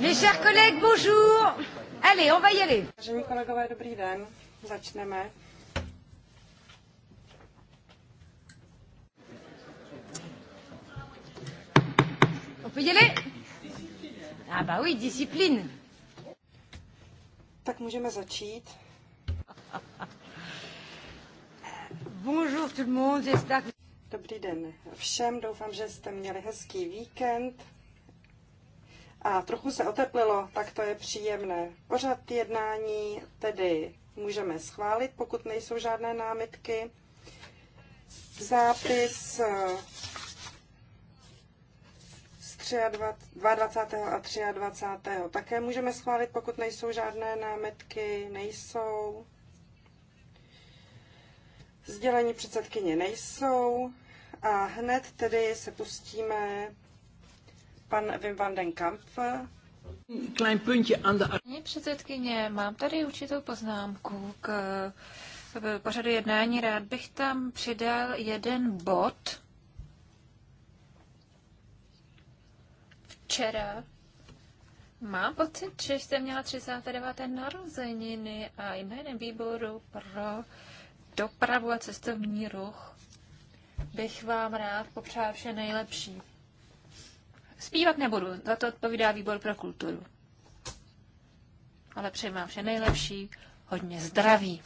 Mes chers collègues, bonjour. Allez, on va y aller. Vážení kolegové, dobrý den. Začneme. On peut y aller Ah bah oui, discipline. Tak můžeme začít. Bonjour tout le monde, j'espère que... Dobrý den všem, doufám, že jste měli hezký víkend a trochu se oteplilo, tak to je příjemné. Pořad jednání tedy můžeme schválit, pokud nejsou žádné námitky. Zápis eh, z 23. a 23. také můžeme schválit, pokud nejsou žádné námitky. Nejsou. Sdělení předsedkyně nejsou. A hned tedy se pustíme Pan Wim van den Kamp. Klein puntje aan de... Paní předsedkyně, mám tady určitou poznámku k pořadu jednání. Rád bych tam přidal jeden bod. Včera Mám pocit, že jste měla 39. narozeniny a jménem výboru pro dopravu a cestovní ruch bych vám rád popřál vše nejlepší. Zpívat nebudu, za to odpovídá výbor pro kulturu. Ale přeji vám vše nejlepší, hodně zdraví,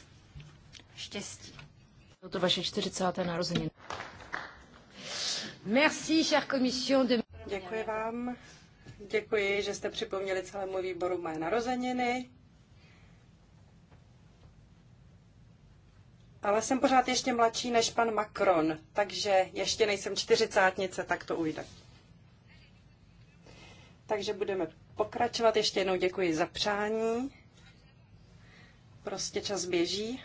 štěstí. Bylo to vaše 40. narozeniny. Merci, chère commission de... Děkuji vám. Děkuji, že jste připomněli celému výboru mé narozeniny. Ale jsem pořád ještě mladší než pan Macron, takže ještě nejsem čtyřicátnice, tak to ujde. Takže budeme pokračovat. Ještě jednou děkuji za přání. Prostě čas běží.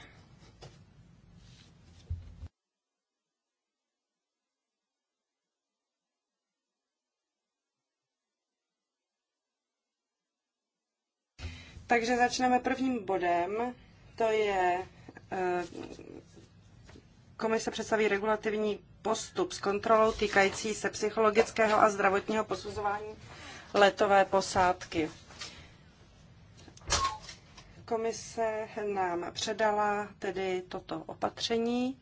Takže začneme prvním bodem. To je eh, komise představí regulativní postup s kontrolou týkající se psychologického a zdravotního posuzování letové posádky. Komise nám předala tedy toto opatření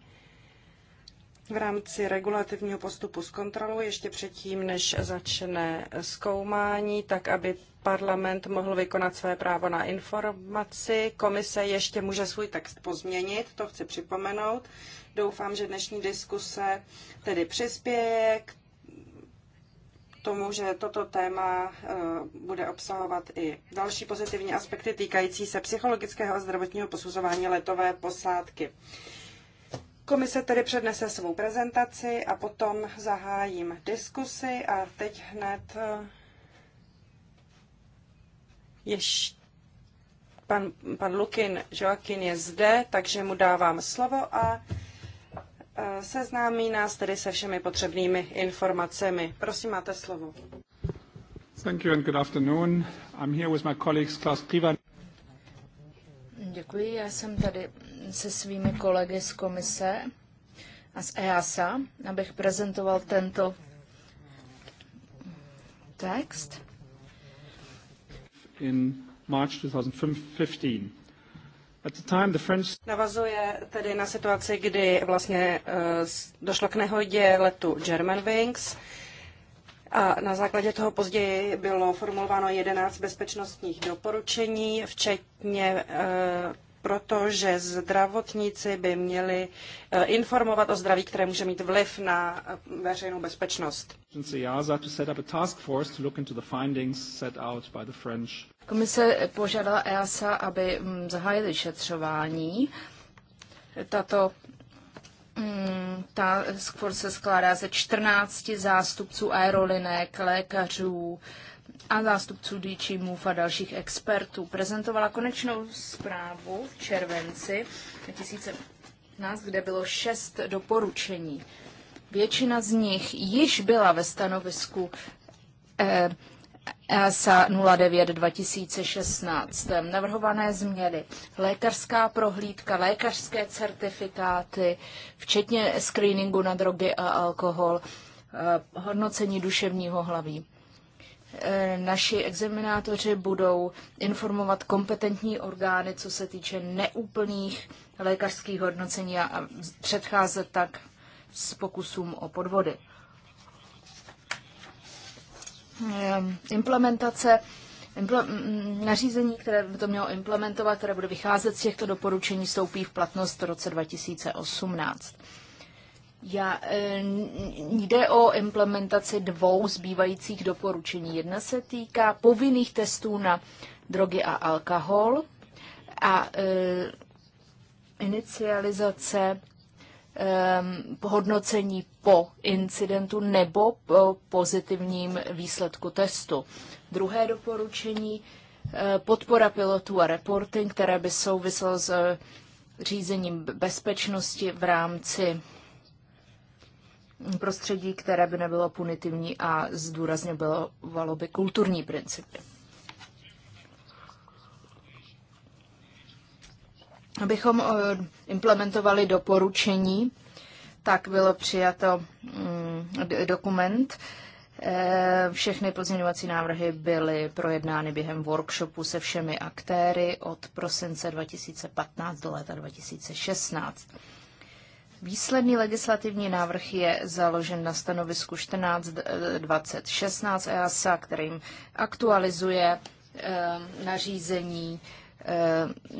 v rámci regulativního postupu s kontrolou ještě předtím, než začne zkoumání, tak aby parlament mohl vykonat své právo na informaci. Komise ještě může svůj text pozměnit, to chci připomenout. Doufám, že dnešní diskuse tedy přispěje k tomu, že toto téma eh, bude obsahovat i další pozitivní aspekty týkající se psychologického a zdravotního posuzování letové posádky. Komise tedy přednese svou prezentaci a potom zahájím diskusy a teď hned eh, ještě pan, pan Lukin Joakin je zde, takže mu dávám slovo a Eh, seznámí nás tedy se všemi potřebnými informacemi. Prosím, máte slovo. Thank you and good afternoon. I'm here with my colleagues Klaus Privan. Děkuji, já jsem tady se svými kolegy z komise a z EASA, abych prezentoval tento text. In March 2015. Navazuje tedy na situaci, kdy vlastně eh, došlo k nehodě letu Germanwings a na základě toho později bylo formulováno 11 bezpečnostních doporučení, včetně eh, proto, že zdravotníci by měli eh, informovat o zdraví, které může mít vliv na veřejnou bezpečnost. Komise požádala EASA, aby mm, zahájili šetřování. Tato mm, ta se skládá ze 14 zástupců aerolinek, lékařů a zástupců DG MOVE a dalších expertů. Prezentovala konečnou zprávu v červenci 2015, kde bylo šest doporučení. Většina z nich již byla ve stanovisku eh, E ESA 09-2016. Navrhované změny. Lékařská prohlídka, lékařské certifikáty, včetně screeningu na drogy a alkohol, e, hodnocení duševního hlaví. E, naši examinátoři budou informovat kompetentní orgány, co se týče neúplných lékařských hodnocení a předcházet tak s pokusům o podvody. Eh, implementace nařízení, které by to mělo implementovat, které bude vycházet z těchto doporučení, stoupí v platnost v roce 2018. Já, eh, jde o implementaci dvou zbývajících doporučení. Jedna se týká povinných testů na drogy a alkohol a e, inicializace Ehm, hodnocení po incidentu nebo po pozitivním výsledku testu. Druhé doporučení eh, podpora pilotů a reporting, které by souviselo s řízením bezpečnosti v rámci prostředí, které by nebylo punitivní a zdůrazně bylo by kulturní principy. Abychom eh, implementovali doporučení, tak bylo přijato mm, dokument. Eh, všechny pozměňovací návrhy byly projednány během workshopu se všemi aktéry od prosince 2015 do léta 2016. Výsledný legislativní návrh je založen na stanovisku 14.20.16 EASA, kterým aktualizuje eh, nařízení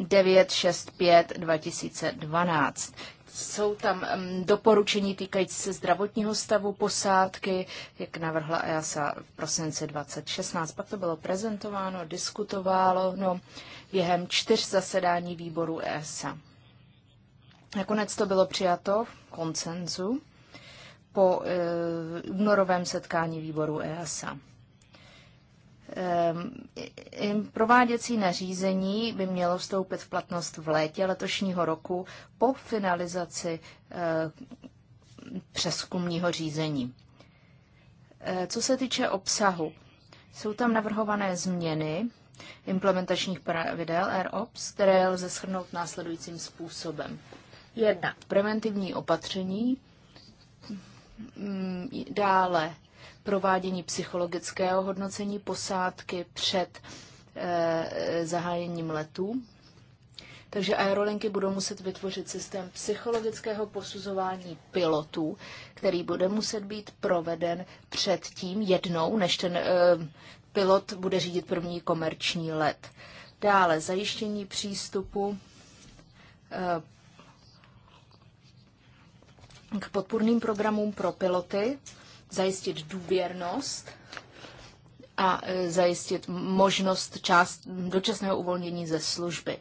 965 2012. Jsou tam mm, doporučení týkající se zdravotního stavu posádky, jak navrhla EASA v prosinci 2016. Pak to bylo prezentováno, diskutováno no, během čtyř zasedání výboru EASA. Nakonec to bylo přijato v koncenzu po e, únorovém setkání výboru EASA. Ehm, prováděcí nařízení by mělo vstoupit v platnost v létě letošního roku po finalizaci ehm, přeskumního řízení. Ehm, co se týče obsahu, jsou tam navrhované změny implementačních pravidel ROPS, které lze shrnout následujícím způsobem. Jedna. Preventivní opatření, dále provádění psychologického hodnocení posádky před e, zahájením letů. Takže aerolinky budou muset vytvořit systém psychologického posuzování pilotů, který bude muset být proveden před tím jednou, než ten e, pilot bude řídit první komerční let. Dále zajištění přístupu e, k podpůrným programům pro piloty zajistit důvěrnost a e, zajistit možnost část dočasného uvolnění ze služby.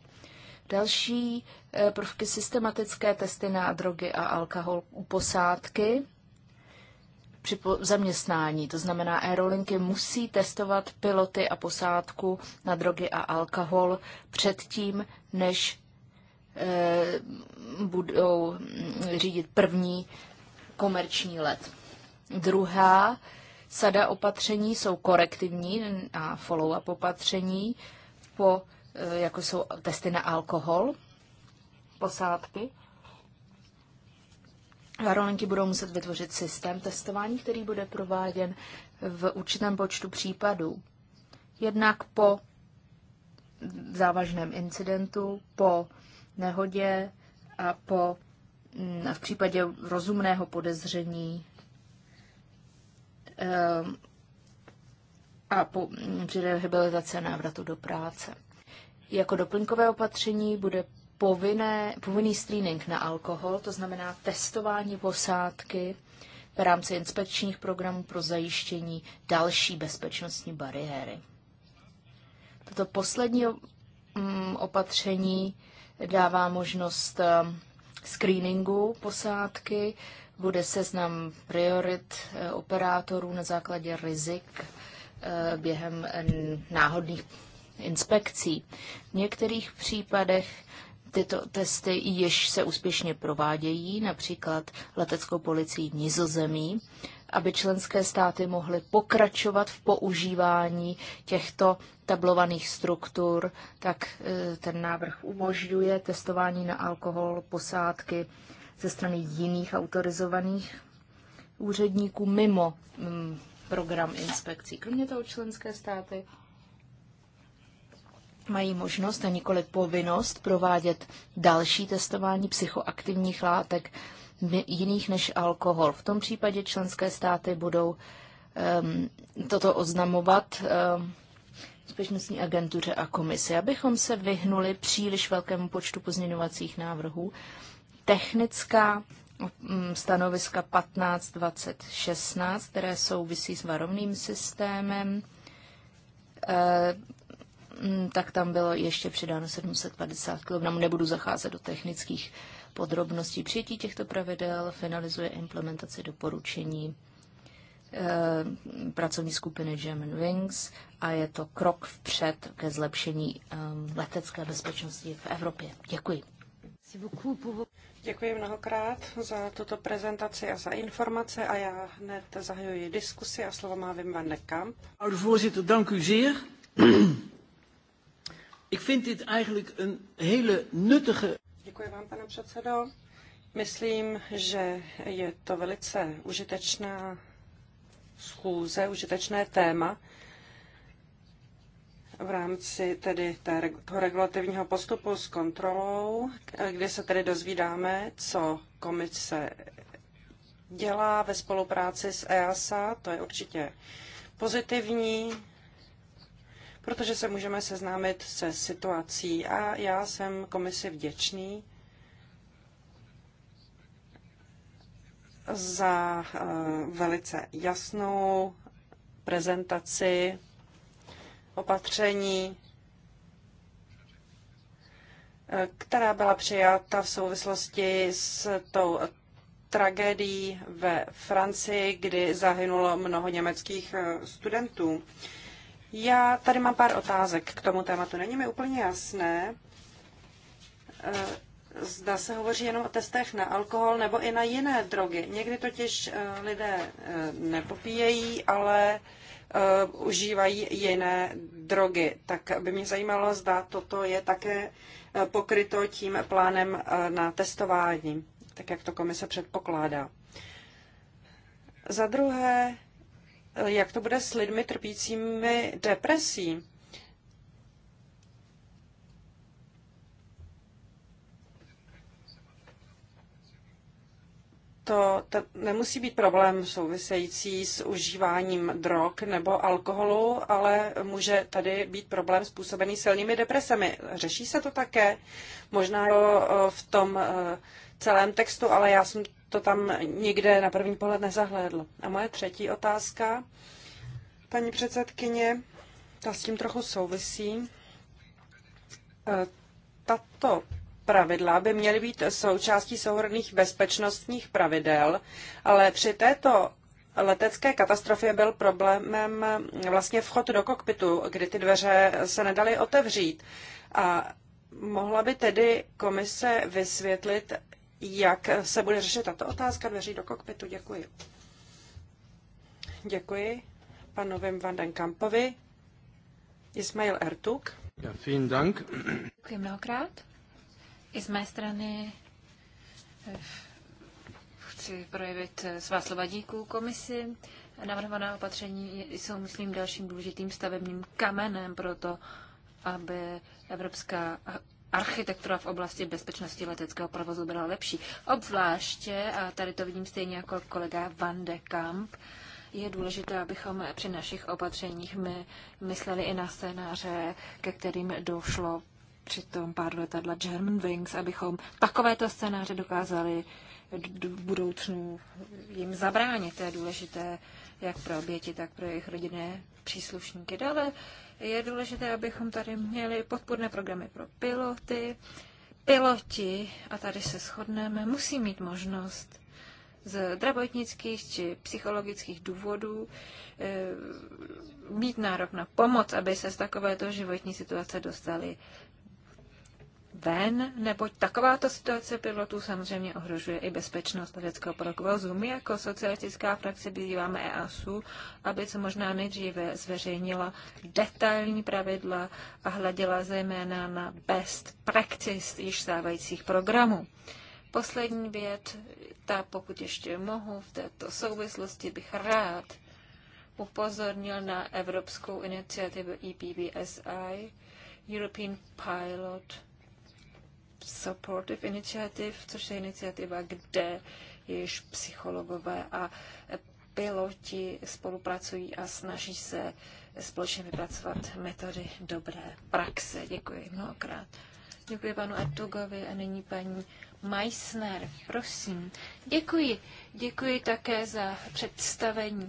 Další e, prvky systematické testy na drogy a alkohol u posádky při zaměstnání. To znamená, aerolinky musí testovat piloty a posádku na drogy a alkohol předtím, než e, budou řídit první komerční let. Druhá sada opatření jsou korektivní a follow-up opatření, po, eh, jako jsou testy na alkohol, posádky. Aerolinky budou muset vytvořit systém testování, který bude prováděn v určitém počtu případů. Jednak po závažném incidentu, po nehodě a po mm, v případě rozumného podezření Ehm, a po, při rehabilitaci návratu do práce. Jako doplňkové opatření bude povinné, povinný screening na alkohol, to znamená testování posádky v rámci inspekčních programů pro zajištění další bezpečnostní bariéry. Toto poslední mm, opatření dává možnost ehm, screeningu posádky bude seznam priorit eh, operátorů na základě rizik eh, během eh, náhodných inspekcí. V některých případech tyto testy již se úspěšně provádějí, například leteckou policií v Nizozemí, aby členské státy mohly pokračovat v používání těchto tablovaných struktur, tak ten návrh umožňuje testování na alkohol, posádky, ze strany jiných autorizovaných úředníků mimo mm, program inspekcí. Kromě toho členské státy mají možnost a nikoli povinnost provádět další testování psychoaktivních látek jiných než alkohol. V tom případě členské státy budou um, toto oznamovat um, bezpečnostní agentuře a komisi, abychom se vyhnuli příliš velkému počtu pozměňovacích návrhů technická mm, stanoviska 15, 20, 16, které souvisí s varovným systémem, eh, mm, tak tam bylo ještě přidáno 750 kg. Nebudu zacházet do technických podrobností. Přijetí těchto pravidel finalizuje implementaci doporučení eh, pracovní skupiny German Wings a je to krok vpřed ke zlepšení eh, letecké bezpečnosti v Evropě. Děkuji. Děkuji mnohokrát za tuto prezentaci a za informace a já hned zahajuji diskusi a slovo má Wim van de Kamp. Oude Voorzitter, dank u zeer. Ik vind dit eigenlijk een hele nuttige... Děkuji vám, pane předsedo. Myslím, že je to velice užitečná schůze, užitečné téma v rámci tedy toho regulativního postupu s kontrolou, kde se tedy dozvídáme, co komise dělá ve spolupráci s EASA. To je určitě pozitivní, protože se můžeme seznámit se situací a já jsem komisi vděčný za eh, velice jasnou prezentaci opatření, která byla přijata v souvislosti s tou tragédií ve Francii, kdy zahynulo mnoho německých eh, studentů. Já tady mám pár otázek k tomu tématu. Není mi úplně jasné, eh, zda se hovoří jenom o testech na alkohol nebo i na jiné drogy. Někdy totiž eh, lidé nepopíjejí, ale uh, užívají jiné drogy. Tak by mě zajímalo, zda toto je také eh, pokryto tím plánem eh, na testování, tak jak to komise předpokládá. Za druhé, jak to bude s lidmi trpícími depresí? to, to nemusí být problém související s užíváním drog nebo alkoholu, ale může tady být problém způsobený silnými depresemi. Řeší se to také? Možná eh, v tom eh, celém textu, ale já jsem to tam nikde na první pohled nezahlédl. A moje třetí otázka, paní předsedkyně, ta s tím trochu souvisí. Eh, tato pravidla by měly být součástí souhrných bezpečnostních pravidel, ale při této letecké katastrofě byl problémem vlastně vchod do kokpitu, kdy ty dveře se nedaly otevřít. A mohla by tedy komise vysvětlit, jak se bude řešit tato otázka dveří do kokpitu? Děkuji. Děkuji panu Vim van den Kampovi. Ismail Ertuk. Ja, vielen Dank. Děkuji mnohokrát. I z mé strany eh, chci projevit eh, svá slova díků komisi. Navrhované opatření jsou, myslím, dalším důležitým stavebním kamenem pro to, aby evropská architektura v oblasti bezpečnosti leteckého provozu byla lepší. Obzvláště, a tady to vidím stejně jako kolega Van de Kamp, je důležité, abychom při našich opatřeních my mysleli i na scénáře, ke kterým došlo při tom pádu letadla Wings, abychom takovéto scénáře dokázali v budoucnu jim zabránit. To je důležité jak pro oběti, tak pro jejich rodinné příslušníky. Dále je důležité, abychom tady měli podpůrné programy pro piloty. Piloti, a tady se shodneme, musí mít možnost z zdravotnických či psychologických důvodů e, mít nárok na pomoc, aby se z takovéto životní situace dostali ven, neboť takováto situace pilotů samozřejmě ohrožuje i bezpečnost leteckého provozu. My jako socialistická frakce vyzýváme EASu, aby co možná nejdříve zveřejnila detailní pravidla a hleděla zejména na best practice již stávajících programů. Poslední věc, ta pokud ještě mohu, v této souvislosti bych rád upozornil na evropskou iniciativu EPBSI, European Pilot Supportive Initiative, což je iniciativa, kde již psychologové a piloti spolupracují a snaží se společně vypracovat metody dobré praxe. Děkuji mnohokrát. Děkuji panu Artugovi a nyní paní Meissner. Prosím. Děkuji. Děkuji také za představení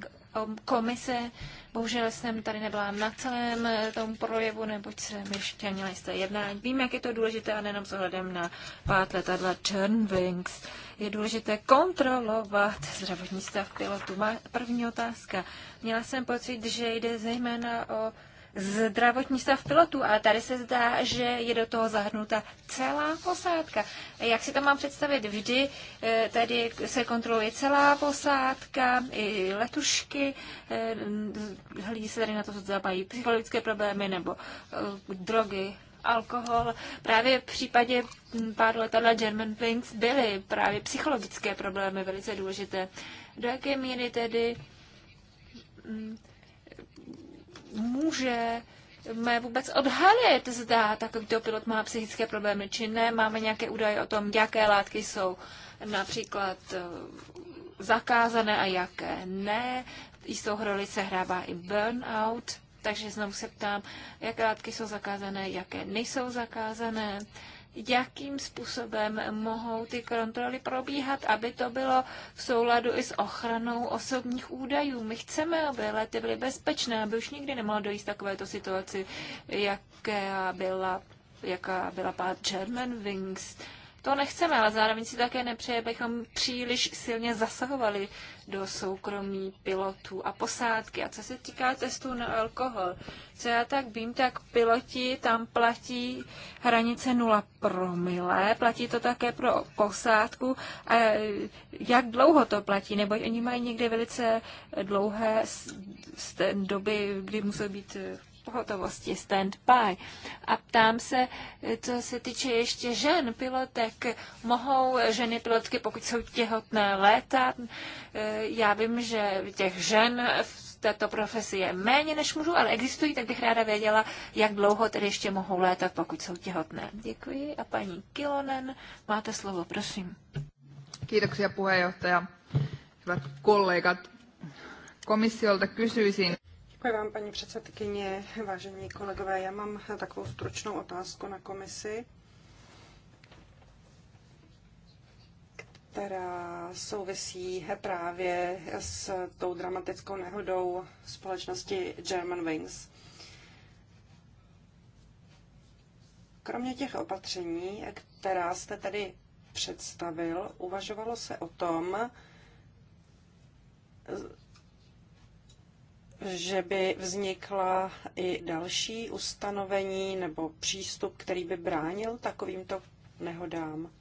komise. Bohužel jsem tady nebyla na celém eh, tom projevu, neboť jsem ještě měla jisté jednání. Vím, jak je to důležité a nejenom s ohledem na pát letadla Turnwings. Je důležité kontrolovat zdravotní stav pilotů. Má první otázka. Měla jsem pocit, že jde zejména o zdravotní stav pilotů, ale tady se zdá, že je do toho zahrnuta celá posádka. Jak si to mám představit? Vždy eh, tady se kontroluje celá posádka, i letušky, eh, hledí se tady na to, co mají psychologické problémy nebo eh, drogy, alkohol. Právě v případě hm, pár letadla Germanwings byly právě psychologické problémy velice důležité. Do jaké míry tedy hm, může má vůbec odhalit, zda takovýto pilot má psychické problémy, či ne. Máme nějaké údaje o tom, jaké látky jsou například eh, zakázané a jaké ne. Jistou roli se hrává i burnout, takže znovu se ptám, jaké látky jsou zakázané, jaké nejsou zakázané jakým způsobem mohou ty kontroly probíhat, aby to bylo v souladu i s ochranou osobních údajů. My chceme, aby lety byly bezpečné, aby už nikdy nemohlo dojít takovéto situaci, jaká byla, jaká byla pár German Wings. To nechceme, ale zároveň si také nepřeje, abychom příliš silně zasahovali do soukromí pilotů a posádky. A co se týká testů na alkohol, co já tak vím, tak piloti tam platí hranice 0 promile, platí to také pro posádku. A jak dlouho to platí? Nebo oni mají někde velice dlouhé z, z té doby, kdy musí být v eh, pohotovosti, stand-by. A ptám se, eh, co se týče ještě žen pilotek, mohou ženy pilotky, pokud jsou těhotné, létat? Eh, já vím, že těch žen v této profesi je méně než mužů, ale existují, tak bych ráda věděla, jak dlouho tedy ještě mohou létat, pokud jsou těhotné. Děkuji. A paní Kilonen, máte slovo, prosím. Kiitoksia puheenjohtaja. Hyvät kollegat, komissiolta kysyisin. Děkuji vám, paní předsedkyně, vážení kolegové. Já mám takovou stručnou otázku na komisi, která souvisí právě s tou dramatickou nehodou společnosti Germanwings. Kromě těch opatření, která jste tady představil, uvažovalo se o tom, že by vznikla i další ustanovení nebo přístup, který by bránil takovýmto nehodám.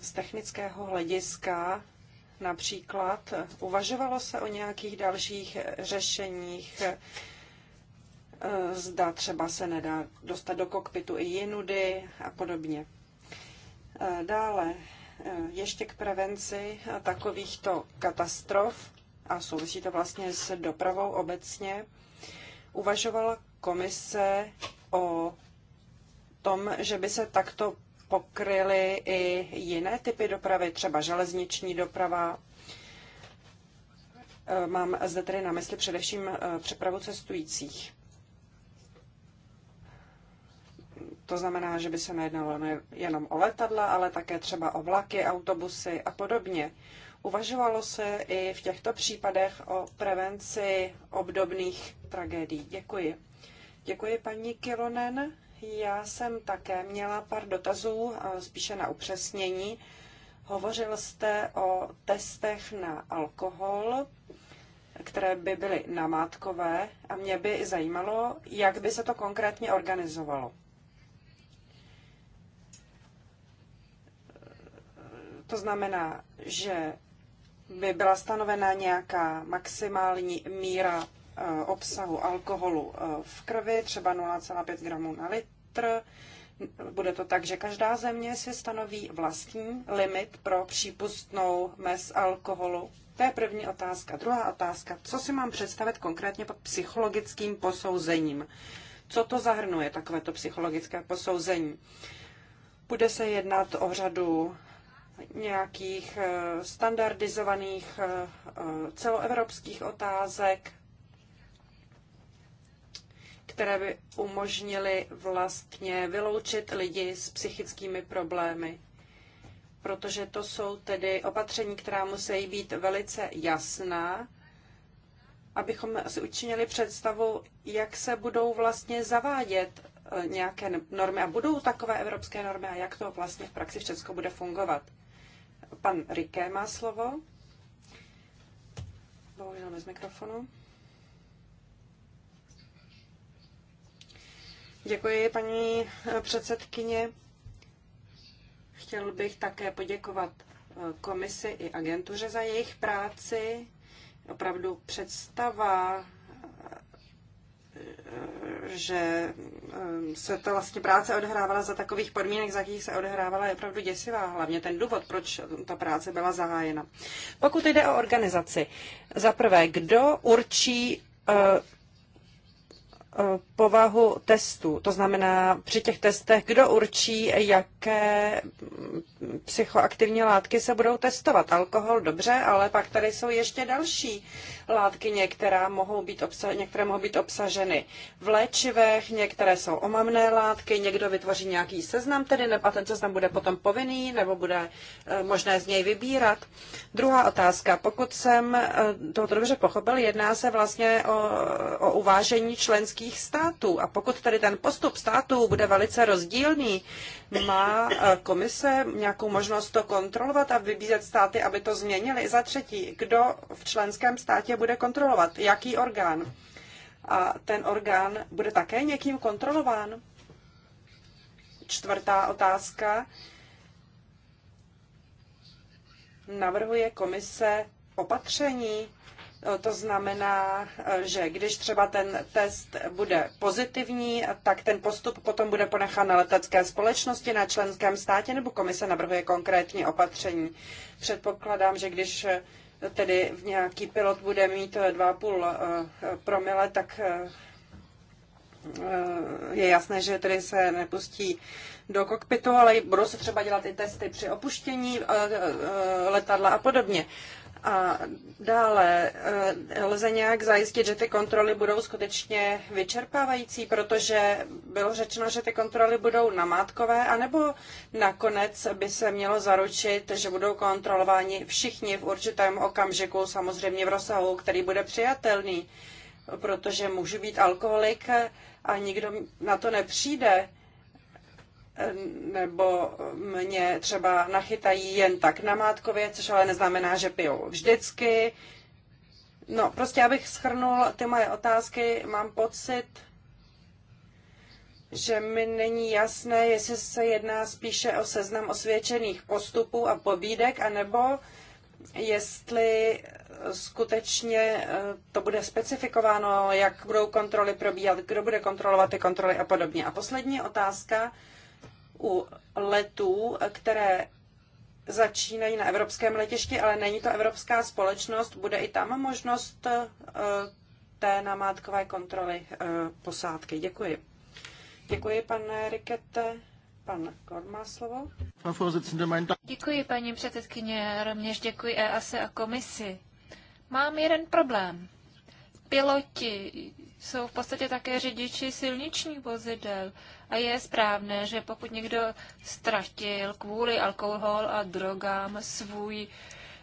Z technického hlediska například uvažovalo se o nějakých dalších řešeních, eh, zda třeba se nedá dostat do kokpitu i jinudy a podobně. Eh, dále eh, ještě k prevenci takovýchto katastrof a souvisí to vlastně s dopravou obecně, uvažovala komise o tom, že by se takto pokryly i jiné typy dopravy, třeba železniční doprava. E, mám zde tedy na mysli především e, přepravu cestujících. To znamená, že by se nejednalo jenom o letadla, ale také třeba o vlaky, autobusy a podobně. Uvažovalo se i v těchto případech o prevenci obdobných tragédií. Děkuji. Děkuji paní Kilonen. Já jsem také měla pár dotazů, spíše na upřesnění. Hovořil jste o testech na alkohol, které by byly namátkové a mě by zajímalo, jak by se to konkrétně organizovalo. To znamená, že by byla stanovena nějaká maximální míra eh, obsahu alkoholu eh, v krvi, třeba 0,5 gramů na litr. Bude to tak, že každá země si stanoví vlastní limit pro přípustnou mez alkoholu. To je první otázka. Druhá otázka, co si mám představit konkrétně pod psychologickým posouzením? Co to zahrnuje, takovéto psychologické posouzení? Bude se jednat o řadu nějakých eh, standardizovaných eh, eh, celoevropských otázek, které by umožnily vlastně vyloučit lidi s psychickými problémy. Protože to jsou tedy opatření, která musí být velice jasná, abychom si učinili představu, jak se budou vlastně zavádět nějaké normy a budou takové evropské normy a jak to vlastně v praxi všechno bude fungovat. Pan Riké má slovo. Bohužel bez mikrofonu. Děkuji, paní předsedkyně. Chtěl bych také poděkovat eh, komisi i agentuře za jejich práci. Opravdu představa že ehm, se ta vlastně práce odehrávala za takových podmínek, za jakých se odehrávala, je opravdu děsivá. Hlavně ten důvod, proč ta práce byla zahájena. Pokud jde o organizaci, za prvé, kdo určí eh, povahu testů. To znamená, při těch testech, kdo určí, jaké psychoaktivní látky se budou testovat. Alkohol dobře, ale pak tady jsou ještě další látky, některá mohou být obsa- některé mohou být obsaženy v léčivech, některé jsou omamné látky, někdo vytvoří nějaký seznam tedy, a ten seznam bude potom povinný, nebo bude eh, možné z něj vybírat. Druhá otázka. Pokud jsem eh, to dobře pochopil, jedná se vlastně o, o uvážení členských členských států. A pokud tady ten postup států bude velice rozdílný, má eh, komise nějakou možnost to kontrolovat a vybízet státy, aby to změnili? Za třetí, kdo v členském státě bude kontrolovat? Jaký orgán? A ten orgán bude také někým kontrolován? Čtvrtá otázka. Navrhuje komise opatření, Eh, to znamená, eh, že když třeba ten test bude pozitivní, tak ten postup potom bude ponechán na letecké společnosti, na členském státě nebo komise navrhuje konkrétní opatření. Předpokládám, že když eh, tedy v nějaký pilot bude mít 2,5 promile, tak je jasné, že tedy se nepustí do kokpitu, ale budou se třeba dělat i testy při opuštění letadla a podobně. A dále eh, lze nějak zajistit, že ty kontroly budou skutečně vyčerpávající, protože bylo řečeno, že ty kontroly budou namátkové, anebo nakonec by se mělo zaručit, že budou kontrolováni všichni v určitém okamžiku, samozřejmě v rozsahu, který bude přijatelný, protože můžu být alkoholik a nikdo na to nepřijde nebo mě třeba nachytají jen tak na mátkově, což ale neznamená, že pijou vždycky. No, prostě abych schrnul ty moje otázky, mám pocit, že mi není jasné, jestli se jedná spíše o seznam osvědčených postupů a pobídek, anebo jestli skutečně eh, to bude specifikováno, jak budou kontroly probíhat, kdo bude kontrolovat ty kontroly a podobně. A poslední otázka u letů, které začínají na evropském letišti, ale není to evropská společnost, bude i tam možnost eh, té namátkové kontroly eh, posádky. Děkuji. Děkuji, pane Rikete. Pan Korma slovo. Děkuji, paní předsedkyně. Rovněž děkuji EASE a komisi. Mám jeden problém. Piloti jsou v podstatě také řidiči silničních vozidel. A je správné, že pokud někdo ztratil kvůli alkohol a drogám svůj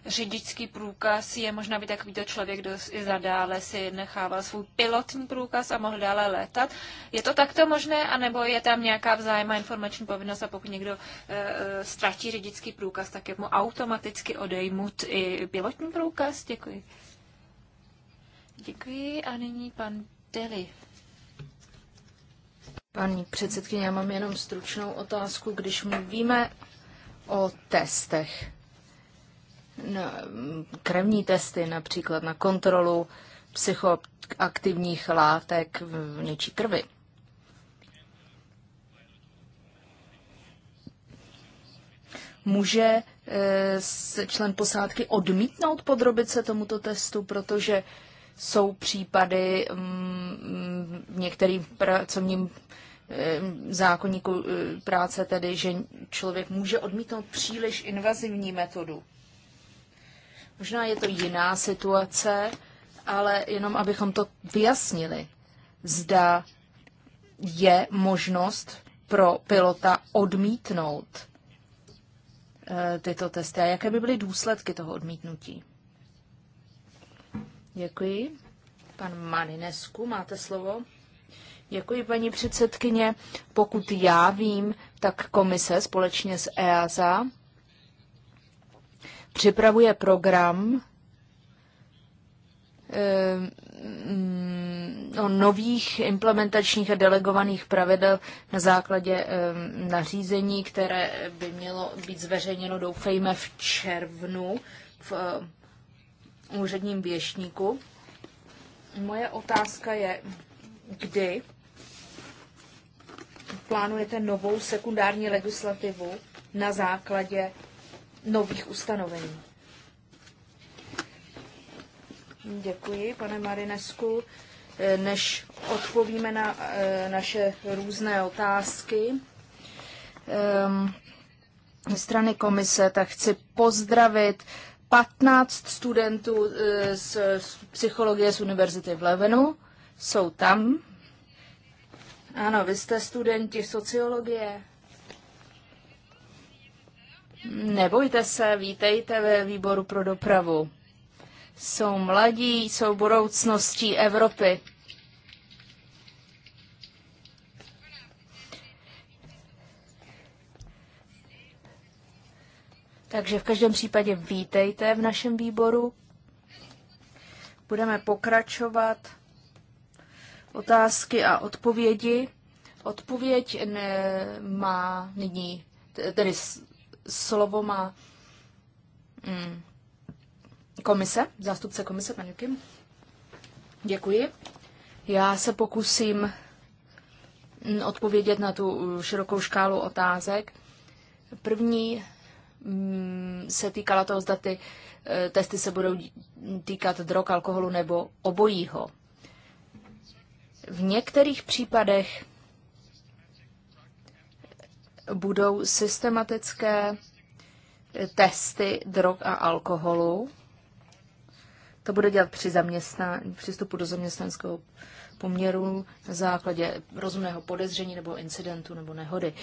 řidičský průkaz, je možná by takovýto člověk, kdo i zadále si nechával svůj pilotní průkaz a mohl dále létat. Je to takto možné, anebo je tam nějaká vzájemná informační povinnost a pokud někdo e, ztratí řidičský průkaz, tak je mu automaticky odejmut i pilotní průkaz? Děkuji. Děkuji a nyní pan Deli. Paní předsedkyně, já mám jenom stručnou otázku. Když mluvíme o testech, na krevní testy například na kontrolu psychoaktivních látek v něčí krvi, může eh, člen posádky odmítnout podrobit se tomuto testu, protože jsou případy mm, mm, v některým pracovním eh, zákonníku eh, práce, tedy že člověk může odmítnout příliš invazivní metodu. Možná je to jiná situace, ale jenom abychom to vyjasnili. Zda je možnost pro pilota odmítnout eh, tyto testy a jaké by byly důsledky toho odmítnutí. Děkuji. Pan Maninesku, máte slovo. Děkuji, paní předsedkyně. Pokud já vím, tak komise společně s EASA připravuje program eh, mm, o nových implementačních a delegovaných pravidel na základě eh, nařízení, které by mělo být zveřejněno, doufejme, v červnu v eh, úředním věšníku. Moje otázka je, kdy plánujete novou sekundární legislativu na základě nových ustanovení. Děkuji, pane Marinesku. Než odpovíme na eh, naše různé otázky ehm, ze strany komise, tak chci pozdravit 15 studentů eh, z psychologie z univerzity v Levenu jsou tam. Ano, vy jste studenti sociologie. Nebojte se, vítejte ve výboru pro dopravu. Jsou mladí, jsou budoucností Evropy. Takže v každém případě vítejte v našem výboru. Budeme pokračovat. Otázky a odpovědi. Odpověď má nyní, tedy slovo má mm, komise, zástupce komise, paní Kim. Děkuji. Já se pokusím mm, odpovědět na tu širokou škálu otázek. První Mm, se týkala toho, zda ty eh, testy se budou týkat drog, alkoholu nebo obojího. V některých případech budou systematické testy drog a alkoholu. To bude dělat při zaměstnání, přístupu do zaměstnanského poměru na základě rozumného podezření nebo incidentu nebo nehody.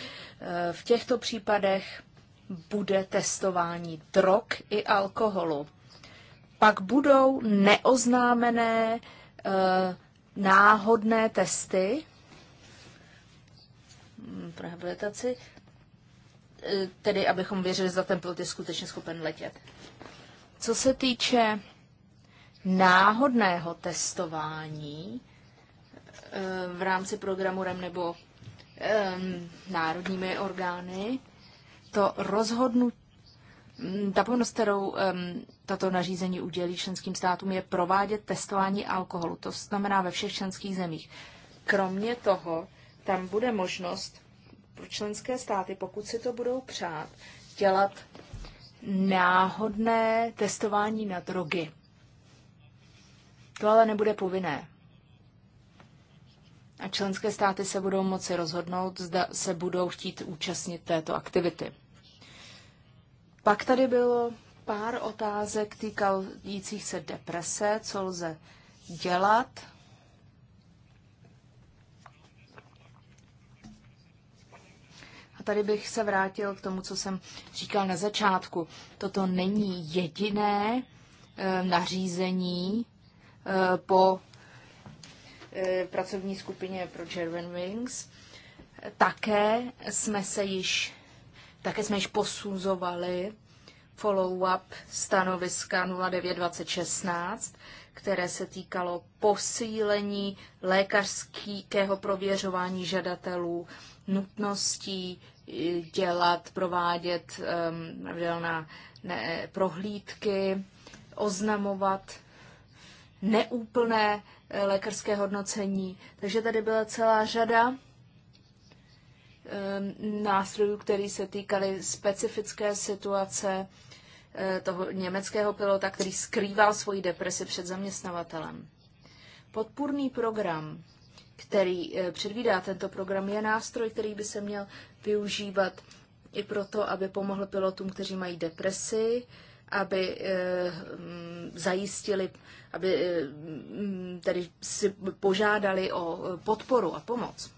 Eh, v těchto případech bude testování drog i alkoholu. Pak budou neoznámené eh, náhodné testy hm, pro rehabilitaci, eh, tedy abychom věřili, zda ten pilot je skutečně schopen letět. Co se týče náhodného testování eh, v rámci programu REM nebo národními orgány, to rozhodnutí, ta povinnost, kterou um, tato nařízení udělí členským státům, je provádět testování alkoholu. To znamená ve všech členských zemích. Kromě toho, tam bude možnost pro členské státy, pokud si to budou přát, dělat náhodné testování na drogy. To ale nebude povinné. A členské státy se budou moci rozhodnout, zda se budou chtít účastnit této aktivity. Pak tady bylo pár otázek týkajících se deprese, co lze dělat. A tady bych se vrátil k tomu, co jsem říkal na začátku. Toto není jediné e, nařízení e, po e, pracovní skupině pro German Wings. Také jsme se již také jsme již posuzovali follow-up stanoviska 092016, které se týkalo posílení lékařského prověřování žadatelů, nutností eh, dělat, provádět ehm, pravidelná um, prohlídky, oznamovat neúplné eh, lékařské hodnocení. Takže tady byla celá řada Ehm, nástrojů, které se týkaly specifické situace eh, toho německého pilota, který skrýval svoji depresi před zaměstnavatelem. Podpůrný program, který eh, předvídá tento program, je nástroj, který by se měl využívat i proto, aby pomohl pilotům, kteří mají depresi, aby eh, mm, zajistili, aby mm, tedy si požádali o podporu a pomoc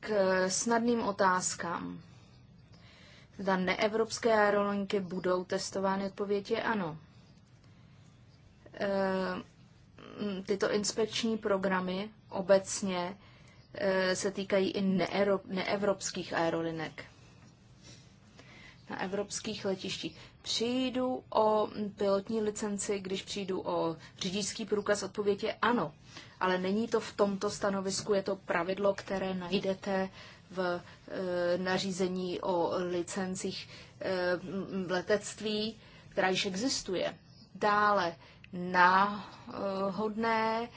k snadným otázkám. Zda neevropské aerolinky budou testovány, odpověď je ano. Eh, tyto inspekční programy obecně eh, se týkají i neevropských aerolinek na evropských letištích. Přijdu o pilotní licenci, když přijdu o řidičský průkaz, odpověď je ano. Ale není to v tomto stanovisku, je to pravidlo, které najdete v e, nařízení o licencích e, letectví, která již existuje. Dále náhodné,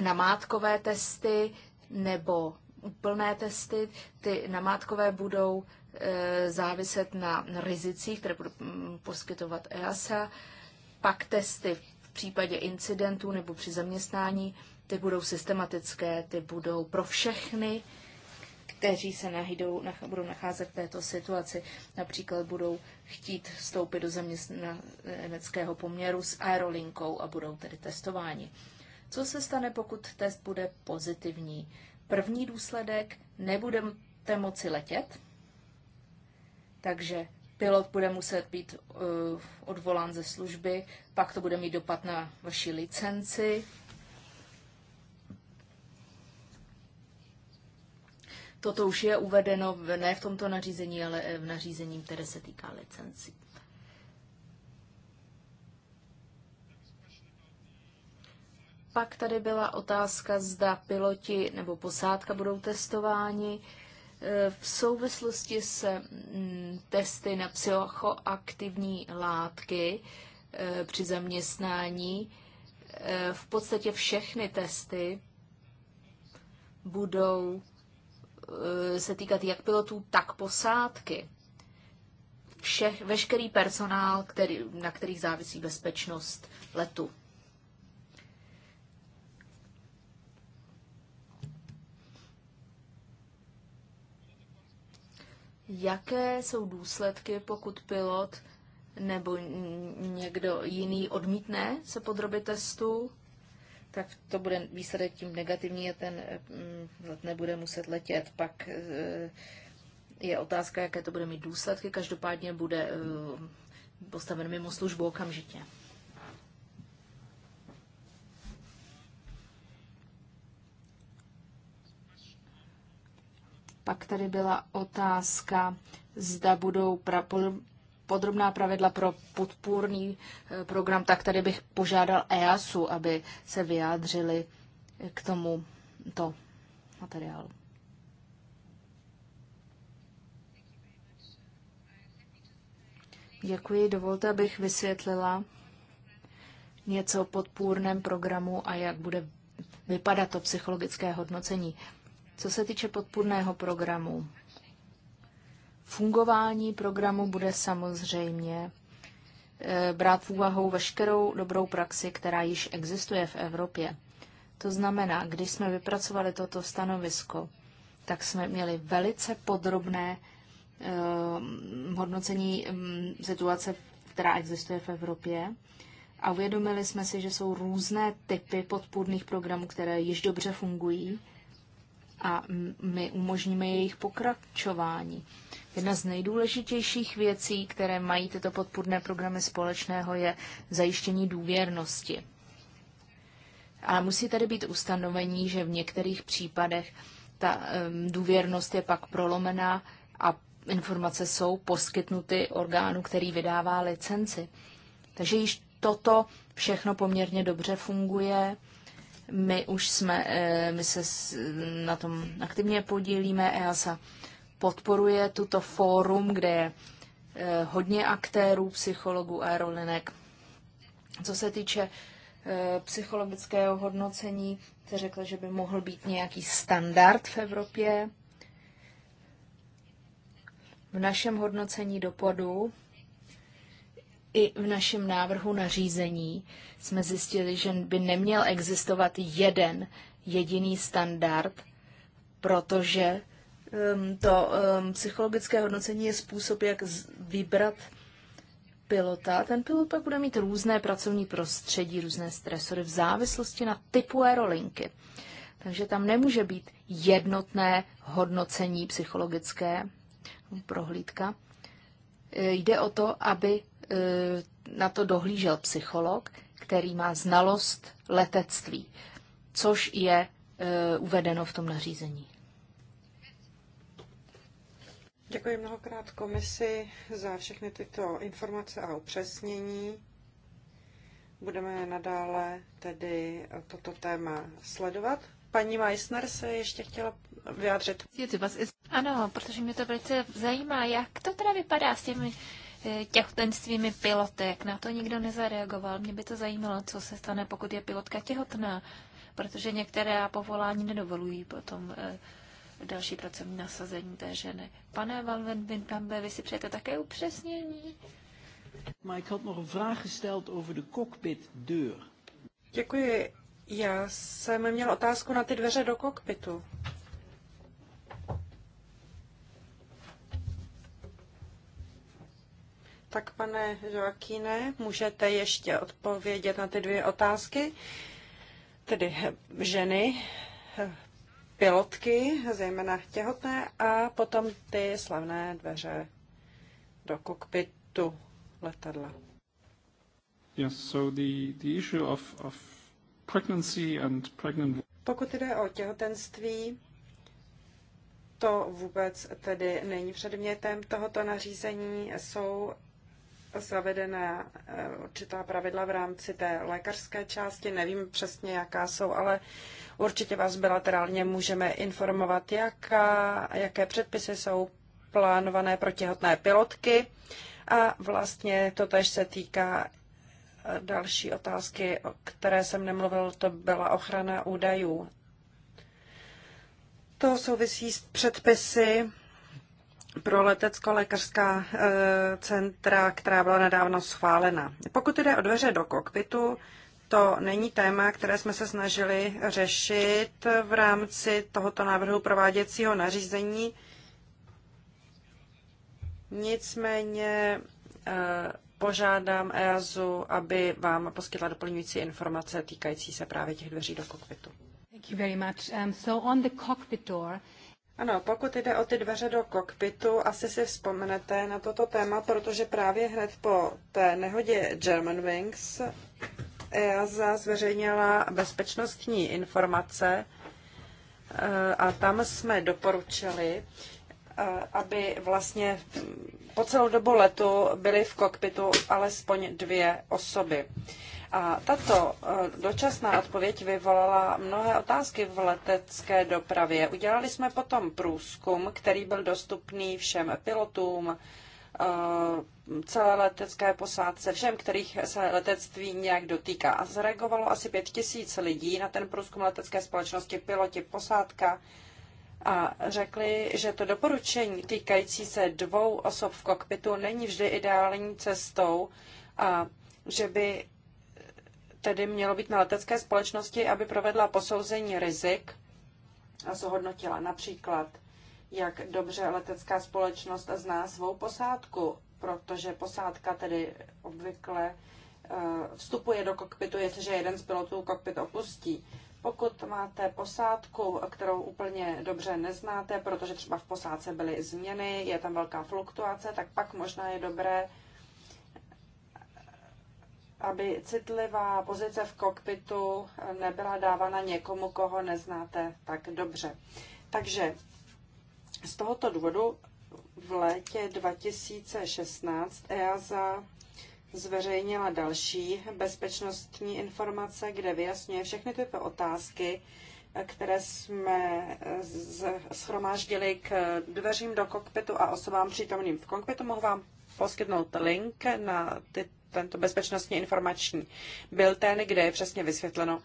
namátkové testy nebo úplné testy. Ty namátkové budou Eh, záviset na rizicích, které budou mm, poskytovat EASA, pak testy v případě incidentů nebo při zaměstnání, ty budou systematické, ty budou pro všechny, kteří se nahydou, nach, budou nacházet v této situaci. Například budou chtít vstoupit do zaměstnaneckého poměru s aerolinkou a budou tedy testováni. Co se stane, pokud test bude pozitivní? První důsledek, nebudete moci letět, takže pilot bude muset být uh, odvolán ze služby, pak to bude mít dopad na vaši licenci. Toto už je uvedeno v, ne v tomto nařízení, ale eh, v nařízení, které se týká licenci. Pak tady byla otázka, zda piloti nebo posádka budou testováni. Uh, Eh, v souvislosti s mm, testy na psychoaktivní látky eh, při zaměstnání eh, v podstatě všechny testy budou se týkat jak pilotů, tak posádky. Všech, veškerý personál, který, na kterých závisí bezpečnost letu. jaké jsou důsledky, pokud pilot nebo někdo jiný odmítne se podrobit testu, tak to bude výsledek tím negativní a ten let eh, mm, nebude muset letět. Pak eh, je otázka, jaké to bude mít důsledky. Každopádně bude eh, postaven mimo službu okamžitě. Pak tady byla otázka, zda budou pra, podrobná pravidla pro podpůrný eh, program, tak tady bych požádal EASu, aby se vyjádřili k tomu to materiálu. Děkuji. Dovolte, abych vysvětlila něco o podpůrném programu a jak bude vypadat to psychologické hodnocení. Co se týče podpůrného programu, fungování programu bude samozřejmě eh, brát v úvahu veškerou dobrou praxi, která již existuje v Evropě. To znamená, když jsme vypracovali toto stanovisko, tak jsme měli velice podrobné eh, hodnocení um, situace, která existuje v Evropě. A uvědomili jsme si, že jsou různé typy podpůrných programů, které již dobře fungují a my umožníme jejich pokračování. Jedna z nejdůležitějších věcí, které mají tyto podpůrné programy společného, je zajištění důvěrnosti. Ale musí tady být ustanovení, že v některých případech ta um, důvěrnost je pak prolomená a informace jsou poskytnuty orgánu, který vydává licenci. Takže již toto všechno poměrně dobře funguje. My už jsme, eh, my se na tom aktivně podílíme. EASA podporuje tuto fórum, kde je eh, hodně aktérů, psychologů, aerolinek. Co se týče eh, psychologického hodnocení, se řekla, že by mohl být nějaký standard v Evropě. V našem hodnocení dopadu i v našem návrhu na řízení jsme zjistili, že by neměl existovat jeden jediný standard, protože um, to um, psychologické hodnocení je způsob, jak vybrat pilota. Ten pilot pak bude mít různé pracovní prostředí, různé stresory v závislosti na typu aerolinky. Takže tam nemůže být jednotné hodnocení psychologické prohlídka. E, jde o to, aby na to dohlížel psycholog, který má znalost letectví, což je e, uvedeno v tom nařízení. Děkuji mnohokrát komisi za všechny tyto informace a upřesnění. Budeme nadále tedy toto téma sledovat. Paní Meissner se ještě chtěla vyjádřit. Ano, protože mě to velice zajímá, jak to teda vypadá s těmi E, těhotenstvími pilotek. Na to nikdo nezareagoval. Mě by to zajímalo, co se stane, pokud je pilotka těhotná, protože některé povolání nedovolují potom e, další pracovní nasazení té ženy. Pane Valven Bintambe, vy si přejete také upřesnění? Maar ik had nog een vraag gesteld over de cockpitdeur. Děkuji. Já jsem měl otázku na ty dveře do kokpitu. Tak pane Joakine, můžete ještě odpovědět na ty dvě otázky, tedy ženy, pilotky, zejména těhotné, a potom ty slavné dveře do kokpitu letadla. Yes, so the, the issue of, of pregnancy and pregnant... Pokud jde o těhotenství, to vůbec tedy není předmětem tohoto nařízení. Jsou zavedena eh, určitá pravidla v rámci té lékařské části. Nevím přesně, jaká jsou, ale určitě vás bilaterálně můžeme informovat, jaká, jaké předpisy jsou plánované pro těhotné pilotky. A vlastně to tež se týká eh, další otázky, o které jsem nemluvil, to byla ochrana údajů. To souvisí s předpisy pro letecko-lékařská eh, centra, která byla nedávno schválena. Pokud jde o dveře do kokpitu, to není téma, které jsme se snažili řešit v rámci tohoto návrhu prováděcího nařízení. Nicméně eh, požádám EASu, aby vám poskytla doplňující informace týkající se právě těch dveří do kokpitu. Thank you very much. Um, so on the cockpit door, ano, pokud jde o ty dveře do kokpitu, asi si vzpomenete na toto téma, protože právě hned po té nehodě Germanwings EASA zveřejnila bezpečnostní informace eh, a tam jsme doporučili, eh, aby vlastně po celou dobu letu byly v kokpitu alespoň dvě osoby. A tato e, dočasná odpověď vyvolala mnohé otázky v letecké dopravě. Udělali jsme potom průzkum, který byl dostupný všem pilotům, e, celé letecké posádce, všem, kterých se letectví nějak dotýká. A zareagovalo asi pět tisíc lidí na ten průzkum letecké společnosti, piloti, posádka a řekli, že to doporučení týkající se dvou osob v kokpitu není vždy ideální cestou a že by tedy mělo být na letecké společnosti, aby provedla posouzení rizik a zhodnotila například, jak dobře letecká společnost zná svou posádku, protože posádka tedy obvykle eh, vstupuje do kokpitu, jestliže jeden z pilotů kokpit opustí. Pokud máte posádku, kterou úplně dobře neznáte, protože třeba v posádce byly změny, je tam velká fluktuace, tak pak možná je dobré aby citlivá pozice v kokpitu nebyla dávána někomu, koho neznáte tak dobře. Takže z tohoto důvodu v létě 2016 EASA zveřejnila další bezpečnostní informace, kde vyjasňuje všechny tyto otázky, které jsme schromáždili k dveřím do kokpitu a osobám přítomným v kokpitu. Mohu vám poskytnout link na ty, tento bezpečnostně informační byl ten, kde je přesně vysvětleno,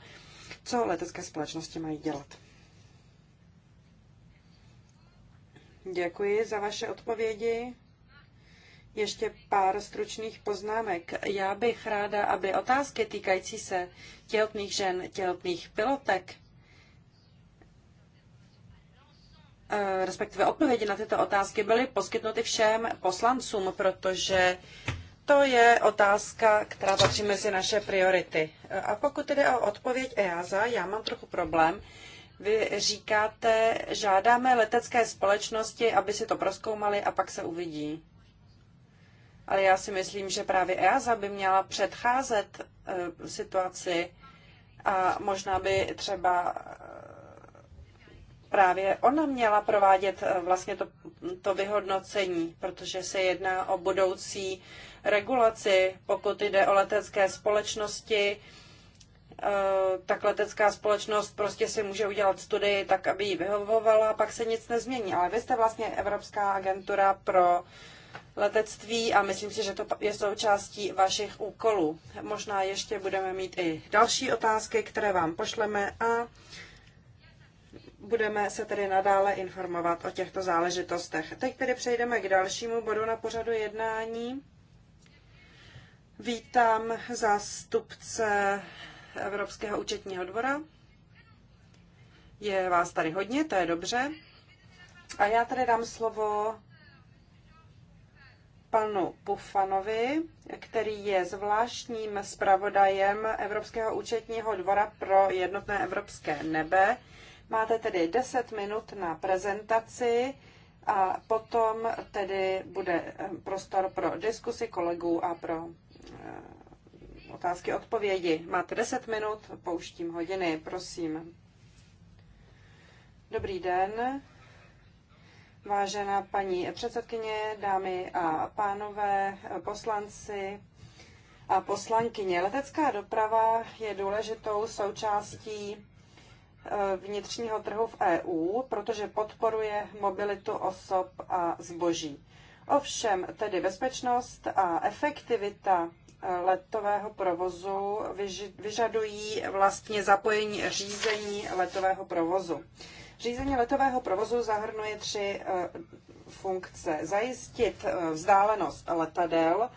co letecké společnosti mají dělat. Děkuji za vaše odpovědi. Ještě pár stručných poznámek. Já bych ráda, aby otázky týkající se těhotných žen, těhotných pilotek, eh, respektive odpovědi na tyto otázky byly poskytnuty všem poslancům, protože to je otázka, která patří mezi naše priority. A pokud jde o odpověď EASA, já mám trochu problém. Vy říkáte, žádáme letecké společnosti, aby si to proskoumali a pak se uvidí. Ale já si myslím, že právě EASA by měla předcházet eh, situaci a možná by třeba eh, právě ona měla provádět eh, vlastně to, to vyhodnocení, protože se jedná o budoucí regulaci, pokud jde o letecké společnosti, eh, tak letecká společnost prostě si může udělat studii tak, aby ji vyhovovala a pak se nic nezmění. Ale vy jste vlastně Evropská agentura pro letectví a myslím si, že to je součástí vašich úkolů. Možná ještě budeme mít i další otázky, které vám pošleme a budeme se tedy nadále informovat o těchto záležitostech. Teď tedy přejdeme k dalšímu bodu na pořadu jednání Vítám zástupce Evropského účetního dvora. Je vás tady hodně, to je dobře. A já tady dám slovo panu Pufanovi, který je zvláštním zpravodajem Evropského účetního dvora pro jednotné evropské nebe. Máte tedy 10 minut na prezentaci a potom tedy bude prostor pro diskusi kolegů a pro Eh, otázky, odpovědi. Máte 10 minut, pouštím hodiny, prosím. Dobrý den, vážená paní předsedkyně, dámy a pánové, poslanci a poslankyně. Letecká doprava je důležitou součástí eh, vnitřního trhu v EU, protože podporuje mobilitu osob a zboží. Ovšem tedy bezpečnost a efektivita letového provozu vyžadují vlastně zapojení řízení letového provozu. Řízení letového provozu zahrnuje tři e, funkce. Zajistit e, vzdálenost letadel,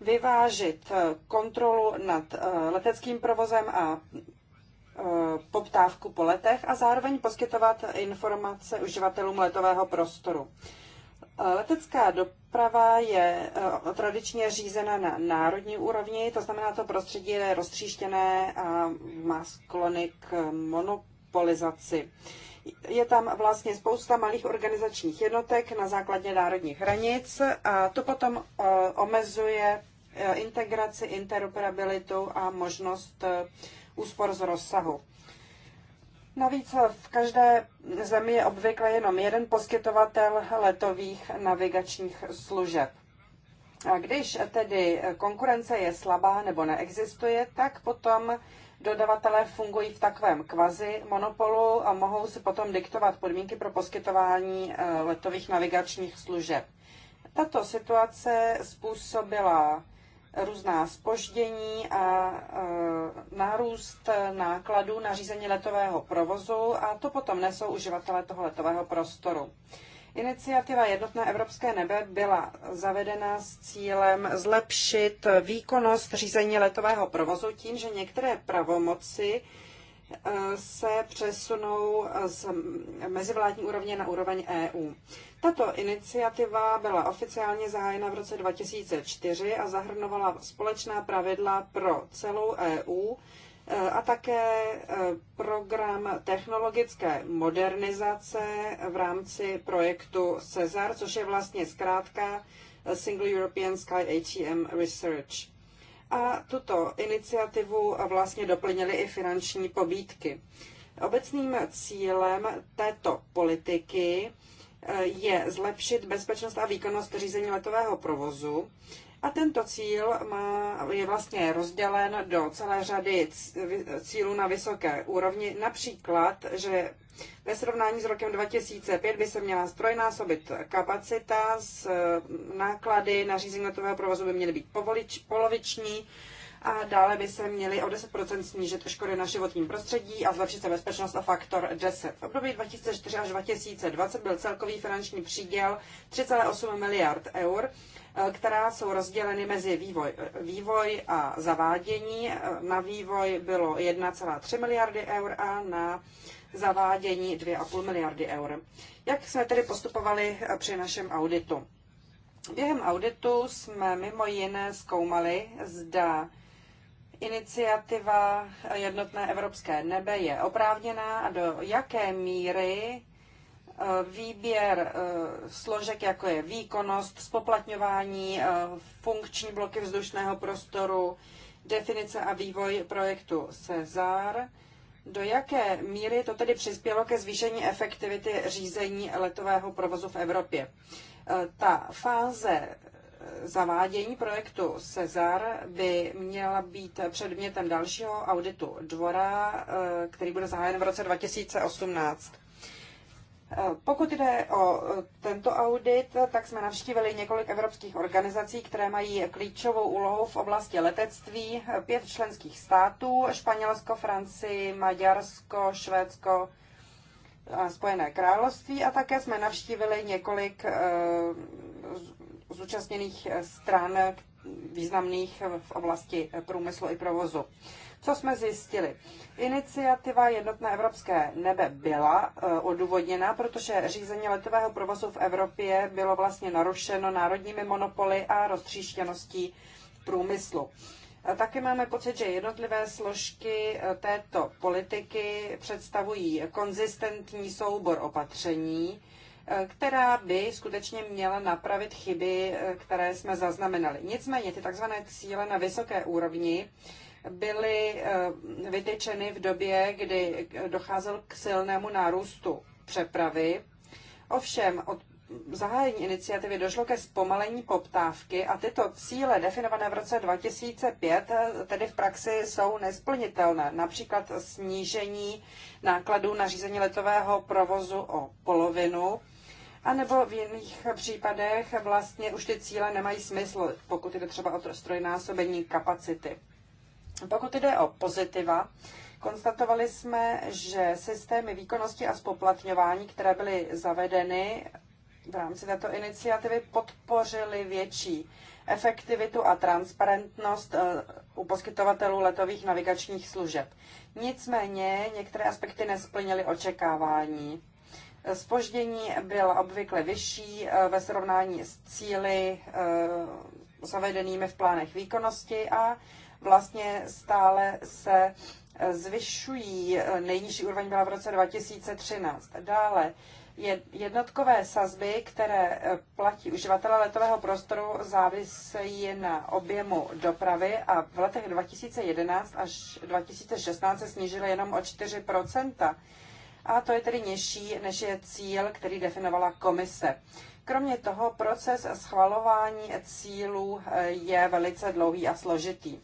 vyvážit e, kontrolu nad leteckým provozem a poptávku po letech a zároveň poskytovat informace uživatelům letového prostoru. Letecká doprava doprava je eh, tradičně řízena na národní úrovni, to znamená, to prostředí je roztříštěné a má sklony k monopolizaci. Je tam vlastně spousta malých organizačních jednotek na základě národních hranic a to potom eh, omezuje eh, integraci, interoperabilitu a možnost úspor z rozsahu. Navíc v každé zemi je obvykle jenom jeden poskytovatel letových navigačních služeb. A když tedy konkurence je slabá nebo neexistuje, tak potom dodavatelé fungují v takovém kvazi monopolu a mohou si potom diktovat podmínky pro poskytování eh, letových navigačních služeb. Tato situace způsobila různá spoždění a nárůst nákladů na řízení letového provozu a to potom nesou uživatelé toho letového prostoru. Iniciativa Jednotné evropské nebe byla zavedena s cílem zlepšit výkonnost řízení letového provozu tím, že některé pravomoci e, se přesunou z mezivládní úrovně na úroveň EU. Tato iniciativa byla oficiálně zahájena v roce 2004 a zahrnovala společná pravidla pro celou EU eh, a také eh, program technologické modernizace v rámci projektu CESAR, což je vlastně zkrátka eh, Single European Sky ATM Research. A tuto iniciativu vlastně doplnily i finanční pobídky. Obecným cílem této politiky je zlepšit bezpečnost a výkonnost řízení letového provozu. A tento cíl má, je vlastně rozdělen do celé řady cílů na vysoké úrovni. Například, že ve srovnání s rokem 2005 by se měla strojnásobit kapacita, z eh, náklady na řízení letového provozu by měly být povolič, poloviční, a dále by se měly o 10% snížit škody na životním prostředí a zlepšit se bezpečnost a faktor 10. V období 2004 až 2020 byl celkový finanční příděl 3,8 miliard eur, eh, která jsou rozděleny mezi vývoj, vývoj a zavádění. Eh, na vývoj bylo 1,3 miliardy eur a na zavádění 2,5 miliardy eur. Jak jsme tedy postupovali eh, při našem auditu? Během auditu jsme mimo jiné zkoumali, zda Iniciativa Jednotné evropské nebe je oprávněná a do jaké míry e, výběr e, složek, jako je výkonnost, spoplatňování, e, funkční bloky vzdušného prostoru, definice a vývoj projektu CESAR. Do jaké míry to tedy přispělo ke zvýšení efektivity řízení letového provozu v Evropě? Ta fáze zavádění projektu Cezar by měla být předmětem dalšího auditu dvora, eh, který bude zahájen v roce 2018. Eh, pokud jde o eh, tento audit, tak jsme navštívili několik evropských organizací, které mají klíčovou úlohu v oblasti letectví. Pět členských států, Španělsko, Francii, Maďarsko, Švédsko, Spojené království a také jsme navštívili několik zúčastněných eh, stran eh, významných eh, v oblasti průmyslu i provozu. Co jsme zjistili? Iniciativa Jednotné evropské nebe byla odůvodněna, protože řízení letového provozu v Evropě bylo vlastně narušeno národními monopoly a roztříštěností průmyslu. Taky máme pocit, že jednotlivé složky této politiky představují konzistentní soubor opatření, která by skutečně měla napravit chyby, eh, které jsme zaznamenali. Nicméně ty tzv. cíle na vysoké úrovni byly eh, vytyčeny v době, kdy docházel k silnému nárůstu přepravy. Ovšem od zahájení iniciativy došlo ke zpomalení poptávky a tyto cíle definované v roce 2005 eh, tedy v praxi jsou nesplnitelné. Například snížení nákladů na řízení letového provozu o polovinu anebo v jiných případech vlastně už ty cíle nemají smysl, pokud jde třeba o strojnásobení kapacity. Pokud jde o pozitiva, konstatovali jsme, že systémy výkonnosti a spoplatňování, které byly zavedeny v rámci této iniciativy, podpořily větší efektivitu a transparentnost eh, u poskytovatelů letových navigačních služeb. Nicméně některé aspekty nesplnily očekávání. Spoždění byl obvykle vyšší eh, ve srovnání s cíly eh, zavedenými v plánech výkonnosti a vlastně stále se eh, zvyšují. Nejnižší úroveň byla v roce 2013. Dále jednotkové sazby, které platí uživatele letového prostoru, závisejí na objemu dopravy a v letech 2011 až 2016 se snížily jenom o 4 a to je tedy nižší, než je cíl, který definovala komise. Kromě toho proces schvalování cílů eh, je velice dlouhý a složitý.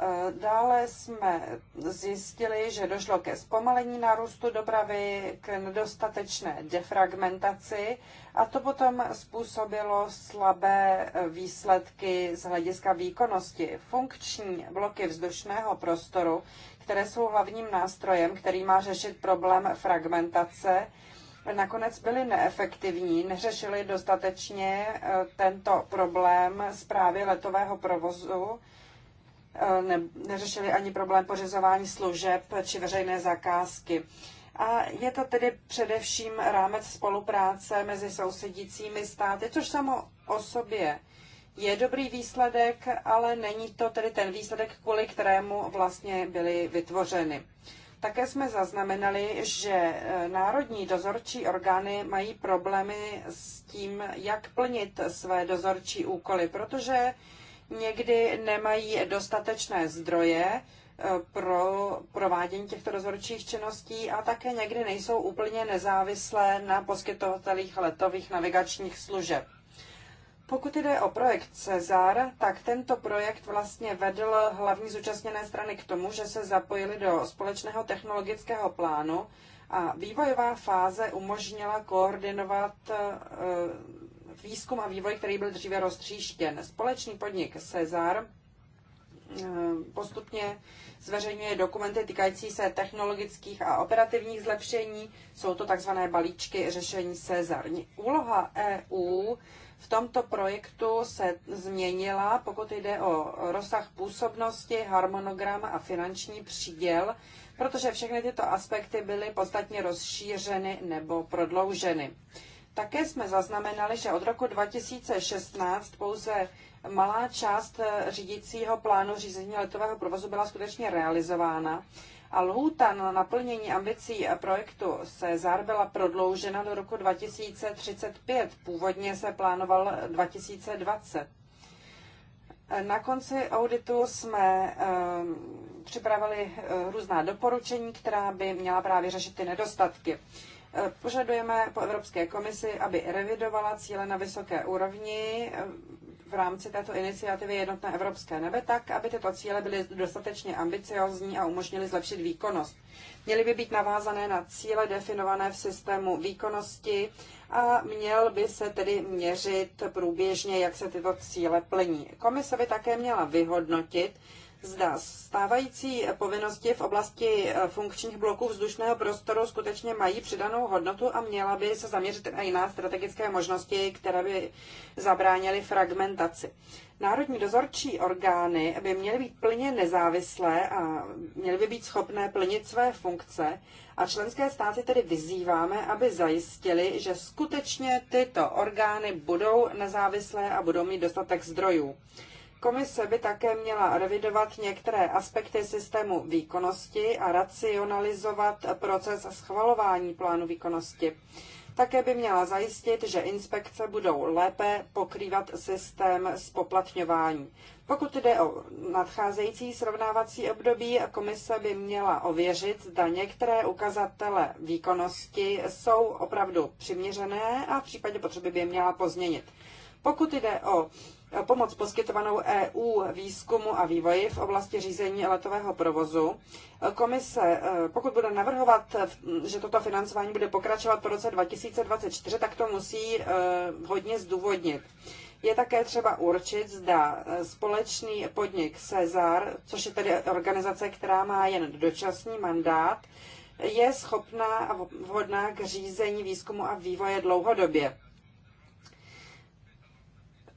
Eh, dále jsme zjistili, že došlo ke zpomalení nárůstu dopravy, k nedostatečné defragmentaci a to potom způsobilo slabé eh, výsledky z hlediska výkonnosti. Funkční bloky vzdušného prostoru, které jsou hlavním nástrojem, který má řešit problém fragmentace, nakonec byly neefektivní, neřešili dostatečně eh, tento problém zprávy letového provozu, eh, ne, neřešili ani problém pořizování služeb či veřejné zakázky. A je to tedy především rámec spolupráce mezi sousedícími státy, což samo o sobě je dobrý výsledek, ale není to tedy ten výsledek, kvůli kterému vlastně byly vytvořeny. Také jsme zaznamenali, že e, národní dozorčí orgány mají problémy s tím, jak plnit své dozorčí úkoly, protože někdy nemají dostatečné zdroje e, pro provádění těchto dozorčích činností a také někdy nejsou úplně nezávislé na poskytovatelích letových navigačních služeb. Pokud jde o projekt Cezar, tak tento projekt vlastně vedl hlavní zúčastněné strany k tomu, že se zapojili do společného technologického plánu a vývojová fáze umožnila koordinovat eh, výzkum a vývoj, který byl dříve roztříštěn. Společný podnik Cezar eh, postupně zveřejňuje dokumenty týkající se technologických a operativních zlepšení. Jsou to takzvané balíčky řešení Cezar. Úloha EU v tomto projektu se změnila, pokud jde o rozsah působnosti, harmonogram a finanční příděl, protože všechny tyto aspekty byly podstatně rozšířeny nebo prodlouženy. Také jsme zaznamenali, že od roku 2016 pouze malá část eh, řídícího plánu řízení letového provozu byla skutečně realizována a lhůta na naplnění ambicí projektu Cezar byla prodloužena do roku 2035. Původně se plánoval 2020. Na konci auditu jsme ehm, připravili eh, různá doporučení, která by měla právě řešit ty nedostatky. Eh, požadujeme po Evropské komisi, aby revidovala cíle na vysoké úrovni ehm, v rámci této iniciativy Jednotné evropské nebe tak, aby tyto cíle byly dostatečně ambiciozní a umožnily zlepšit výkonnost. Měly by být navázané na cíle definované v systému výkonnosti a měl by se tedy měřit průběžně, jak se tyto cíle plní. Komise by také měla vyhodnotit, zda stávající povinnosti v oblasti eh, funkčních bloků vzdušného prostoru skutečně mají přidanou hodnotu a měla by se zaměřit na jiná strategické možnosti, které by zabránily fragmentaci. Národní dozorčí orgány by měly být plně nezávislé a měly by být schopné plnit své funkce a členské státy tedy vyzýváme, aby zajistili, že skutečně tyto orgány budou nezávislé a budou mít dostatek zdrojů. Komise by také měla revidovat některé aspekty systému výkonnosti a racionalizovat proces schvalování plánu výkonnosti. Také by měla zajistit, že inspekce budou lépe pokrývat systém spoplatňování. Pokud jde o nadcházející srovnávací období, komise by měla ověřit, zda některé ukazatele výkonnosti jsou opravdu přiměřené a v případě potřeby by je měla pozměnit. Pokud jde o pomoc poskytovanou EU výzkumu a vývoji v oblasti řízení letového provozu. Komise, eh, pokud bude navrhovat, eh, že toto financování bude pokračovat po roce 2024, tak to musí eh, hodně zdůvodnit. Je také třeba určit, zda společný podnik Cezar, což je tedy organizace, která má jen dočasný mandát, je schopná a vhodná k řízení výzkumu a vývoje dlouhodobě.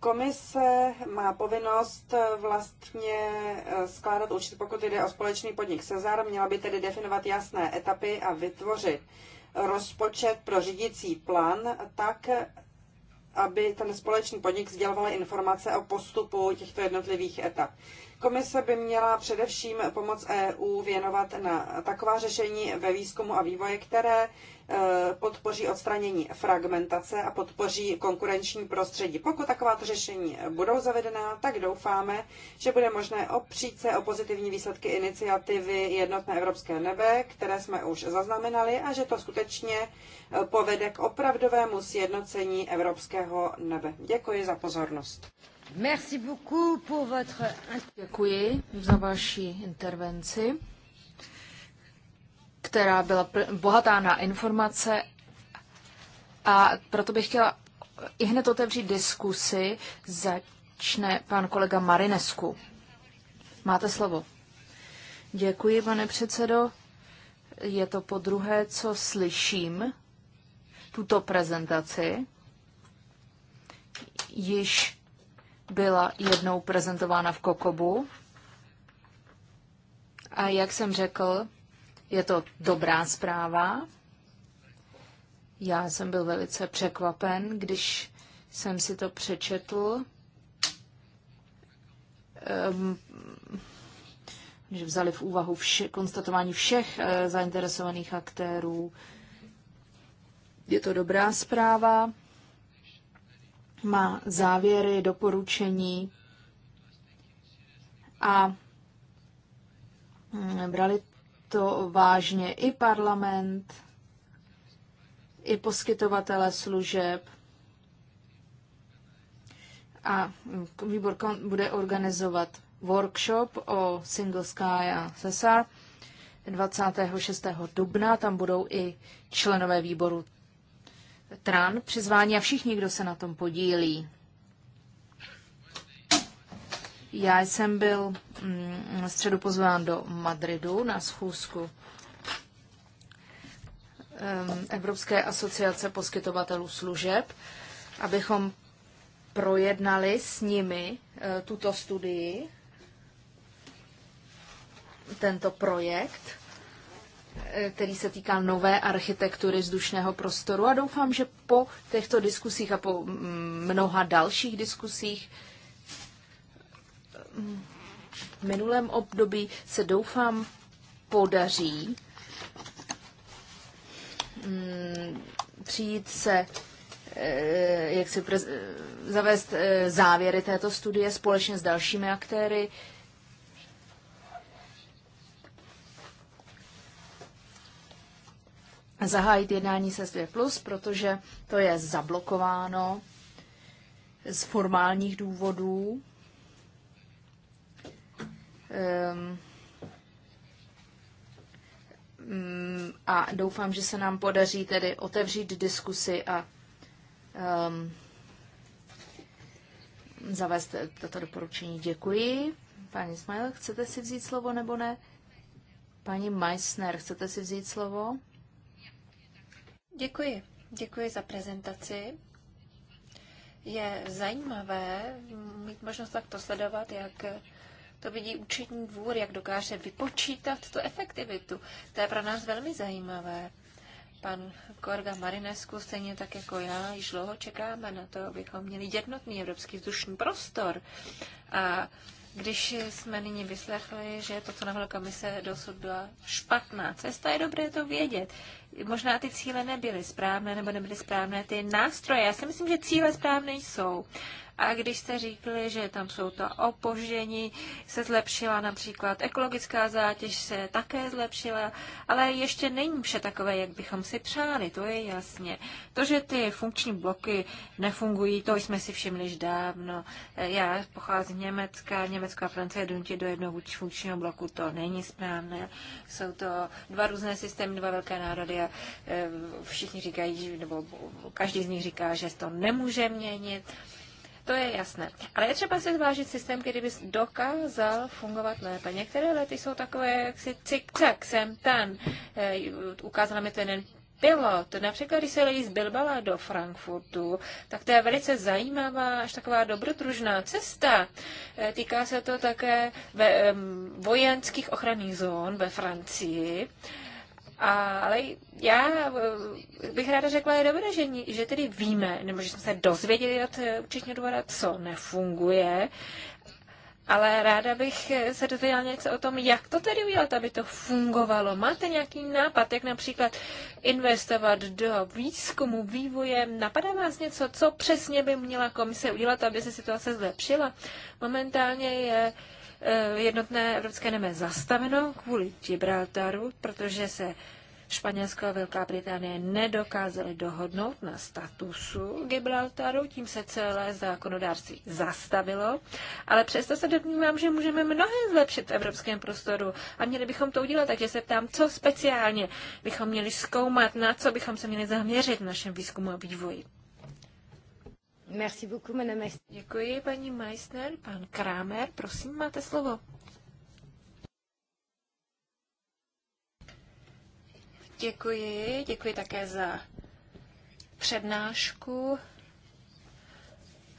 Komise má povinnost vlastně eh, skládat účet, pokud jde o společný podnik Cezar, měla by tedy definovat jasné etapy a vytvořit rozpočet pro řídící plán tak, aby ten společný podnik sděloval informace o postupu těchto jednotlivých etap. Komise by měla především pomoc EU věnovat na taková řešení ve výzkumu a vývoji, které e, podpoří odstranění fragmentace a podpoří konkurenční prostředí. Pokud takováto řešení budou zavedena, tak doufáme, že bude možné opřít se o pozitivní výsledky iniciativy Jednotné evropské nebe, které jsme už zaznamenali, a že to skutečně e, povede k opravdovému sjednocení evropského nebe. Děkuji za pozornost. Děkuji za vaši intervenci, která byla bohatá na informace a proto bych chtěla i hned otevřít diskusi. Začne pan kolega Marinesku. Máte slovo. Děkuji, pane předsedo. Je to po druhé, co slyším tuto prezentaci. Již byla jednou prezentována v Kokobu. A jak jsem řekl, je to dobrá zpráva. Já jsem byl velice překvapen, když jsem si to přečetl. Um, že vzali v úvahu vše, konstatování všech e, zainteresovaných aktérů. Je to dobrá zpráva má závěry, doporučení a hm, brali to vážně i parlament, i poskytovatele služeb. A výbor bude organizovat workshop o Single Sky a Cesar 26. dubna. Tam budou i členové výboru TRAN přizvání a všichni, kdo se na tom podílí. Já jsem byl mm, středu pozván do Madridu na schůzku mm, Evropské asociace poskytovatelů služeb, abychom projednali s nimi e, tuto studii, tento projekt Eh, který se týká nové architektury vzdušného prostoru a doufám, že po těchto diskusích a po mm, mnoha dalších diskusích mm, v minulém období se doufám podaří mm, přijít se eh, jak si prez, zavést eh, závěry této studie společně s dalšími aktéry, zahájit jednání se Svět Plus, protože to je zablokováno z formálních důvodů. Um, a doufám, že se nám podaří tedy otevřít diskusy a um, zavést toto doporučení. Děkuji. Pani Smajl, chcete si vzít slovo nebo ne? Paní Meissner, chcete si vzít slovo? Děkuji. Děkuji za prezentaci. Je zajímavé mít možnost takto sledovat, jak to vidí účetní dvůr, jak dokáže vypočítat tu efektivitu. To je pro nás velmi zajímavé. Pan Korga Marinesku, stejně tak jako já, již dlouho čekáme na to, abychom měli jednotný evropský vzdušný prostor. A když jsme nyní vyslechli, že to, co navrhla komise, dosud byla špatná cesta, je dobré to vědět možná ty cíle nebyly správné, nebo nebyly správné ty nástroje. Já si myslím, že cíle správné jsou. A když jste říkali, že tam jsou to opoždění, se zlepšila například ekologická zátěž, se také zlepšila, ale ještě není vše takové, jak bychom si přáli, to je jasně. To, že ty funkční bloky nefungují, to jsme si všimli již dávno. Já pocházím z Německa, Německo a Francie donutí do jednoho funkčního bloku, to není správné. Jsou to dva různé systémy, dva velké národy a eh, všichni říkají, nebo každý z nich říká, že to nemůže měnit. To je jasné. Ale je třeba se zvážit systém, který by dokázal fungovat lépe. Některé lety jsou takové, jak si cik-cak, jsem ten. Eh, ukázala mi to jeden pilot. Například, když se lejí z Bilbala do Frankfurtu, tak to je velice zajímavá, až taková dobrodružná cesta. Eh, týká se to také ve, um, vojenských ochranných zón ve Francii. Ale já eh, bych ráda řekla, je dobré, že, že tedy víme, nebo že jsme se dozvěděli od eh, účetního dvora, co nefunguje, ale ráda bych eh, se dozvěděla něco o tom, jak to tedy udělat, aby to fungovalo. Máte nějaký nápad, jak například investovat do výzkumu, vývoje? Napadá vás něco, co přesně by měla komise udělat, aby se situace zlepšila? Momentálně je uh, Eh, jednotné evropské neme zastaveno kvůli Gibraltaru, protože se Španělsko a Velká Británie nedokázaly dohodnout na statusu Gibraltaru, tím se celé zákonodárství zastavilo, ale přesto se domnívám, že můžeme mnohé zlepšit v evropském prostoru a měli bychom to udělat, takže se ptám, co speciálně bychom měli zkoumat, na co bychom se měli zaměřit v našem výzkumu a vývoji. Merci beaucoup, madame Děkuji, paní Meissner. Pan Kramer, prosím, máte slovo. Děkuji, děkuji také za přednášku.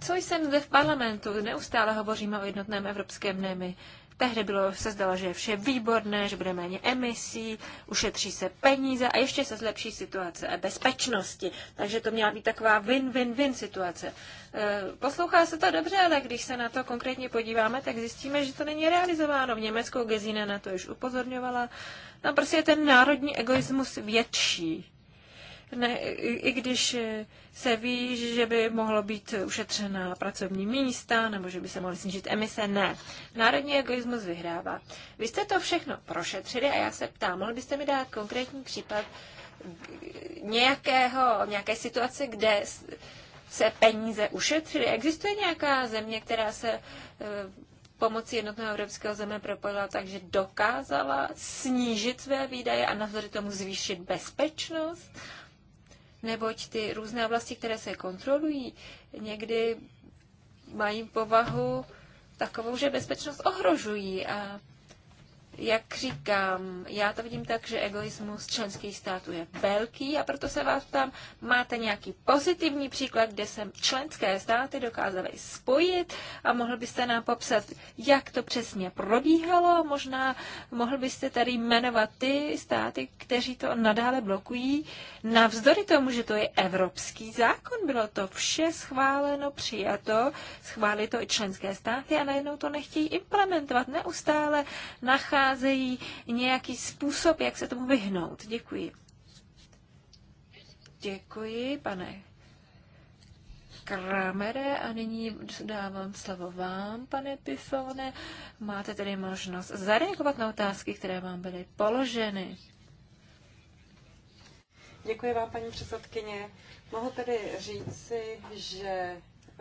Co jsem zde v parlamentu? Neustále hovoříme o jednotném evropském nemi. Tehdy bylo, se zdalo, že je vše výborné, že bude méně emisí, ušetří se peníze a ještě se zlepší situace a bezpečnosti. Takže to měla být taková win-win-win situace. E, poslouchá se to dobře, ale když se na to konkrétně podíváme, tak zjistíme, že to není realizováno. V Německu Gezina na to již upozorňovala. Tam no, prostě je ten národní egoismus větší ne, i když se ví, že by mohlo být ušetřena pracovní místa nebo že by se mohly snížit emise, ne. Národní egoismus vyhrává. Vy jste to všechno prošetřili a já se ptám, mohl byste mi dát konkrétní případ nějakého, nějaké situace, kde se peníze ušetřily? Existuje nějaká země, která se e, pomocí jednotného evropského země propojila takže dokázala snížit své výdaje a navzdory tomu zvýšit bezpečnost? neboť ty různé oblasti, které se kontrolují, někdy mají povahu takovou, že bezpečnost ohrožují a jak říkám, já to vidím tak, že egoismus členských států je velký a proto se vás ptám, máte nějaký pozitivní příklad, kde se členské státy dokázaly spojit a mohl byste nám popsat, jak to přesně probíhalo a možná mohl byste tady jmenovat ty státy, kteří to nadále blokují, navzdory tomu, že to je evropský zákon, bylo to vše schváleno, přijato, schválili to i členské státy a najednou to nechtějí implementovat, neustále nachází nacházejí nějaký způsob, jak se tomu vyhnout. Děkuji. Děkuji, pane Kramere, a nyní dávám slovo vám, pane Pifone. Máte tedy možnost zareagovat na otázky, které vám byly položeny. Děkuji vám, paní předsedkyně. Mohu tedy říci, že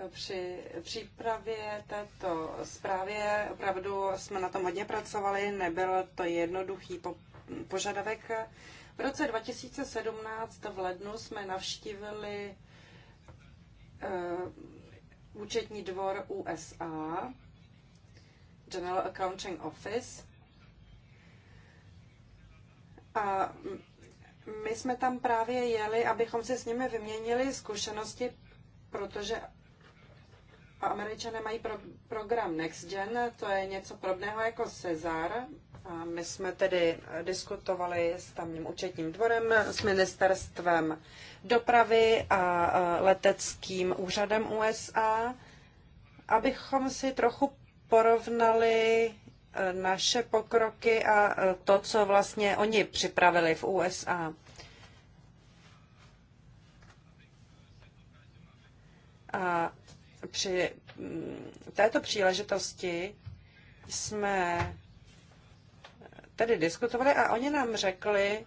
při přípravě této zprávy opravdu jsme na tom hodně pracovali, nebyl to jednoduchý požadavek. V roce 2017 v lednu jsme navštívili uh, účetní dvor USA, General Accounting Office, a my jsme tam právě jeli, abychom se s nimi vyměnili zkušenosti, protože a američané mají pro, program NextGen, to je něco podobného jako Cezar. A my jsme tedy diskutovali s tamním účetním dvorem, s ministerstvem dopravy a leteckým úřadem USA, abychom si trochu porovnali e, naše pokroky a e, to, co vlastně oni připravili v USA. A při mm, této příležitosti jsme tedy diskutovali a oni nám řekli,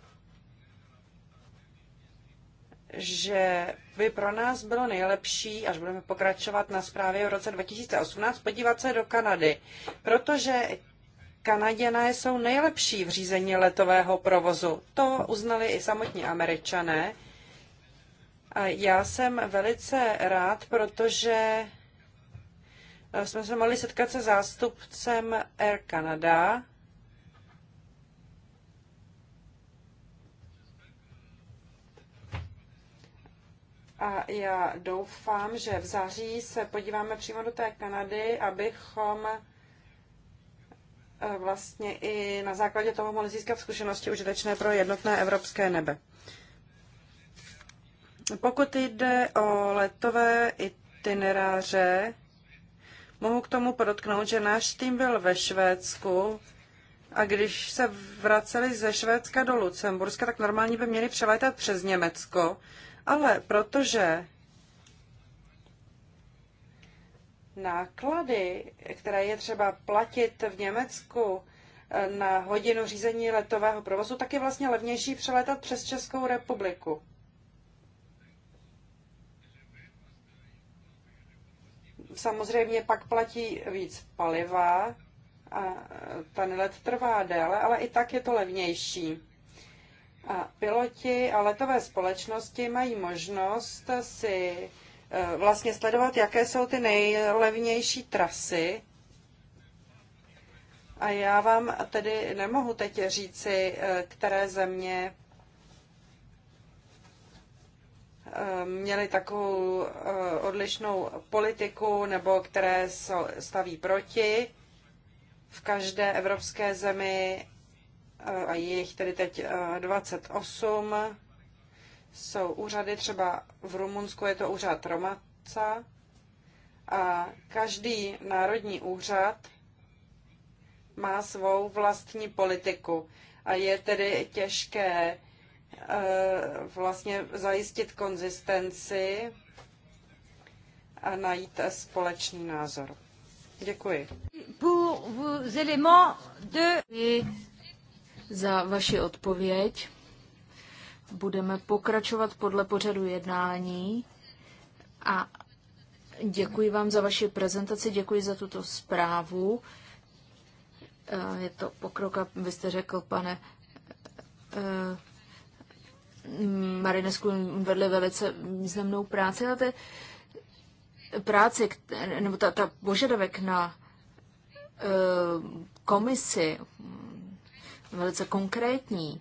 že by pro nás bylo nejlepší, až budeme pokračovat na zprávě v roce 2018, podívat se do Kanady, protože Kanaděné jsou nejlepší v řízení letového provozu. To uznali i samotní američané já jsem velice rád, protože eh, jsme se mohli setkat se zástupcem Air Canada. A já doufám, že v září se podíváme přímo do té Kanady, abychom eh, vlastně i na základě toho mohli získat zkušenosti užitečné pro jednotné evropské nebe. Pokud jde o letové itineráře, mohu k tomu podotknout, že náš tým byl ve Švédsku a když se vraceli ze Švédska do Lucemburska, tak normálně by měli přelétat přes Německo, ale protože náklady, které je třeba platit v Německu eh, na hodinu řízení letového provozu, tak je vlastně levnější přelétat přes Českou republiku. Samozřejmě pak platí víc paliva a ten let trvá déle, ale i tak je to levnější. A piloti a letové společnosti mají možnost si eh, vlastně sledovat, jaké jsou ty nejlevnější trasy. A já vám tedy nemohu teď říci, eh, které země Eh, měly takovou eh, odlišnou politiku nebo které staví proti. V každé evropské zemi, eh, a je jich tedy teď 28, jsou úřady, třeba v Rumunsku je to úřad Romaca, a každý národní úřad má svou vlastní politiku a je tedy těžké Eh, vlastně zajistit konzistenci a najít společný názor. Děkuji. Za vaši odpověď budeme pokračovat podle pořadu jednání a děkuji vám za vaši prezentaci, děkuji za tuto zprávu. Eh, je to pokrok, vy jste řekl, pane eh, Marinesku vedli velice významnou práci ale práce, nebo ta, ta požadavek na eh, komisi, velice konkrétní,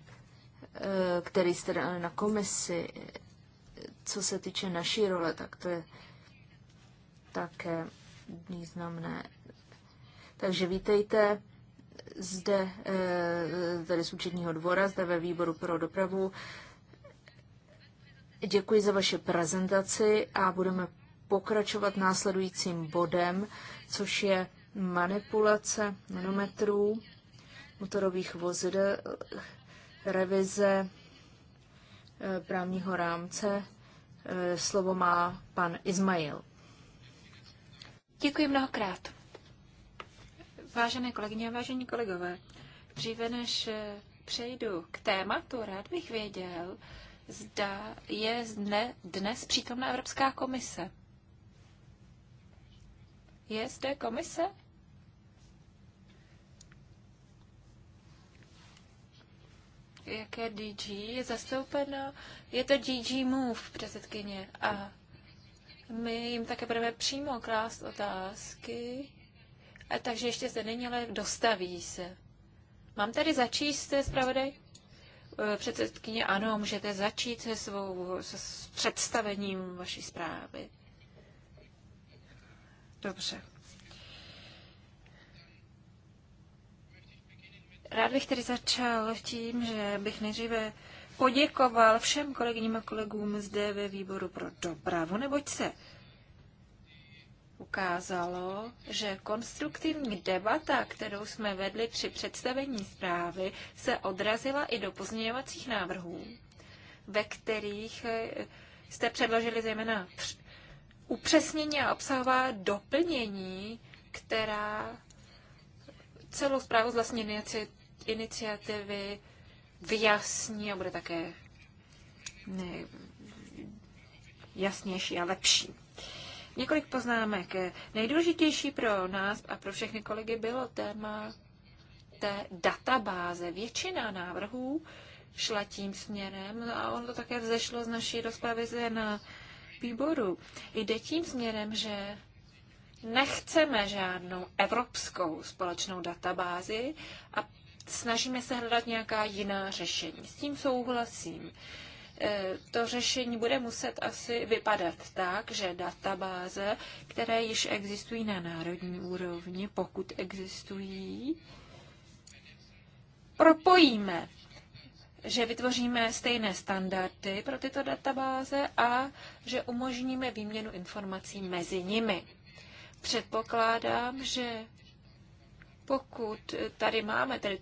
eh, který jste dali na komisi, co se týče naší role, tak to je také významné. Takže vítejte zde, eh, tady z účetního dvora, zde ve výboru pro dopravu. Děkuji za vaše prezentaci a budeme pokračovat následujícím bodem, což je manipulace manometrů motorových vozidel, revize eh, právního rámce. Eh, slovo má pan Izmail. Děkuji mnohokrát. Vážené kolegyně a vážení kolegové, dříve než eh, přejdu k tématu, rád bych věděl, zda je dne, dnes přítomna Evropská komise. Je zde komise? Jaké DG je zastoupeno? Je to DG Move, předsedkyně. A my jim také budeme přímo klást otázky. A takže ještě se není, ale dostaví se. Mám tady začíst, eh, zpravodaj? Eh, předsedkyně, ano, můžete začít se svou s představením vaší zprávy. Dobře. Rád bych tedy začal tím, že bych nejdříve poděkoval všem kolegyním a kolegům zde ve výboru pro dopravu, neboť se ukázalo, že konstruktivní debata, kterou jsme vedli při představení zprávy, se odrazila i do pozměňovacích návrhů, ve kterých eh, jste předložili zejména upřesnění a obsahová doplnění, která celou zprávu z vlastní iniciativy vyjasní a bude také jasnější a lepší. Několik poznámek. Nejdůležitější pro nás a pro všechny kolegy bylo téma té databáze. Většina návrhů šla tím směrem a ono to také vzešlo z naší rozpravy zde na výboru. Jde tím směrem, že nechceme žádnou evropskou společnou databázi a snažíme se hledat nějaká jiná řešení. S tím souhlasím. E, to řešení bude muset asi vypadat tak, že databáze, které již existují na národní úrovni, pokud existují, propojíme že vytvoříme stejné standardy pro tyto databáze a že umožníme výměnu informací mezi nimi. Předpokládám, že pokud tady máme tedy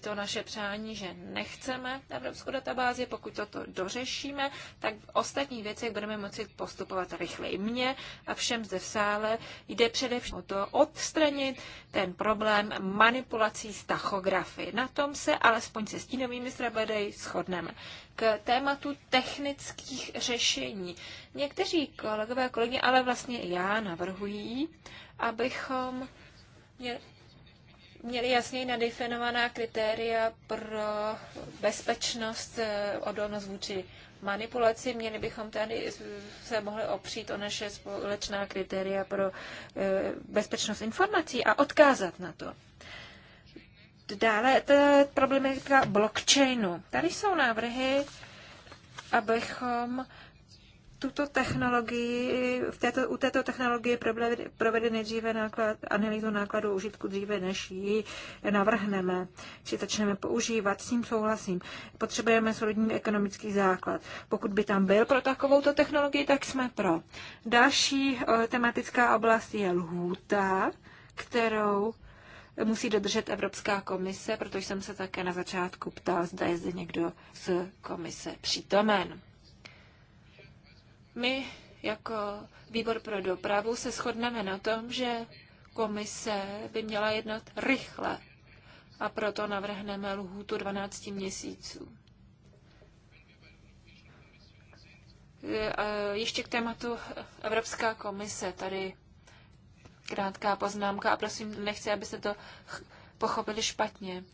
to naše přání, že nechceme evropskou databázi, pokud toto dořešíme, tak v ostatních věcech budeme moci postupovat rychleji. Mně a všem zde v sále jde především o to odstranit ten problém manipulací s tachografy. Na tom se alespoň se stínovými strabadej shodneme. K tématu technických řešení. Někteří kolegové a kolegy, ale vlastně já navrhují, abychom měli měli jasněji nadefinovaná kritéria pro bezpečnost, eh, odolnost vůči manipulaci. Měli bychom tady se mohli opřít o naše společná kritéria pro eh, bezpečnost informací a odkázat na to. Dále to je problematika blockchainu. Tady jsou návrhy, abychom tuto technologii, v této, u této technologie provede nejdříve náklad, analýzu nákladu užitku dříve, než ji navrhneme, či začneme používat. S tím souhlasím. Potřebujeme solidní ekonomický základ. Pokud by tam byl pro takovouto technologii, tak jsme pro. Další o, eh, tematická oblast je lhůta, kterou musí dodržet Evropská komise, protože jsem se také na začátku ptal, zda je zde někdo z komise přítomen. My jako výbor pro dopravu se shodneme na tom, že komise by měla jednat rychle a proto navrhneme lhůtu 12 měsíců. Ještě k tématu Evropská komise. Tady krátká poznámka a prosím, nechci, aby se to pochopili špatně.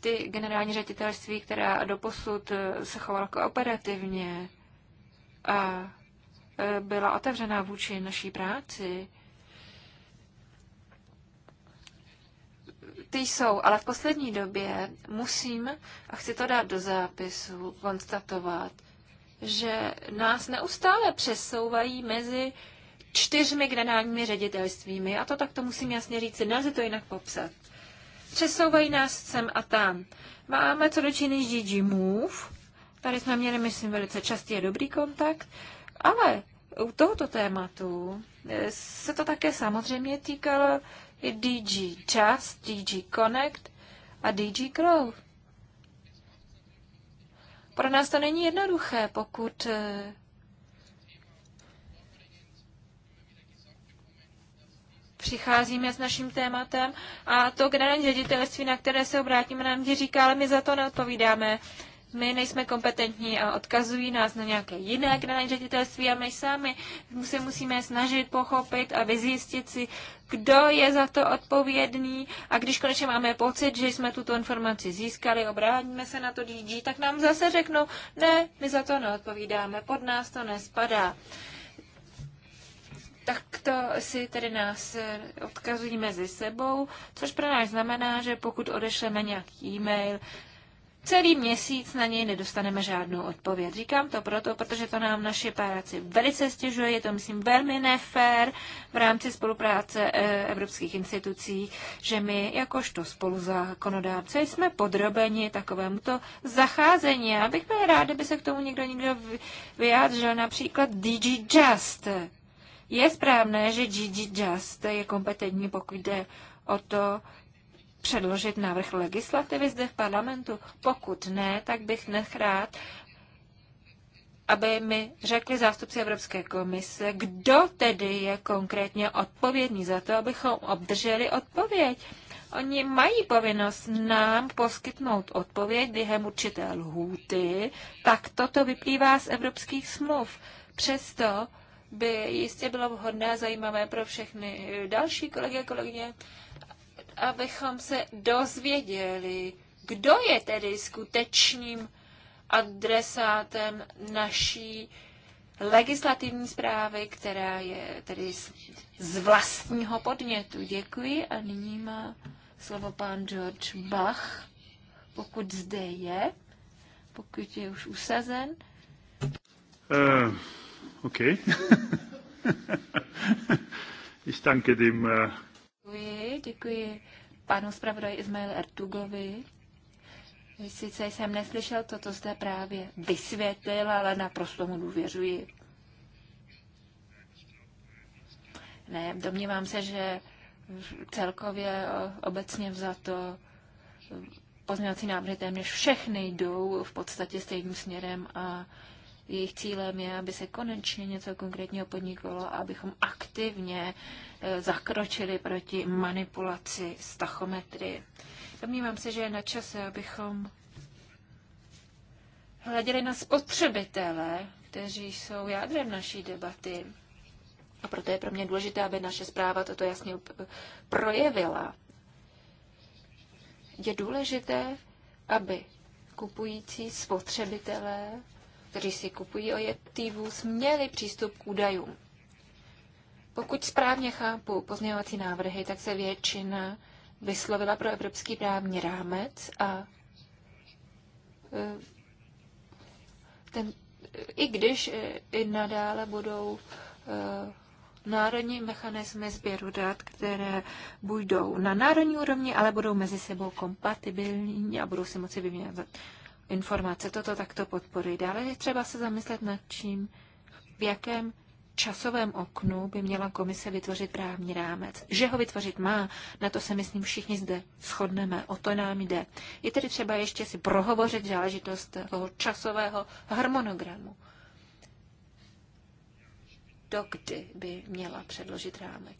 Ty generální ředitelství, která doposud se chovala kooperativně, a e, byla otevřená vůči naší práci, ty jsou, ale v poslední době musím, a chci to dát do zápisu, konstatovat, že nás neustále přesouvají mezi čtyřmi generálními ředitelstvími, a to tak to musím jasně říct, nelze to jinak popsat. Přesouvají nás sem a tam. Máme co dočiny s DG Move, Tady jsme měli, myslím, velice častý a dobrý kontakt, ale u tohoto tématu eh, se to také samozřejmě týkalo i DG Just, DG Connect a DG Grow. Pro nás to není jednoduché, pokud eh, přicházíme s naším tématem a to generální ředitelství, na které se obrátíme, nám ti říká, ale my za to neodpovídáme my nejsme kompetentní a odkazují nás na nějaké jiné generální ředitelství a my sami se musíme snažit pochopit a vyzjistit si, kdo je za to odpovědný a když konečně máme pocit, že jsme tuto informaci získali, obrátíme se na to DG, tak nám zase řeknou, ne, my za to neodpovídáme, pod nás to nespadá. Tak to si tedy nás eh, odkazují mezi sebou, což pro nás znamená, že pokud odešleme nějaký e-mail, Celý měsíc na něj nedostaneme žádnou odpověď. Říkám to proto, protože to nám naše práci velice stěžuje, je to, myslím, velmi nefér v rámci spolupráce eh, evropských institucí, že my, jakožto spoluzákonodárce, jsme podrobeni takovémuto zacházení. Já bych byl rád, kdyby se k tomu někdo někdo vyjádřil, například DG Just. Je správné, že DG Just je kompetentní, pokud jde o to, předložit návrh legislativy zde v parlamentu? Pokud ne, tak bych nechrát, aby mi řekli zástupci Evropské komise, kdo tedy je konkrétně odpovědný za to, abychom obdrželi odpověď. Oni mají povinnost nám poskytnout odpověď během určité lhůty, tak toto vyplývá z evropských smluv. Přesto by jistě bylo vhodné a zajímavé pro všechny další kolegy a kolegyně, abychom se dozvěděli, kdo je tedy skutečným adresátem naší legislativní zprávy, která je tedy z vlastního podnětu. Děkuji a nyní má slovo pán George Bach, pokud zde je, pokud je už usazen. Uh, OK. ich danke dem uh... Děkuji, děkuji panu zpravodaji Ismail Ertugovi. Sice jsem neslyšel to, co jste právě vysvětlil, ale naprosto mu důvěřuji. Ne, domnívám se, že celkově obecně vzato pozměňovací návrhy téměř všechny jdou v podstatě stejným směrem a jejich cílem je, aby se konečně něco konkrétního podniklo, abychom aktivně eh, zakročili proti manipulaci stachometry. Domnívám se, že je na čase, abychom hleděli na spotřebitele, kteří jsou jádrem naší debaty. A proto je pro mě důležité, aby naše zpráva toto jasně projevila. Je důležité, aby kupující spotřebitelé kteří si kupují ojetivus, měli přístup k údajům. Pokud správně chápu pozměňovací návrhy, tak se většina vyslovila pro evropský právní rámec a e, ten, e, i když e, i nadále budou národní mechanismy sběru dat, které budou na národní úrovni, ale budou mezi sebou kompatibilní a budou si moci vyměňovat informace. Toto takto podporuji. Dále je třeba se zamyslet nad čím, v jakém časovém oknu by měla komise vytvořit právní rámec. Že ho vytvořit má, na to se myslím všichni zde shodneme, o to nám jde. Je tedy třeba ještě si prohovořit záležitost toho časového harmonogramu. Dokdy by měla předložit rámec.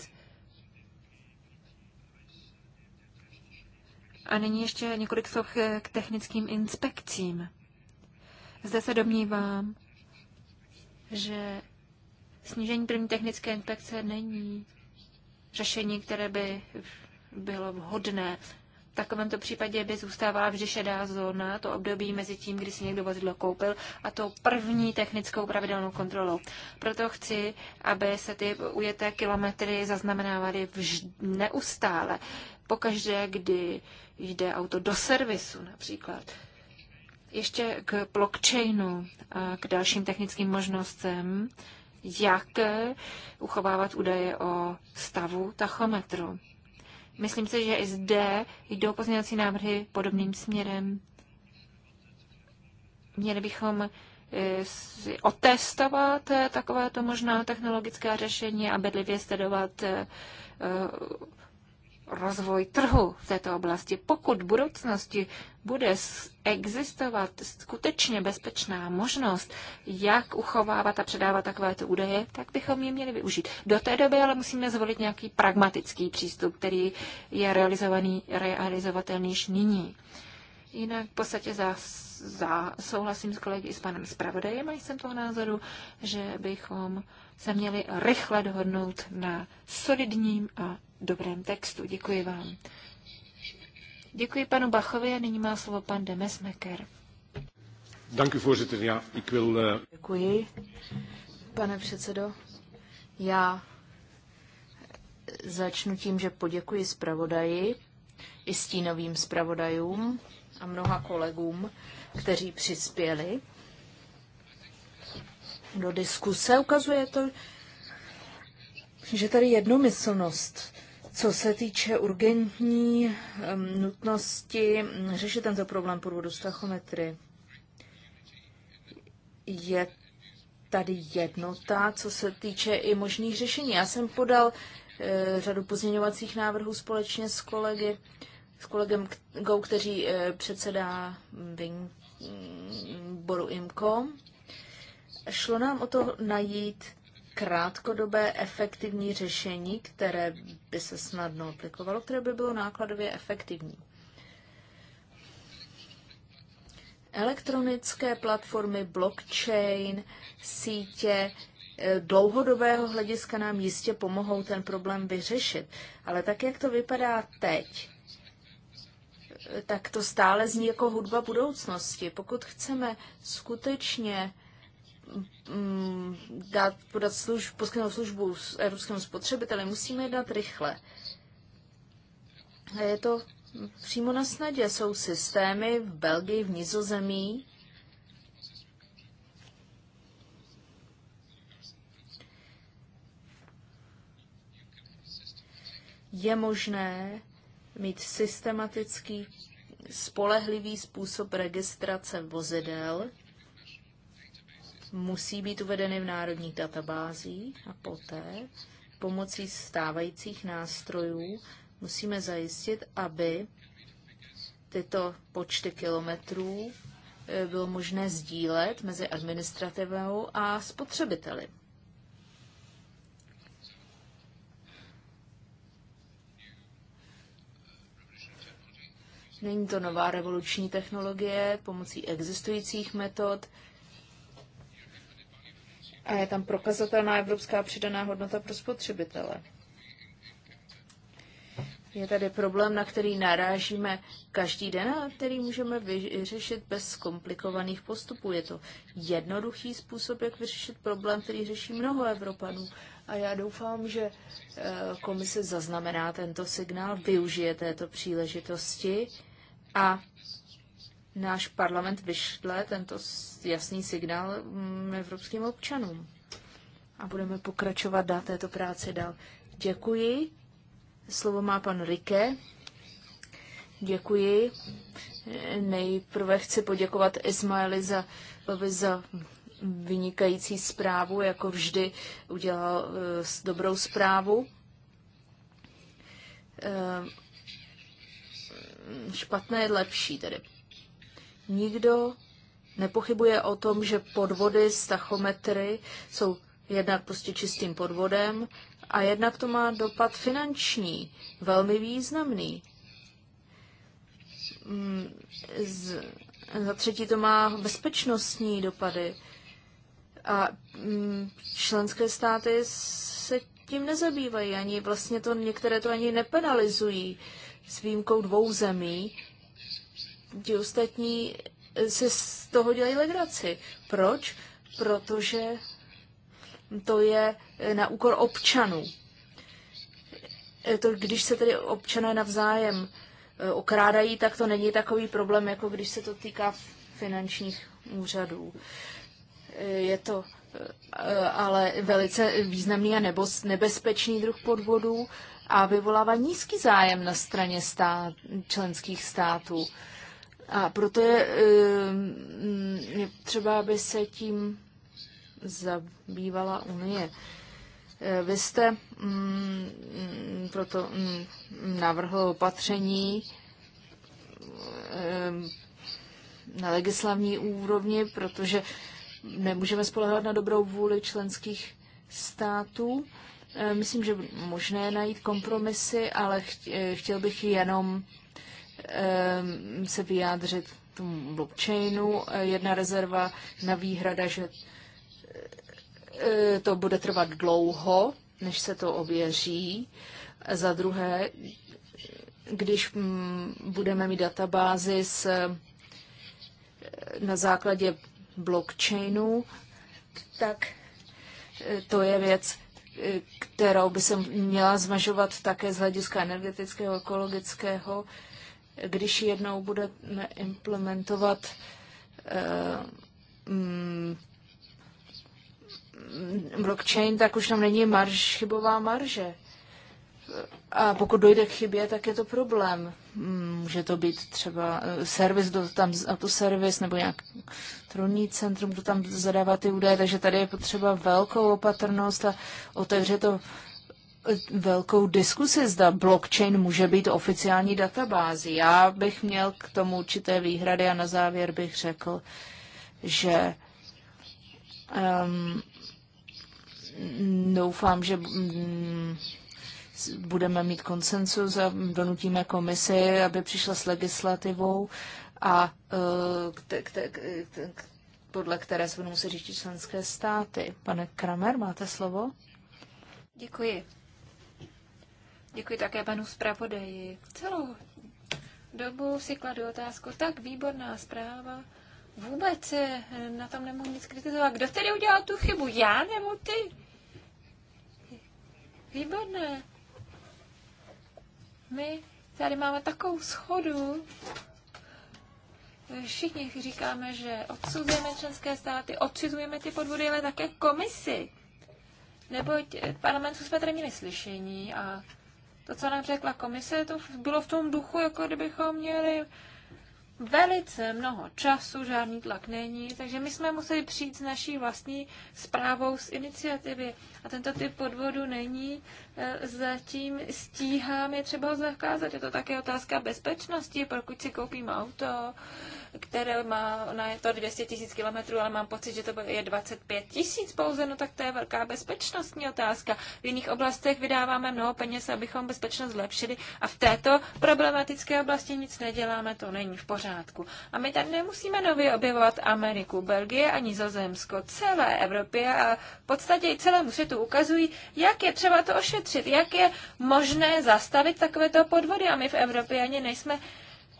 A nyní ještě několik slov k technickým inspekcím. Zde se domnívám, že snížení první technické inspekce není řešení, které by bylo vhodné. V takovémto případě by zůstávala vždy šedá zóna, to období mezi tím, kdy si někdo vozidlo koupil a tou první technickou pravidelnou kontrolou. Proto chci, aby se ty ujeté kilometry zaznamenávaly vždy, neustále pokaždé, kdy jde auto do servisu například. Ještě k blockchainu a k dalším technickým možnostem, jak uchovávat údaje o stavu tachometru. Myslím si, že i zde jdou pozměňovací návrhy podobným směrem. Měli bychom e, otestovat e, takovéto možná technologické řešení a bedlivě sledovat e, rozvoj trhu v této oblasti. Pokud v budoucnosti bude existovat skutečně bezpečná možnost, jak uchovávat a předávat takovéto údaje, tak bychom je měli využít. Do té doby ale musíme zvolit nějaký pragmatický přístup, který je realizovaný, realizovatelný již nyní. Jinak v podstatě za, za, souhlasím s kolegy i s panem zpravodajem a jsem toho názoru, že bychom se měli rychle dohodnout na solidním a dobrém textu. Děkuji vám. Děkuji panu Bachovi a nyní má slovo pan Demesmeker. Eh, Děkuji, pane předsedo. Já eh, začnu tím, že poděkuji zpravodaji i stínovým zpravodajům a mnoha kolegům, kteří přispěli do diskuse. Ukazuje to, že tady jednomyslnost, co se týče urgentní nutnosti řešit tento problém podvodu s tachometry, je tady jednota, co se týče i možných řešení. Já jsem podal eh, řadu pozměňovacích návrhů společně s kolegy, s kolegem Go, kteří eh, předsedá mm, výboru mm, IMCO šlo nám o to najít krátkodobé efektivní řešení, které by se snadno aplikovalo, které by bylo nákladově efektivní. Elektronické platformy, blockchain, sítě eh, dlouhodobého hlediska nám jistě pomohou ten problém vyřešit. Ale tak, jak to vypadá teď, eh, tak to stále zní jako hudba budoucnosti. Pokud chceme skutečně Mm, dát, podat služ, poskytnout službu s evropskému spotřebiteli, musíme jednat rychle. A je to přímo na snadě. Jsou systémy v Belgii, v Nizozemí, je možné mít systematický, spolehlivý způsob registrace vozidel, musí být uvedeny v národních databázích a poté pomocí stávajících nástrojů musíme zajistit, aby tyto počty kilometrů eh, bylo možné sdílet mezi administrativou a spotřebiteli. Není to nová revoluční technologie, pomocí existujících metod a je tam prokazatelná evropská přidaná hodnota pro spotřebitele. Je tady problém, na který narážíme každý den a který můžeme vyřešit bez komplikovaných postupů. Je to jednoduchý způsob, jak vyřešit problém, který řeší mnoho Evropanů. A já doufám, že eh, komise zaznamená tento signál, využije této příležitosti a náš parlament vyšle tento jasný signál mm, evropským občanům. A budeme pokračovat dát této práci dál. Děkuji. Slovo má pan Rike. Děkuji. Nejprve chci poděkovat Ismaili za, za vynikající zprávu, jako vždy udělal eh, dobrou zprávu eh, špatné je lepší tedy. Nikdo nepochybuje o tom, že podvody s tachometry jsou jednak prostě čistým podvodem a jednak to má dopad finanční, velmi významný. Mm, z, za třetí to má bezpečnostní dopady a mm, členské státy se tím nezabývají, ani vlastně to některé to ani nepenalizují s výjimkou dvou zemí, ti ostatní si z toho dělají legraci. Proč? Protože to je na úkor občanů. To, když se tedy občané navzájem e, okrádají, tak to není takový problém, jako když se to týká finančních úřadů. E, je to e, ale velice významný a nebezpečný druh podvodů a vyvolává nízký zájem na straně stát, členských států. A proto je, eh, je třeba, aby se tím zabývala Unie. Eh, vy jste mm, proto mm, navrhl opatření mm, na legislavní úrovni, protože nemůžeme spolehat na dobrou vůli členských států. Myslím, že možné najít kompromisy, ale chtěl bych jenom Ehm, se vyjádřit tomu blockchainu. Eh, jedna rezerva na výhrada, že eh, eh, to bude trvat dlouho, než se to ověří. Za druhé, když hm, budeme mít databázi s, na základě blockchainu, tak to je věc, kterou by se měla zvažovat také z hlediska energetického, ekologického, když jednou budeme implementovat eh, mm, blockchain, tak už tam není marž, chybová marže. A pokud dojde k chybě, tak je to problém. Může to být třeba eh, servis, kdo tam autoservis nebo nějak tronní centrum, kdo tam zadává ty údaje, takže tady je potřeba velkou opatrnost a otevře to velkou diskusi, zda blockchain může být oficiální databází. Já bych měl k tomu určité výhrady a na závěr bych řekl, že um, doufám, že um, budeme mít konsensus a donutíme komisi, aby přišla s legislativou, a uh, te, te, te, podle které se budou muset řídit členské státy. Pane Kramer, máte slovo? Děkuji. Děkuji také panu zpravodaji. Celou dobu si kladu otázku, tak výborná zpráva, vůbec na tom nemohu nic kritizovat. Kdo tedy udělal tu chybu, já nebo ty? Výborné. My tady máme takovou schodu, všichni říkáme, že odsuzujeme členské státy, odsuzujeme ty podvody, ale také komisi. Neboť v parlamentu jsme tady měli slyšení a to, co nám řekla komise, to bylo v tom duchu, jako kdybychom měli velice mnoho času, žádný tlak není, takže my jsme museli přijít s naší vlastní zprávou z iniciativy. A tento typ podvodu není e, zatím stíhám, je třeba zakázat. Je to také otázka bezpečnosti, pokud si koupím auto, které má, ona je to 200 tisíc kilometrů, ale mám pocit, že to je 25 tisíc pouze, no tak to je velká bezpečnostní otázka. V jiných oblastech vydáváme mnoho peněz, abychom bezpečnost zlepšili a v této problematické oblasti nic neděláme, to není v pořádku. A my tady nemusíme nově objevovat Ameriku, Belgie a Nizozemsko, celé Evropě a v podstatě i celému světu ukazují, jak je třeba to ošetřit, jak je možné zastavit takovéto podvody a my v Evropě ani nejsme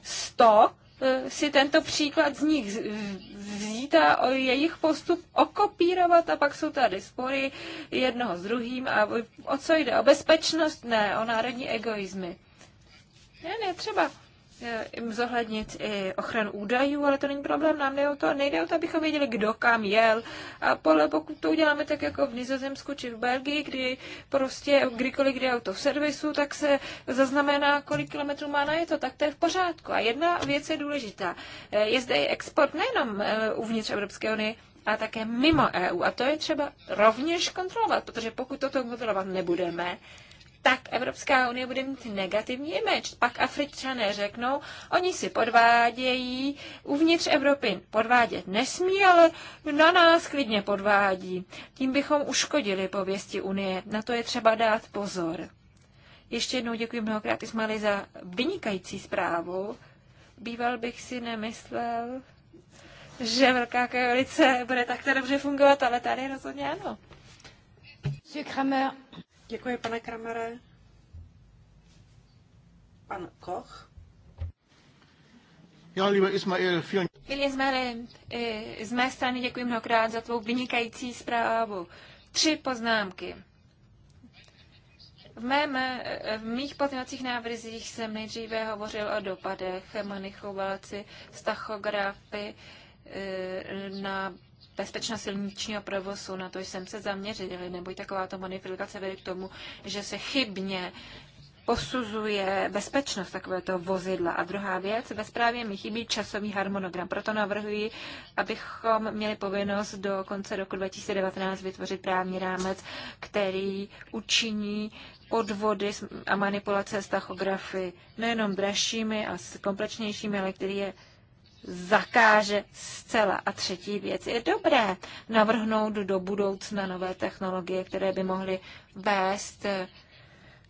100, Eh, si tento příklad z nich vzít a jejich postup okopírovat a pak jsou tady spory jednoho s druhým a o co jde? O bezpečnost? Ne, o národní egoizmy. Ne, ne, třeba Eh, zohlednit i ochranu údajů, ale to není problém, nám nejde o to, nejde o to, abychom věděli, kdo kam jel. A podle, pokud to uděláme tak jako v Nizozemsku či v Belgii, kdy prostě kdykoliv jde auto v servisu, tak se zaznamená, kolik kilometrů má na je to, tak to je v pořádku. A jedna věc je důležitá. Eh, je zde i export nejenom eh, uvnitř Evropské unie, a také mimo EU. A to je třeba rovněž kontrolovat, protože pokud toto kontrolovat nebudeme, tak Evropská unie bude mít negativní image. Pak Afričané řeknou, oni si podvádějí, uvnitř Evropy podvádět nesmí, ale na nás klidně podvádí. Tím bychom uškodili pověsti unie. Na to je třeba dát pozor. Ještě jednou děkuji mnohokrát Ismaili za vynikající zprávu. Býval bych si nemyslel, že velká koalice bude takto dobře fungovat, ale tady rozhodně ano. Kramer. Děkuji, pane Kramere. Pan Koch. Já, lieber Ismail, vielen... Ismail, z mé strany děkuji mnohokrát za tvou vynikající zprávu. Tři poznámky. V, mém, v mých pozměňovacích návrzích jsem nejdříve hovořil o dopadech manichovalci, stachografy eh, na bezpečnost silničního provozu, na to jsem se zaměřili, neboť takováto modifikace vede k tomu, že se chybně posuzuje bezpečnost takovéto vozidla. A druhá věc, ve zprávě mi chybí časový harmonogram. Proto navrhuji, abychom měli povinnost do konce roku 2019 vytvořit právní rámec, který učiní podvody a manipulace s tachografy nejenom dražšími a komplexnějšími, ale který je zakáže zcela. A třetí věc, je dobré navrhnout do budoucna nové technologie, které by mohly vést eh,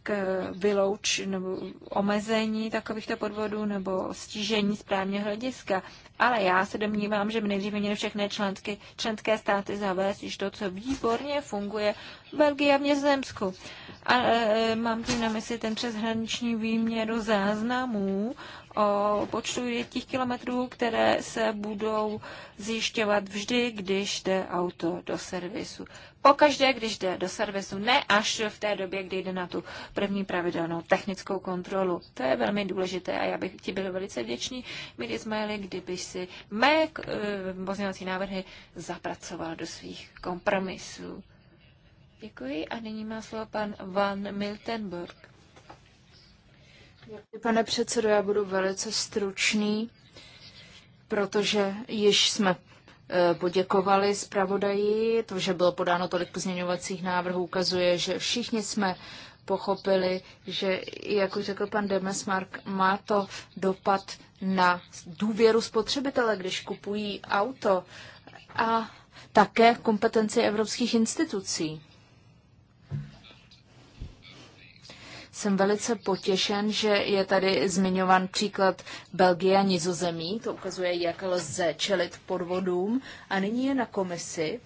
k vylouč nebo omezení takovýchto podvodů nebo stížení správně hlediska. Ale já se domnívám, že by nejdříve měly všechny členské, členské státy zavést již to, co výborně funguje v Belgii a v Nězemsku. A e, mám tím na mysli ten přeshraniční výměru záznamů o počtu těch kilometrů, které se budou zjišťovat vždy, když jde auto do servisu. Pokaždé, když jde do servisu, ne až v té době, kdy jde na tu první pravidelnou technickou kontrolu. To je velmi důležité a já bych ti byl velice vděčný, milí Ismaili, kdyby si mé eh, pozměňovací návrhy zapracoval do svých kompromisů. Děkuji a nyní má slovo pan Van Miltenburg. Pane předsedo, já budu velice stručný, protože již jsme e, poděkovali zpravodaji. To, že bylo podáno tolik pozměňovacích návrhů, ukazuje, že všichni jsme pochopili, že, jak už řekl pan Demesmark, má to dopad na důvěru spotřebitele, když kupují auto a také kompetenci evropských institucí. Jsem velice potěšen, že je tady zmiňovan příklad Belgie a Nizozemí. To ukazuje, jak lze čelit podvodům. A nyní je na komisi,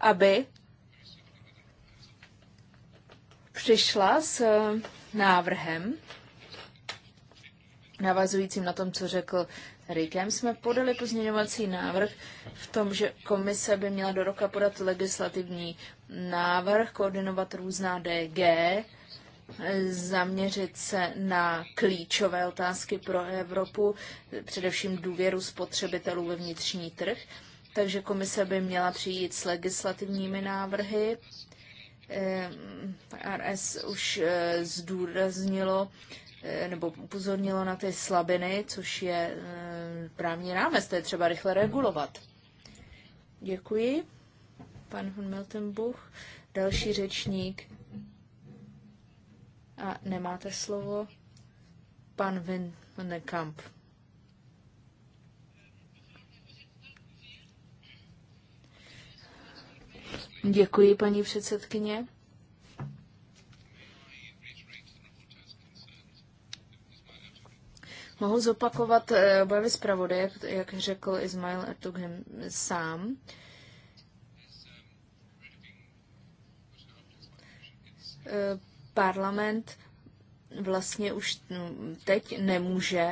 aby přišla s eh, návrhem navazujícím na tom, co řekl Rikem jsme podali pozměňovací návrh v tom, že komise by měla do roka podat legislativní návrh, koordinovat různá DG, zaměřit se na klíčové otázky pro Evropu, především důvěru spotřebitelů ve vnitřní trh. Takže komise by měla přijít s legislativními návrhy. Ehm, RS už eh, zdůraznilo, Eh, nebo upozornilo na ty slabiny, což je eh, právní rámec, to je třeba rychle regulovat. Děkuji. Pan von Miltenbuch, další řečník. A nemáte slovo. Pan Vin van Kamp. Děkuji, paní předsedkyně. Mohu zopakovat eh, obavy zpravodaje, jak, jak řekl Ismail Ertugem sám. Eh, parlament vlastně už no, teď nemůže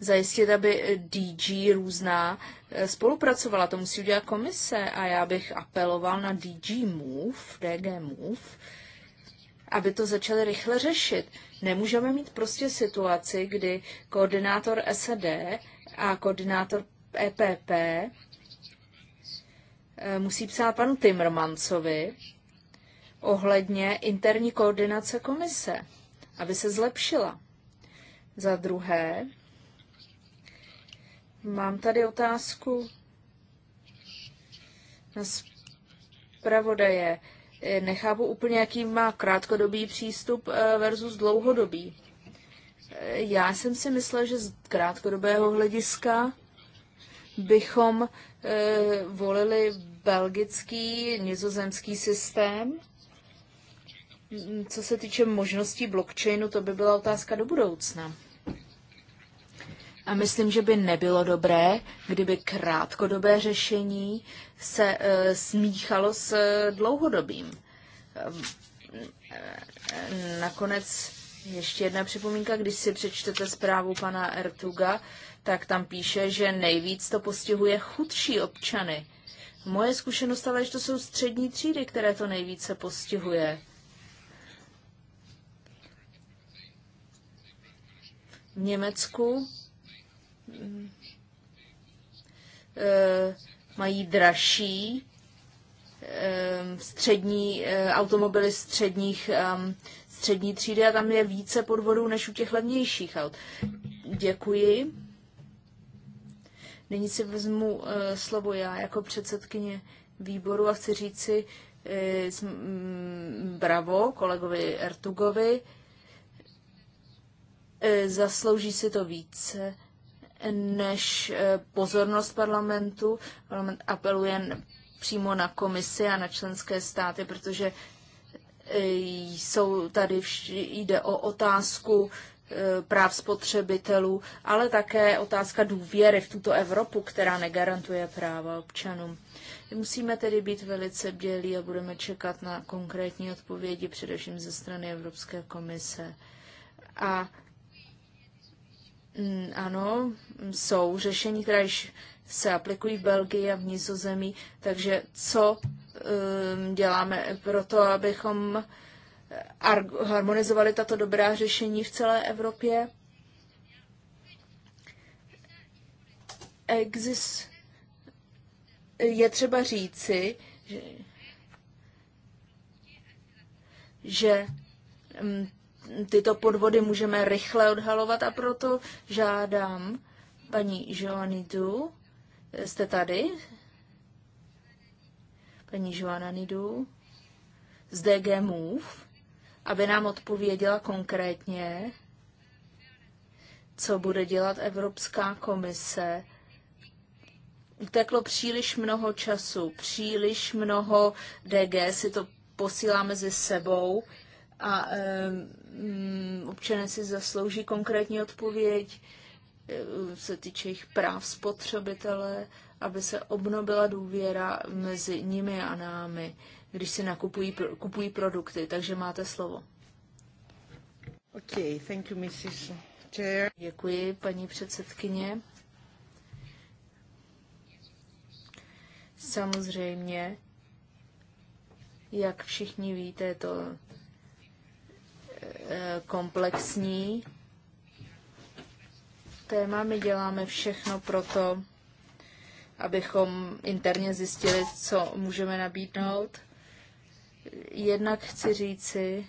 zajistit, aby DG různá eh, spolupracovala. To musí udělat komise a já bych apeloval na DG Move, DG Move, aby to začali rychle řešit. Nemůžeme mít prostě situaci, kdy koordinátor SED a koordinátor EPP eh, musí psát panu Timmermansovi ohledně interní koordinace komise, aby se zlepšila. Za druhé, mám tady otázku na zpravodaje nechápu úplně, jaký má krátkodobý přístup eh, versus dlouhodobý. Eh, já jsem si myslel, že z krátkodobého hlediska bychom eh, volili belgický, nizozemský systém. Co se týče možností blockchainu, to by byla otázka do budoucna. A myslím, že by nebylo dobré, kdyby krátkodobé řešení se e, smíchalo s e, dlouhodobým. E, nakonec ještě jedna připomínka, když si přečtete zprávu pana Ertuga, tak tam píše, že nejvíc to postihuje chudší občany. Moje zkušenost ale, že to jsou střední třídy, které to nejvíce postihuje. V Německu Eh, mají dražší eh, střední eh, automobily středních, střední třídy a tam je více podvodů než u těch levnějších aut. Děkuji. Nyní si vezmu slovo já jako předsedkyně výboru a chci říci mm, bravo kolegovi Ertugovi. Zaslouží si to více než eh, pozornost parlamentu. Parlament apeluje přímo na komisi a na členské státy, protože eh, jsou tady jde o otázku eh, práv spotřebitelů, ale také otázka důvěry v tuto Evropu, která negarantuje práva občanům. Musíme tedy být velice bdělí a budeme čekat na konkrétní odpovědi, především ze strany Evropské komise. A Mm, ano, jsou řešení, která již se aplikují v Belgii a v Nizozemí, takže co um, děláme pro to, abychom harmonizovali tato dobrá řešení v celé Evropě? Exis je třeba říci, že, že mm, tyto podvody můžeme rychle odhalovat a proto žádám paní Joanidu, jste tady? Paní Nidu z DG Move, aby nám odpověděla konkrétně, co bude dělat Evropská komise. Uteklo příliš mnoho času, příliš mnoho DG si to posílá mezi sebou a um, občané si zaslouží konkrétní odpověď, eh, se týče jejich práv spotřebitele, aby se obnovila důvěra mezi nimi a námi, když si nakupují kupují produkty. Takže máte slovo. Okay, thank you, Mrs. Chair. Děkuji, paní předsedkyně. Samozřejmě, jak všichni víte, je to komplexní téma. My děláme všechno pro to, abychom interně zjistili, co můžeme nabídnout. Jednak chci říci,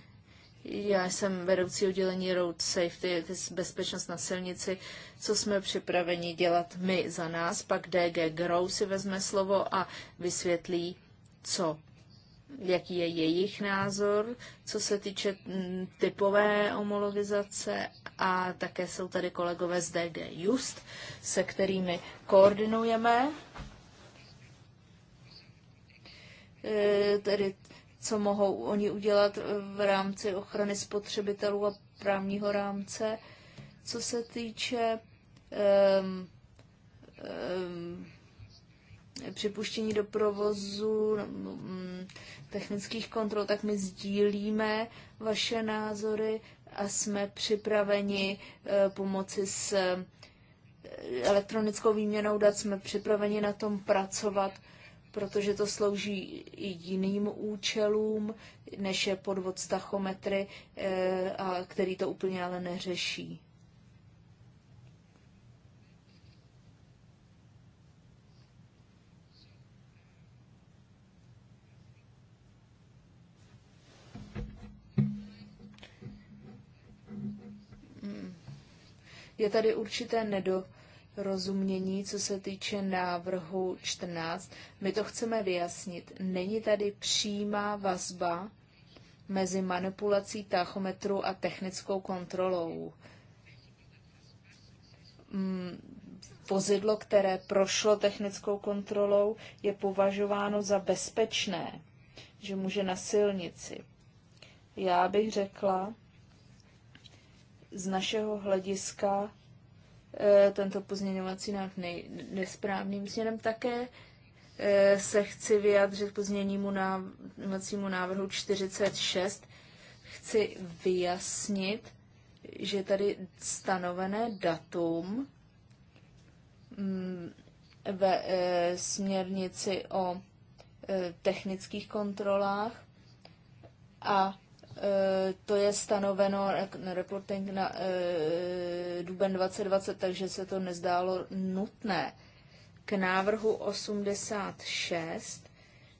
já jsem vedoucí oddělení Road Safety, bezpečnost na silnici, co jsme připraveni dělat my za nás, pak DG Grow si vezme slovo a vysvětlí, co jaký je jejich názor, co se týče mm, typové homologizace a také jsou tady kolegové z DG Just, se kterými koordinujeme. E, tedy co mohou oni udělat v rámci ochrany spotřebitelů a právního rámce. Co se týče um, um, připuštění do provozu, mm, technických kontrol, tak my sdílíme vaše názory a jsme připraveni eh, pomoci s eh, elektronickou výměnou dat, jsme připraveni na tom pracovat, protože to slouží i jiným účelům, než je podvod stachometry, eh, a který to úplně ale neřeší. Je tady určité nedorozumění, co se týče návrhu 14. My to chceme vyjasnit. Není tady přímá vazba mezi manipulací tachometru a technickou kontrolou. Mm, vozidlo, které prošlo technickou kontrolou, je považováno za bezpečné, že může na silnici. Já bych řekla, z našeho hlediska eh, tento pozměňovací návrh nesprávným směrem také eh, se chci vyjádřit k pozměňovacímu návrhu 46. Chci vyjasnit, že tady stanovené datum mm, ve eh, směrnici o technických kontrolách a Eh, to je stanoveno na reporting na eh, duben 2020, takže se to nezdálo nutné. K návrhu 86,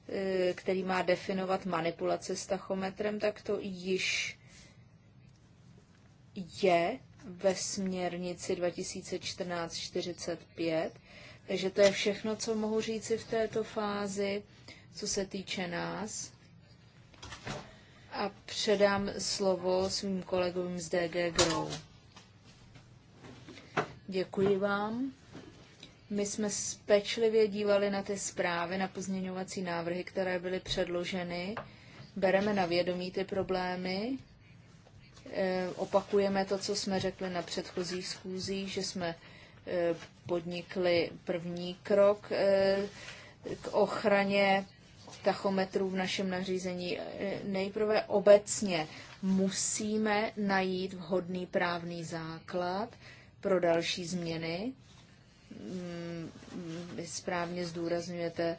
eh, který má definovat manipulace s tachometrem, tak to již je ve směrnici 2014-45. Takže to je všechno, co mohu říci v této fázi, co se týče nás a předám slovo svým kolegům z DG Grow. Děkuji vám. My jsme pečlivě dívali na ty zprávy, na pozměňovací návrhy, které byly předloženy. Bereme na vědomí ty problémy, e, opakujeme to, co jsme řekli na předchozích schůzích, že jsme e, podnikli první krok e, k ochraně tachometrů v našem nařízení. E, nejprve obecně musíme najít vhodný právní základ pro další změny. Mm, mm, vy správně zdůrazňujete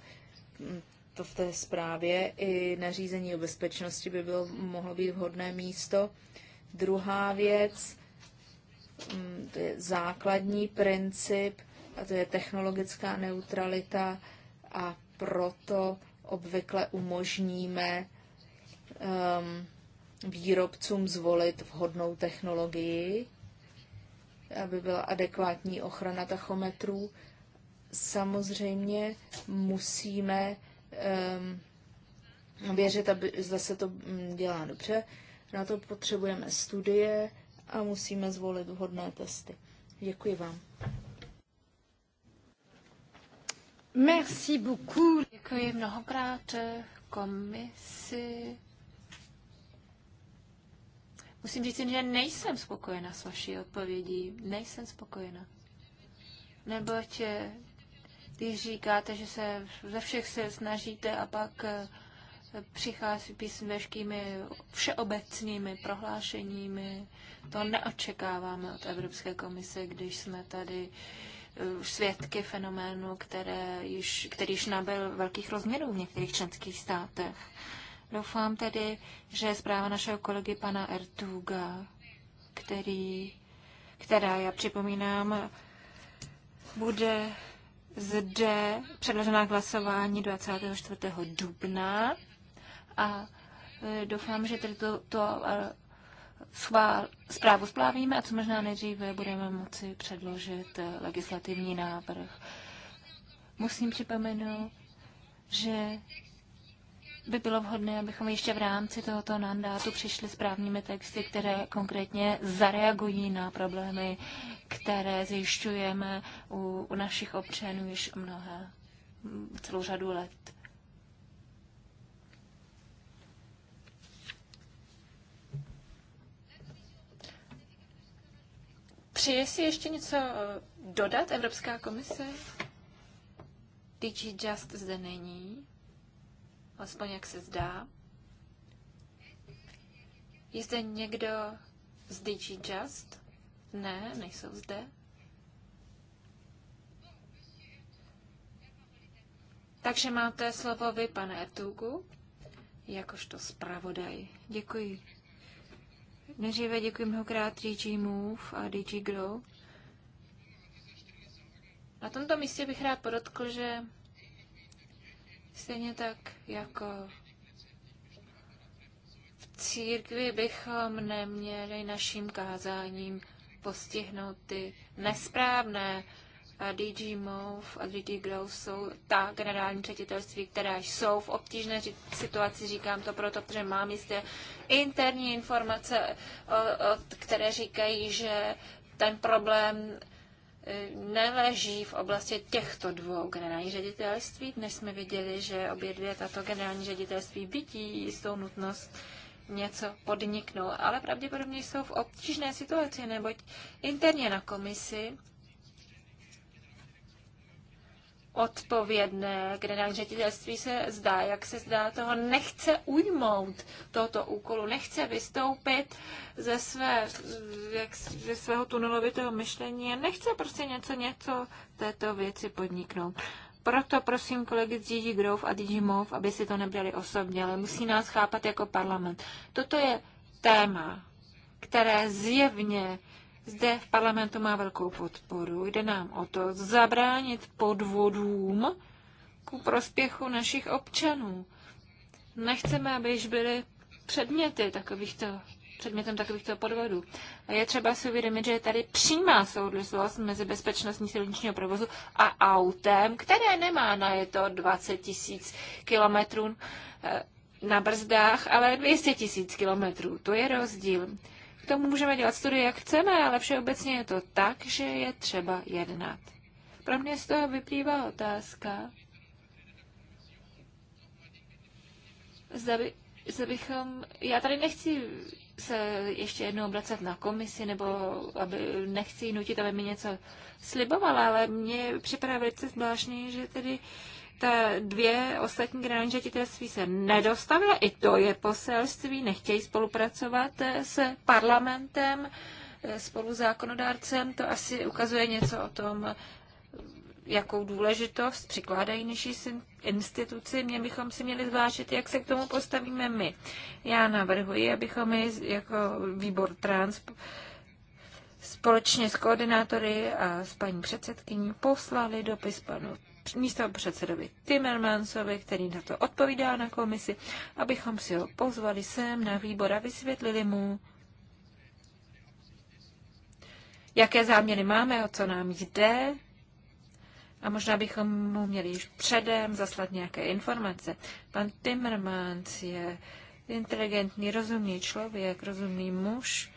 mm, to v té zprávě. I nařízení o bezpečnosti by bylo, mohlo být vhodné místo. Druhá věc, to je základní princip, a to je technologická neutralita a proto obvykle umožníme um, výrobcům zvolit vhodnou technologii, aby byla adekvátní ochrana tachometrů. Samozřejmě musíme um, věřit, aby, zase to mm, dělá dobře. Na to potřebujeme studie a musíme zvolit vhodné testy. Děkuji vám. Merci beaucoup. Děkuji mnohokrát eh, komisi. Musím říct, že nejsem spokojena s vaší odpovědí. Nejsem spokojena. Neboť eh, když říkáte, že se ze všech se snažíte a pak eh, přichází písmeškými všeobecnými prohlášeními, to neočekáváme od Evropské komise, když jsme tady uh, Eh, svědky fenoménu, které již, který již nabyl velkých rozměrů v některých členských státech. Doufám tedy, že zpráva našeho kolegy pana Ertuga, který, která, já připomínám, bude zde předložená k hlasování 24. dubna a eh, doufám, že tedy to, to eh, schvál, zprávu splávíme a co možná nejdříve budeme moci předložit eh, legislativní návrh. Musím připomenout, že by bylo vhodné, abychom ještě v rámci tohoto mandátu přišli s právními texty, které konkrétně zareagují na problémy, které zjišťujeme u, u našich občanů již mnohé, celou řadu let. Přeje si ještě něco eh, dodat Evropská komise? DG Just zde není, alespoň jak se zdá. Je zde někdo z DG Just? Ne, nejsou zde. Takže máte slovo vy, pane Ertugu, jakožto zpravodaj. Děkuji. Nejdříve děkuji mnohokrát DJ Move a DJ Grow. Na tomto místě bych rád podotkl, že stejně tak jako v církvi bychom neměli naším kázáním postihnout ty nesprávné DG Move a DG Growth jsou ta generální ředitelství, která jsou v obtížné situaci, říkám to proto, protože mám jisté interní informace, které říkají, že ten problém e, neleží v oblasti těchto dvou generálních ředitelství. Dnes jsme viděli, že obě dvě tato generální ředitelství vidí jistou nutnost něco podniknout, ale pravděpodobně jsou v obtížné situaci, neboť interně na komisi odpovědné generální ředitelství se zdá, jak se zdá, toho nechce ujmout tohoto úkolu, nechce vystoupit ze, své, jak, ze svého tunelovitého myšlení a nechce prostě něco, něco této věci podniknout. Proto prosím kolegy z DG Grove a DG Move, aby si to nebrali osobně, ale musí nás chápat jako parlament. Toto je téma, které zjevně zde v parlamentu má velkou podporu. Jde nám o to zabránit podvodům ku prospěchu našich občanů. Nechceme, aby již byly předměty takovýchto předmětem takovýchto podvodů. A je třeba si uvědomit, že je tady přímá souvislost mezi bezpečnostní silničního provozu a autem, které nemá na je to 20 tisíc kilometrů eh, na brzdách, ale 200 tisíc kilometrů. To je rozdíl tomu můžeme dělat studie, jak chceme, ale všeobecně je to tak, že je třeba jednat. Pro mě z toho vyplývá otázka, zda, by, zda bychom, já tady nechci se ještě jednou obracet na komisi, nebo aby, nechci nutit, aby mi něco slibovala, ale mě připadá velice zvláštní, že tedy uh, ta dvě ostatní generální ředitelství se nedostavila. I to je poselství, nechtějí spolupracovat s parlamentem, spolu zákonodárcem. To asi ukazuje něco o tom, jakou důležitost přikládají naší instituci. Mě bychom si měli zvážit, jak se k tomu postavíme my. Já navrhuji, abychom my jako výbor trans společně s koordinátory a s paní předsedkyní poslali dopis panu místo předsedovi Timmermansovi, který na to odpovídá na komisi, abychom si ho pozvali sem na výbor a vysvětlili mu, jaké záměry máme, o co nám jde, a možná bychom mu měli již předem zaslat nějaké informace. Pan Timmermans je inteligentní, rozumný člověk, rozumný muž,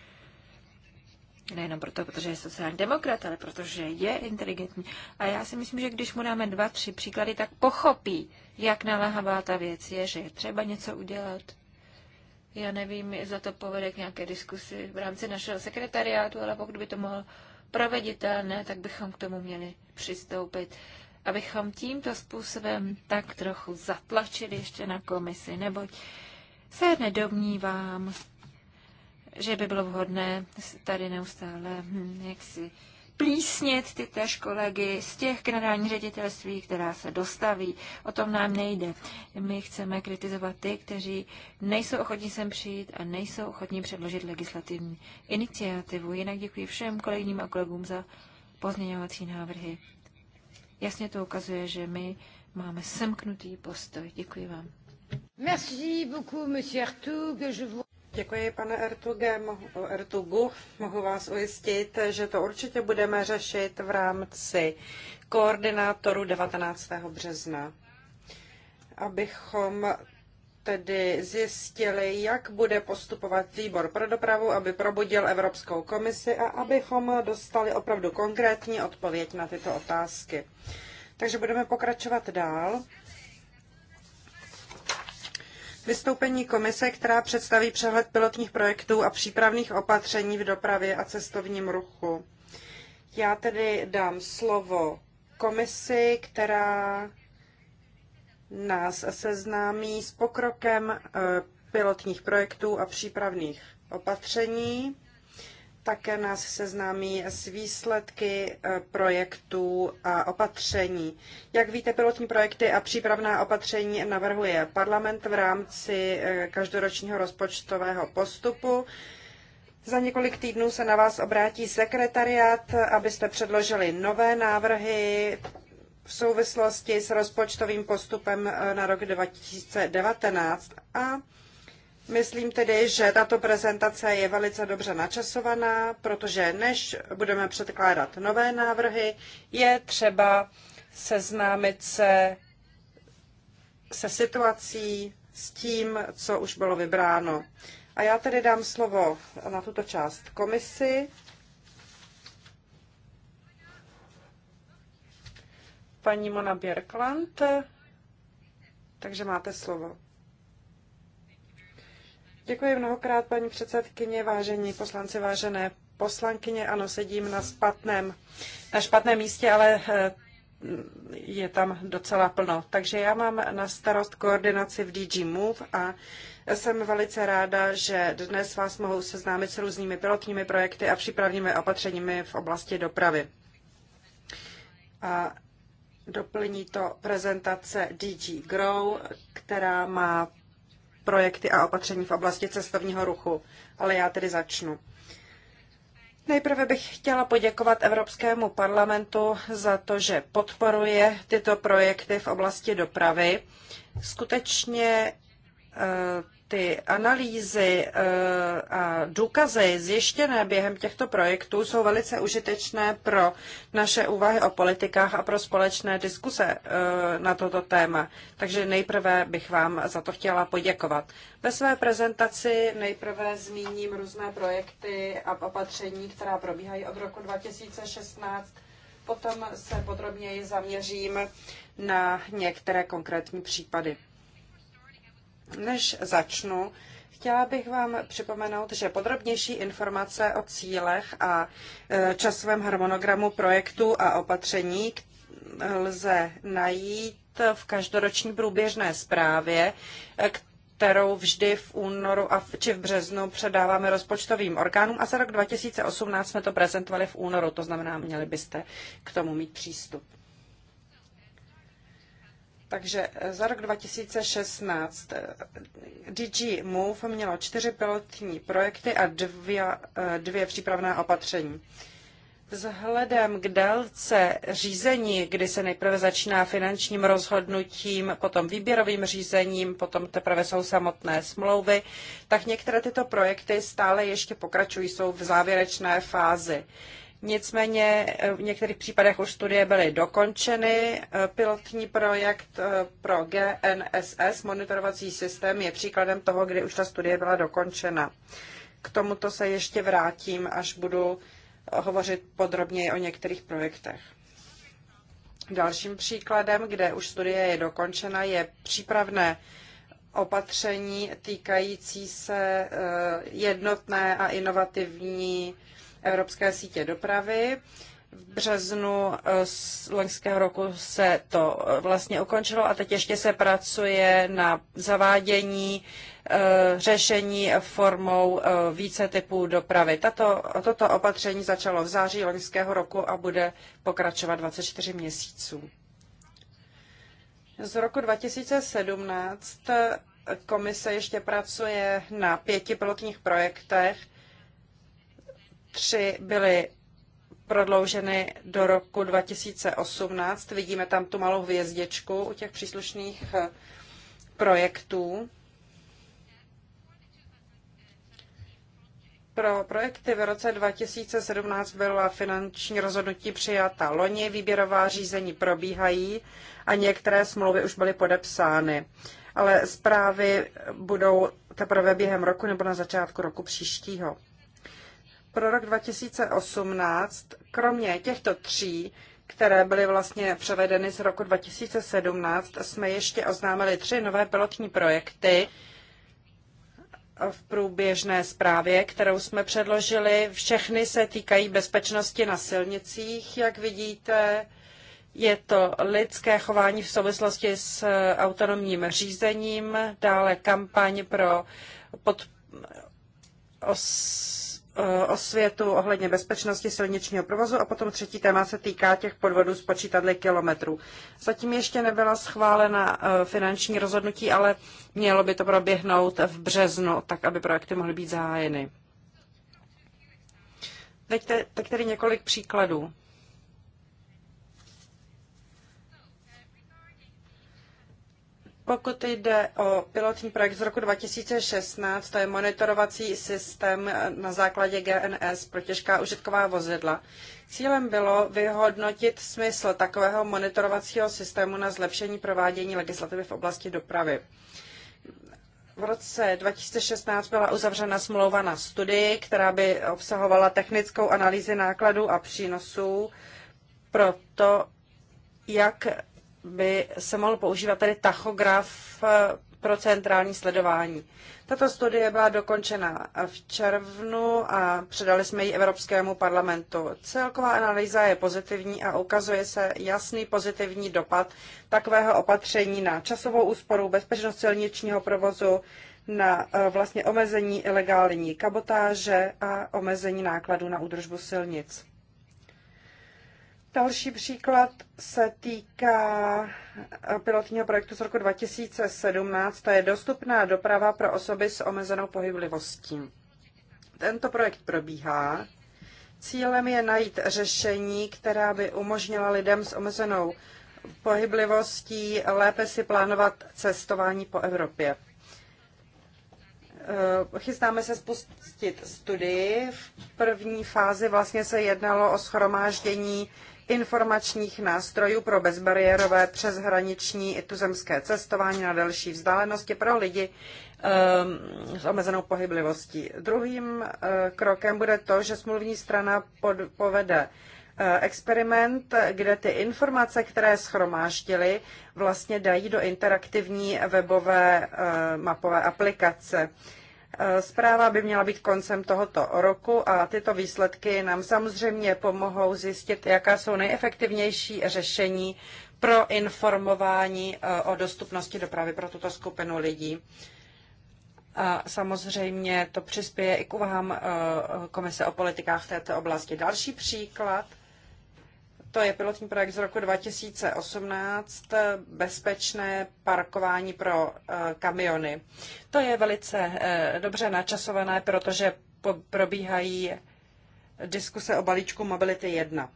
Nejenom proto, protože je sociální demokrat, ale protože je inteligentní. A já si myslím, že když mu dáme dva, tři příklady, tak pochopí, jak naléhavá ta věc je, že je třeba něco udělat. Já nevím, za to povede k nějaké diskusi v rámci našeho sekretariátu, ale pokud by to mohl proveditelné, tak bychom k tomu měli přistoupit. Abychom tímto způsobem tak trochu zatlačili ještě na komisi, neboť se nedomnívám, že by bylo vhodné tady neustále hm, jak si plísnit ty též kolegy z těch generálních ředitelství, která se dostaví. O tom nám nejde. My chceme kritizovat ty, kteří nejsou ochotní sem přijít a nejsou ochotní předložit legislativní iniciativu. Jinak děkuji všem kolegyním a kolegům za pozměňovací návrhy. Jasně to ukazuje, že my máme semknutý postoj. Děkuji vám. Merci beaucoup, monsieur Artug. Je vous... Děkuji, pane Ertuge, mohu, Ertugu. Mohu vás ujistit, že to určitě budeme řešit v rámci koordinátoru 19. března, abychom tedy zjistili, jak bude postupovat výbor pro dopravu, aby probudil Evropskou komisi a abychom dostali opravdu konkrétní odpověď na tyto otázky. Takže budeme pokračovat dál. Vystoupení komise, která představí přehled pilotních projektů a přípravných opatření v dopravě a cestovním ruchu. Já tedy dám slovo komisi, která nás seznámí s pokrokem eh, pilotních projektů a přípravných opatření. Také nás seznámí s výsledky eh, projektů a opatření. Jak víte, pilotní projekty a přípravná opatření navrhuje parlament v rámci eh, každoročního rozpočtového postupu. Za několik týdnů se na vás obrátí sekretariát, abyste předložili nové návrhy v souvislosti s rozpočtovým postupem eh, na rok 2019 a Myslím tedy, že tato prezentace je velice dobře načasovaná, protože než budeme předkládat nové návrhy, je třeba seznámit se se situací, s tím, co už bylo vybráno. A já tedy dám slovo na tuto část komisi. Paní Mona Bjerkland, takže máte slovo. Děkuji mnohokrát, paní předsedkyně, vážení poslanci, vážené poslankyně. Ano, sedím na špatném, na špatném místě, ale eh, je tam docela plno. Takže já mám na starost koordinaci v DG Move a jsem velice ráda, že dnes vás mohou seznámit s různými pilotními projekty a přípravnými opatřeními v oblasti dopravy. A doplní to prezentace DG Grow, která má projekty a opatření v oblasti cestovního ruchu, ale já tedy začnu. Nejprve bych chtěla poděkovat Evropskému parlamentu za to, že podporuje tyto projekty v oblasti dopravy. Skutečně eh, ty analýzy eh, a důkazy zjištěné během těchto projektů jsou velice užitečné pro naše úvahy o politikách a pro společné diskuse eh, na toto téma. Takže nejprve bych vám za to chtěla poděkovat. Ve své prezentaci nejprve zmíním různé projekty a opatření, která probíhají od roku 2016. Potom se podrobněji zaměřím na některé konkrétní případy. Než začnu, chtěla bych vám připomenout, že podrobnější informace o cílech a e, časovém harmonogramu projektu a opatření lze najít v každoroční průběžné zprávě, e, kterou vždy v únoru a v, či v březnu předáváme rozpočtovým orgánům a za rok 2018 jsme to prezentovali v únoru, to znamená, měli byste k tomu mít přístup. Takže eh, za rok 2016 eh, DG Move mělo čtyři pilotní projekty a dvě, eh, dvě přípravná opatření. Vzhledem k délce řízení, kdy se nejprve začíná finančním rozhodnutím, potom výběrovým řízením, potom teprve jsou samotné smlouvy, tak některé tyto projekty stále ještě pokračují, jsou v závěrečné fázi. Nicméně eh, v některých případech už studie byly dokončeny. Eh, pilotní projekt eh, pro GNSS, monitorovací systém, je příkladem toho, kdy už ta studie byla dokončena. K tomuto se ještě vrátím, až budu hovořit podrobněji o některých projektech. Dalším příkladem, kde už studie je dokončena, je přípravné opatření týkající se jednotné a inovativní Evropské sítě dopravy. V březnu z eh, loňského roku se to eh, vlastně ukončilo a teď ještě se pracuje na zavádění eh, řešení formou více typů dopravy. Tato, toto opatření začalo v září loňského roku a bude pokračovat 24 měsíců. Z roku 2017 komise ještě pracuje na pěti pilotních projektech, tři byly prodlouženy do roku 2018. Vidíme tam tu malou hvězdičku u těch příslušných eh, projektů. Pro projekty v roce 2017 byla finanční rozhodnutí přijata loni, výběrová řízení probíhají a některé smlouvy už byly podepsány. Ale zprávy budou teprve během roku nebo na začátku roku příštího pro rok 2018, kromě těchto tří, které byly vlastně převedeny z roku 2017, jsme ještě oznámili tři nové pilotní projekty v průběžné zprávě, kterou jsme předložili. Všechny se týkají bezpečnosti na silnicích, jak vidíte. Je to lidské chování v souvislosti s autonomním řízením, dále kampaň pro pod, os, Eh, osvětu ohledně bezpečnosti silničního provozu a potom třetí téma se týká těch podvodů s počítadly kilometrů. Zatím ještě nebyla schválena eh, finanční rozhodnutí, ale mělo by to proběhnout v březnu, tak aby projekty mohly být zahájeny. Teď, teď tedy několik příkladů. Pokud jde o pilotní projekt z roku 2016, to je monitorovací systém eh, na základě GNS pro těžká užitková vozidla. Cílem bylo vyhodnotit smysl takového monitorovacího systému na zlepšení provádění legislativy v oblasti dopravy. V roce 2016 byla uzavřena smlouva na studii, která by obsahovala technickou analýzi nákladů a přínosů pro to, jak by se mohl používat tedy tachograf eh, pro centrální sledování. Tato studie byla dokončena v červnu a předali jsme ji Evropskému parlamentu. Celková analýza je pozitivní a ukazuje se jasný pozitivní dopad takového opatření na časovou úsporu, bezpečnost silničního provozu, na eh, vlastně omezení ilegální kabotáže a omezení nákladů na údržbu silnic. Další příklad se týká eh, pilotního projektu z roku 2017, to je dostupná doprava pro osoby s omezenou pohyblivostí. Tento projekt probíhá. Cílem je najít řešení, která by umožnila lidem s omezenou pohyblivostí lépe si plánovat cestování po Evropě. Eh, chystáme se spustit studii. V první fázi vlastně se jednalo o schromáždění informačních nástrojů pro bezbariérové přeshraniční i tuzemské cestování na delší vzdálenosti pro lidi ehm, s omezenou pohyblivostí. Druhým eh, krokem bude to, že smluvní strana pod, povede eh, experiment, kde ty informace, které schromáštili, vlastně dají do interaktivní webové eh, mapové aplikace. Eh, zpráva by měla být koncem tohoto roku a tyto výsledky nám samozřejmě pomohou zjistit, jaká jsou nejefektivnější řešení pro informování eh, o dostupnosti dopravy pro tuto skupinu lidí. A samozřejmě to přispěje i k úvahám eh, Komise o politikách v této oblasti. Další příklad – to je pilotní projekt z roku 2018, bezpečné parkování pro eh, kamiony. To je velice eh, dobře načasované, protože probíhají diskuse o balíčku Mobility 1.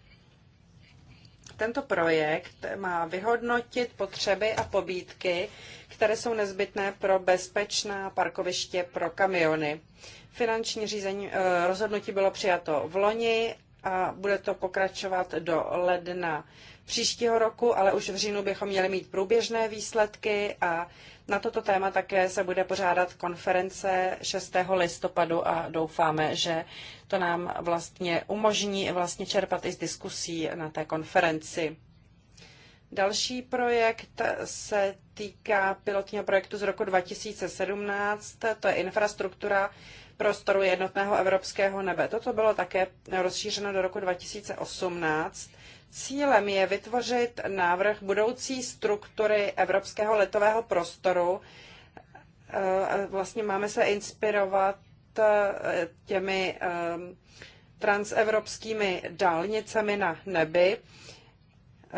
Tento projekt má vyhodnotit potřeby a pobídky, které jsou nezbytné pro bezpečná parkoviště pro kamiony. Finanční řízení eh, rozhodnutí bylo přijato v loni a bude to pokračovat do ledna příštího roku, ale už v říjnu bychom měli mít průběžné výsledky a na toto téma také se bude pořádat konference 6. listopadu a doufáme, že to nám vlastně umožní vlastně čerpat i z diskusí na té konferenci. Další projekt se týká pilotního projektu z roku 2017, to je infrastruktura prostoru jednotného evropského nebe. Toto bylo také rozšířeno do roku 2018. Cílem je vytvořit návrh budoucí struktury evropského letového prostoru. Eh, vlastně máme se inspirovat eh, těmi eh, transevropskými dálnicemi na nebi.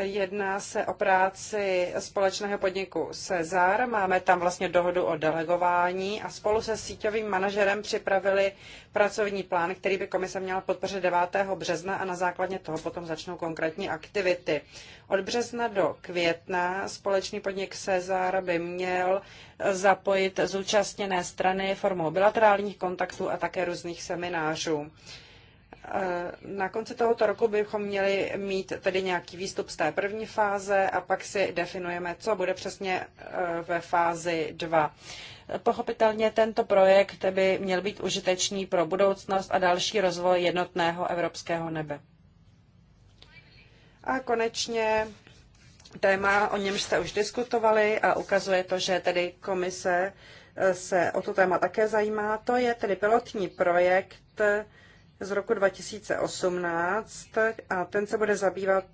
Jedná se o práci společného podniku Cezar. Máme tam vlastně dohodu o delegování a spolu se síťovým manažerem připravili pracovní plán, který by komise měla podpořit 9. března a na základě toho potom začnou konkrétní aktivity. Od března do května společný podnik Cezar by měl zapojit zúčastněné strany formou bilaterálních kontaktů a také různých seminářů. Eh, na konci tohoto roku bychom měli mít tedy nějaký výstup z té první fáze a pak si definujeme, co bude přesně eh, ve fázi 2. Pochopitelně tento projekt by měl být užitečný pro budoucnost a další rozvoj jednotného evropského nebe. A konečně téma, o němž jste už diskutovali a ukazuje to, že tedy komise eh, se o to téma také zajímá. To je tedy pilotní projekt z roku 2018 a ten se bude zabývat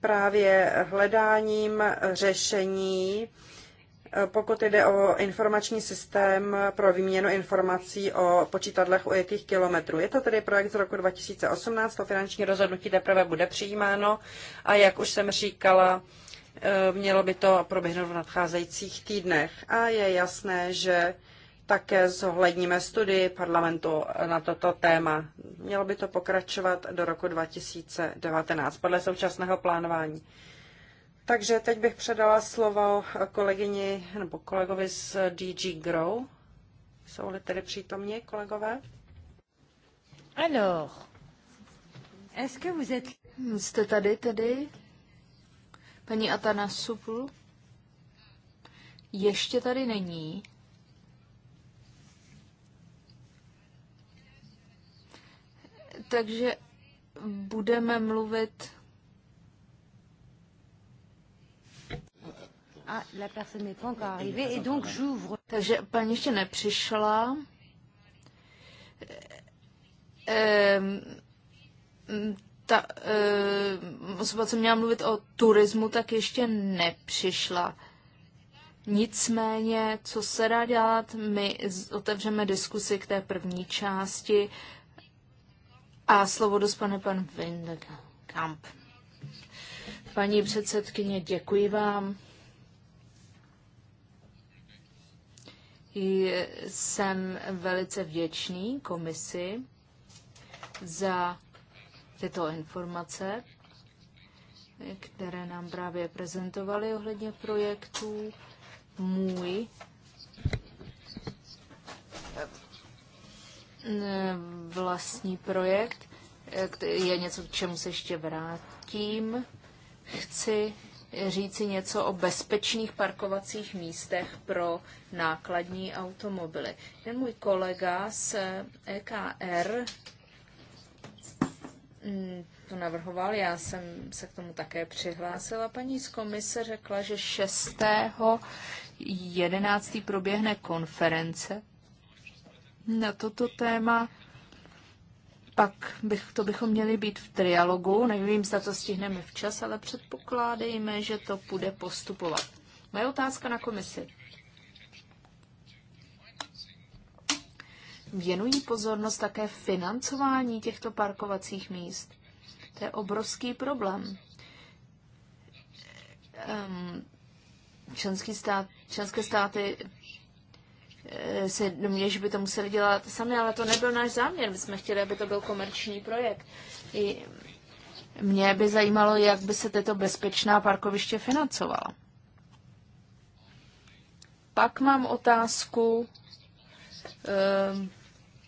právě hledáním řešení, pokud jde o informační systém pro výměnu informací o počítadlech jakých kilometrů. Je to tedy projekt z roku 2018, to finanční rozhodnutí teprve bude přijímáno a jak už jsem říkala, eh, mělo by to proběhnout v nadcházejících týdnech. A je jasné, že také zohledníme studii parlamentu na toto téma. Mělo by to pokračovat do roku 2019 podle současného plánování. Takže teď bych předala slovo kolegyni nebo kolegovi z DG Grow. Jsou-li tedy přítomní kolegové? Alors, est-ce que vous êtes... Jste tady tedy? Paní Atana Ještě tady není. Takže budeme mluvit. Ah, Takže paní ještě nepřišla. Ehm, ta e, osoba, co měla mluvit o turismu, tak ještě nepřišla. Nicméně, co se dá dělat, my otevřeme diskusi k té první části a slovo dostane pan Windekamp. Paní předsedkyně, děkuji vám. Jsem velice vděčný komisi za tyto informace, které nám právě prezentovali ohledně projektů. Můj vlastní projekt. Eh, je něco, k čemu se ještě vrátím. Chci říci něco o bezpečných parkovacích místech pro nákladní automobily. Ten můj kolega z EKR mm, to navrhoval, já jsem se k tomu také přihlásila. Paní z komise řekla, že 6. 11. proběhne konference na toto téma. Pak bych, to bychom měli být v trialogu. Nevím, zda to stihneme včas, ale předpokládejme, že to bude postupovat. Moje otázka na komisi. Věnují pozornost také financování těchto parkovacích míst. To je obrovský problém. Um, stát, členské státy Eh, se domně, že by to museli dělat sami, ale to nebyl náš záměr. My jsme chtěli, aby to byl komerční projekt. I mě by zajímalo, jak by se tyto bezpečná parkoviště financovala. Pak mám otázku ehm,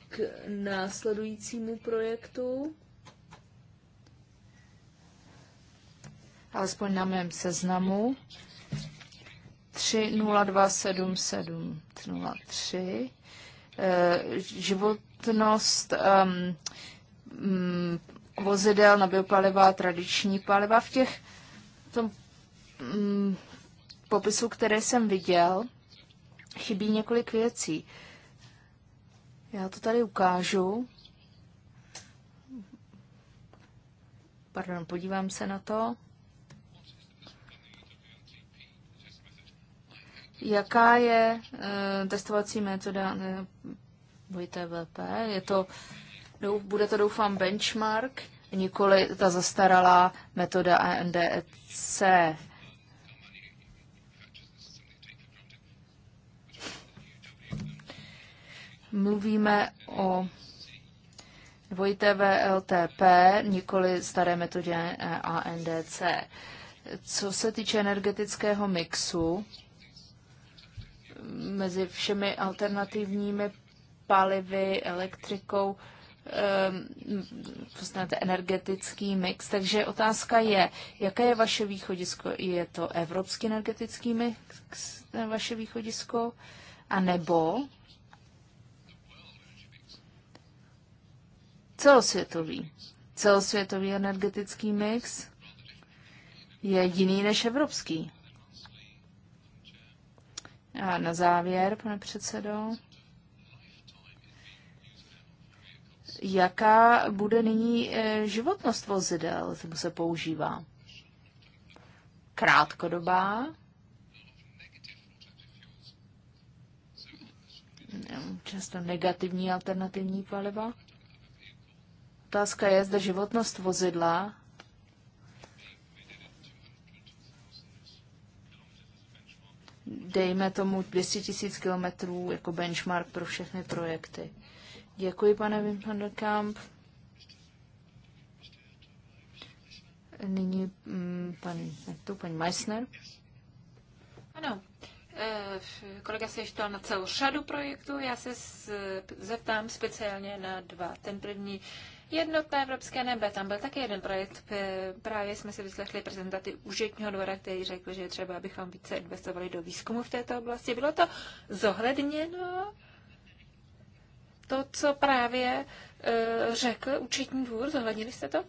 k následujícímu projektu. Alespoň na mém seznamu. 30277 eh, Životnost um, vozidel na biopaliva a tradiční paliva v těch tom, um, popisu, které jsem viděl, chybí několik věcí. Já to tady ukážu. Pardon, podívám se na to. Jaká je eh, testovací metoda eh, VTVP? Je to, bude to doufám benchmark, nikoli ta zastaralá metoda ANDC. E Mluvíme o dvojité VLTP, nikoli staré metodě ANDC. E Co se týče energetického mixu, mezi všemi alternativními palivy, elektrikou, poznáte ehm, vlastně energetický mix. Takže otázka je, jaké je vaše východisko? Je to evropský energetický mix vaše východisko? A nebo celosvětový? Celosvětový energetický mix je jiný než evropský. A na závěr, pane předsedo, jaká bude nyní e, životnost vozidel, kterou se používá? Krátkodobá, často negativní alternativní paliva. Otázka je, zda životnost vozidla dejme tomu 200 tisíc kilometrů jako benchmark pro všechny projekty. Děkuji, pane Wim van der Kamp. Nyní mm, pan, tu, paní Meissner. Ano, eh, kolega se ještě na celou řadu projektů, já se zeptám speciálně na dva. Ten první Jednotné evropské nebe, tam byl také jeden projekt. Eh, právě jsme si vyslechli prezentaty úžetního dvora, který řekl, že třeba abychom více investovali do výzkumu v této oblasti. Bylo to zohledněno? To, co právě eh, řekl účetní dvůr, zohlednili jste to?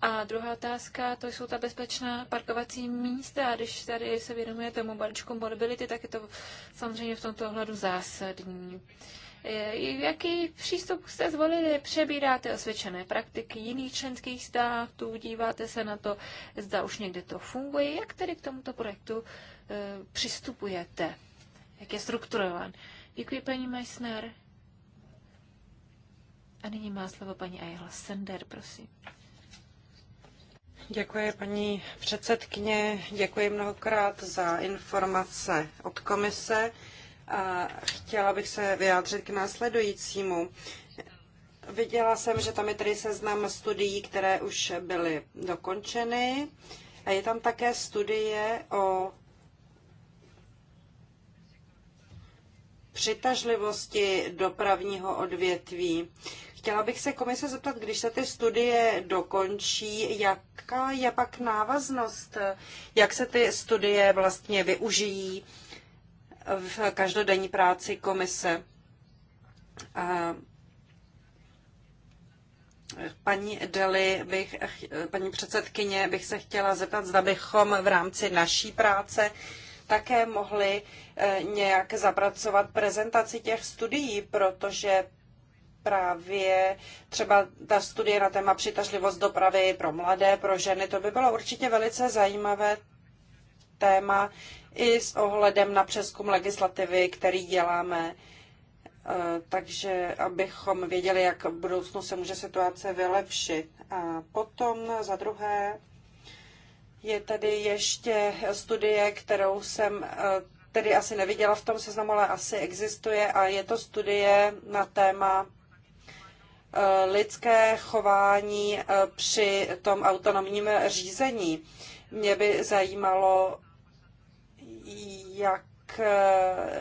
A druhá otázka, to jsou ta bezpečná parkovací místa. A když tady se věnuje tomu balíčku mobility, tak je to samozřejmě v tomto ohledu zásadní. Uh, Eh, jaký přístup jste zvolili? Přebíráte osvědčené praktiky jiných členských států, díváte se na to, zda už někde to funguje. Jak tedy k tomuto projektu eh, přistupujete? Jak je strukturován? Děkuji, paní Meissner. A nyní má slovo paní Ayala Sender, prosím. Děkuji, paní předsedkyně. Děkuji mnohokrát za informace od komise. A chtěla bych se vyjádřit k následujícímu. Viděla jsem, že tam je tady seznam studií, které už byly dokončeny. A je tam také studie o přitažlivosti dopravního odvětví. Chtěla bych se komise zeptat, když se ty studie dokončí, jaká je pak návaznost, jak se ty studie vlastně využijí v každodenní práci komise. Paní Deli, bych, paní předsedkyně, bych se chtěla zeptat, zda bychom v rámci naší práce také mohli eh, nějak zapracovat prezentaci těch studií, protože právě třeba ta studie na téma přitažlivost dopravy pro mladé, pro ženy, to by bylo určitě velice zajímavé téma, i s ohledem na přeskum legislativy, který děláme, e, takže abychom věděli, jak v budoucnu se může situace vylepšit. A potom za druhé je tady ještě studie, kterou jsem e, tedy asi neviděla v tom seznamu, ale asi existuje a je to studie na téma e, lidské chování při tom autonomním řízení. Mě by zajímalo, jak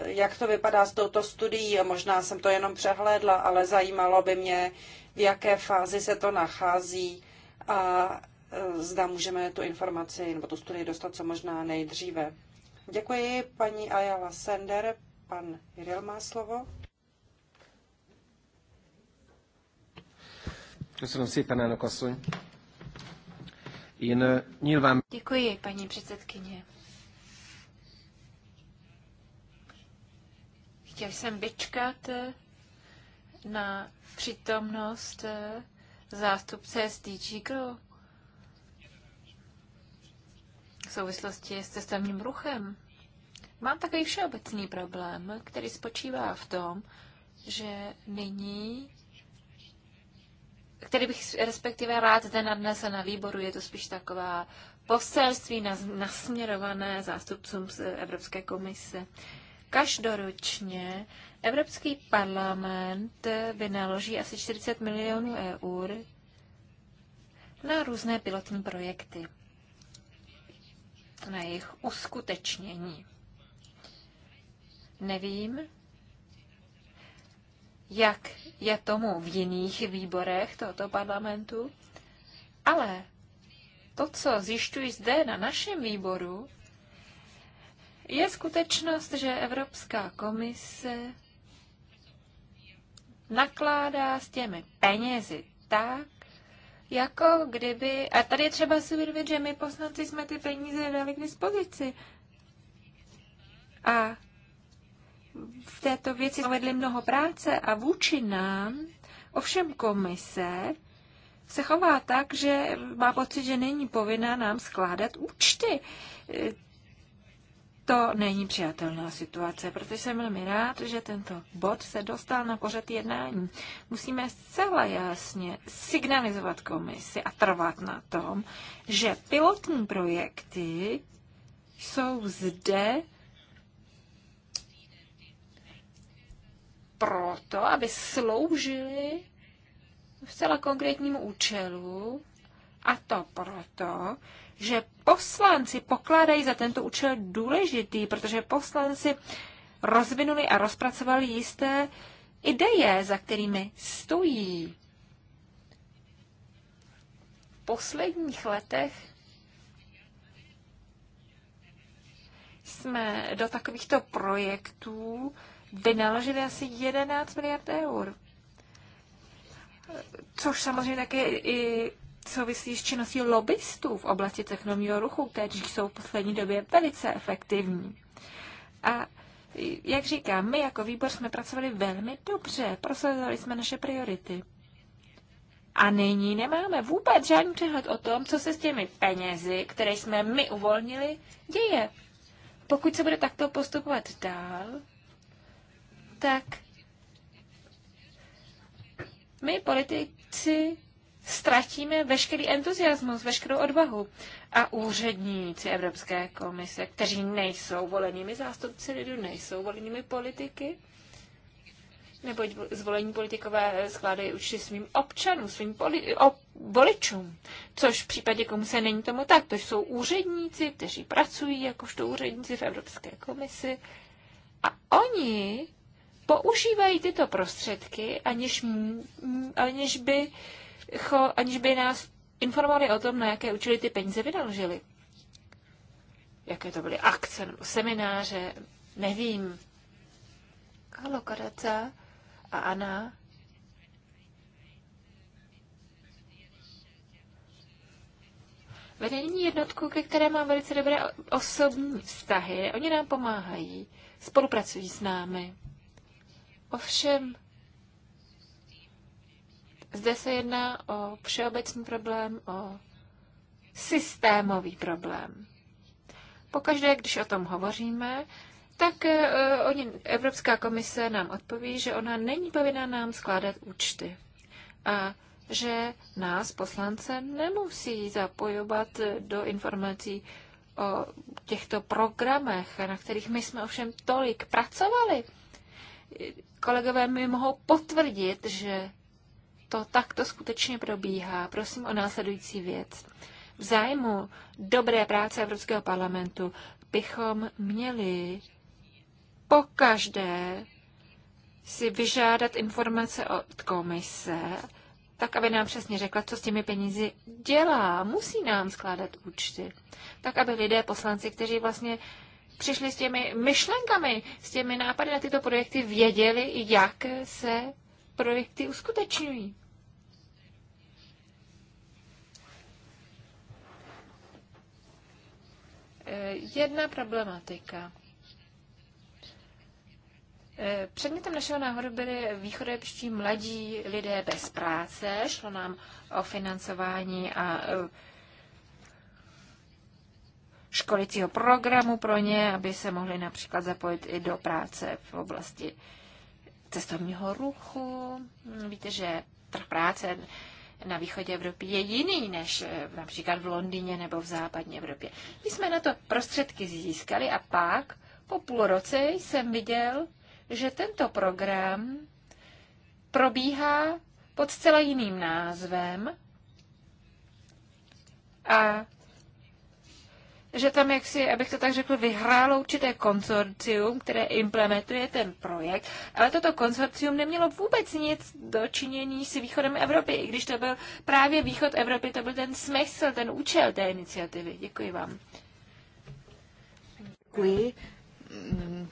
jak to vypadá s touto studií. Možná jsem to jenom přehlédla, ale zajímalo by mě, v jaké fázi se to nachází a e, zda můžeme tu informaci nebo tu studii dostat co možná nejdříve. Děkuji, paní Ayala Sender. Pan Jiril má slovo. E, Děkuji, paní předsedkyně. Chtěl jsem vyčkat eh, na přítomnost eh, zástupce z DG Go v souvislosti s cestovním ruchem. Mám takový všeobecný problém, který spočívá v tom, že nyní který bych respektive rád zde nadnesl na výboru, je to spíš taková poselství nasměrované zástupcům z Evropské komise. Každoročně Evropský parlament vynaloží asi 40 milionů eur na různé pilotní projekty, na jejich uskutečnění. Nevím, jak je tomu v jiných výborech tohoto parlamentu, ale to, co zjišťuji zde na našem výboru, je skutečnost, že Evropská komise nakládá s těmi penězi tak, jako kdyby, a tady je třeba si uvědomit, že my poslanci jsme ty peníze dali k dispozici. A v této věci vedli mnoho práce a vůči nám, ovšem komise, se chová tak, že má pocit, že není povinná nám skládat účty. To není přijatelná situace, protože jsem velmi rád, že tento bod se dostal na pořad jednání. Musíme zcela jasně signalizovat komisi a trvat na tom, že pilotní projekty jsou zde proto, aby sloužily zcela konkrétnímu účelu, a to proto, že poslanci pokládají za tento účel důležitý, protože poslanci rozvinuli a rozpracovali jisté ideje, za kterými stojí. V posledních letech jsme do takovýchto projektů vynaložili asi 11 miliard eur. Což samozřejmě také i souvisí s činností lobbystů v oblasti technologického ruchu, kteří jsou v poslední době velice efektivní. A jak říkám, my jako výbor jsme pracovali velmi dobře, prosazovali jsme naše priority. A nyní nemáme vůbec žádný přehled o tom, co se s těmi penězi, které jsme my uvolnili, děje. Pokud se bude takto postupovat dál, tak my politici ztratíme veškerý entuziasmus, veškerou odvahu. A úředníci Evropské komise, kteří nejsou volenými zástupci lidu, nejsou volenými politiky, neboť zvolení politikové skládají určitě svým občanům, svým poli- voličům, což v případě komise není tomu tak. To jsou úředníci, kteří pracují jakožto úředníci v Evropské komisi a oni používají tyto prostředky, aniž, aniž by uh, aniž by nás informovali o tom, na jaké účely ty peníze vynaložili. Jaké to byly akce nebo semináře, nevím. Halo, Karata a Anna. Vedení jednotku, ke které mám velice dobré osobní vztahy, oni nám pomáhají, spolupracují s námi. Ovšem, zde se jedná o všeobecný problém, o systémový problém. Pokaždé, když o tom hovoříme, tak eh, oni, Evropská komise nám odpoví, že ona není povinná nám skládat účty. A že nás poslance nemusí zapojovat do informací o těchto programech, na kterých my jsme ovšem tolik pracovali. Kolegové mi mohou potvrdit, že to takto skutečně probíhá. Prosím o následující věc. V zájmu dobré práce Evropského parlamentu bychom měli po každé si vyžádat informace od komise, tak aby nám přesně řekla, co s těmi penízi dělá. Musí nám skládat účty. Tak, aby lidé, poslanci, kteří vlastně přišli s těmi myšlenkami, s těmi nápady na tyto projekty, věděli, jak se projekty uskutečňují. Eh, jedna problematika. Eh, předmětem našeho náhodu byly východepští mladí lidé bez práce. Šlo nám o financování a eh, školicího programu pro ně, aby se mohli například zapojit i do práce v oblasti cestovního ruchu. Víte, že trh práce na východě Evropy je jiný než eh, například v Londýně nebo v západní Evropě. My jsme na to prostředky získali a pak po půl roce jsem viděl, že tento program probíhá pod zcela jiným názvem a že tam jaksi, abych to tak řekl, vyhrálo určité konsorcium, které implementuje ten projekt, ale toto konsorcium nemělo vůbec nic dočinění s východem Evropy, i když to byl právě východ Evropy, to byl ten smysl, ten účel té iniciativy. Děkuji vám. Děkuji, mm,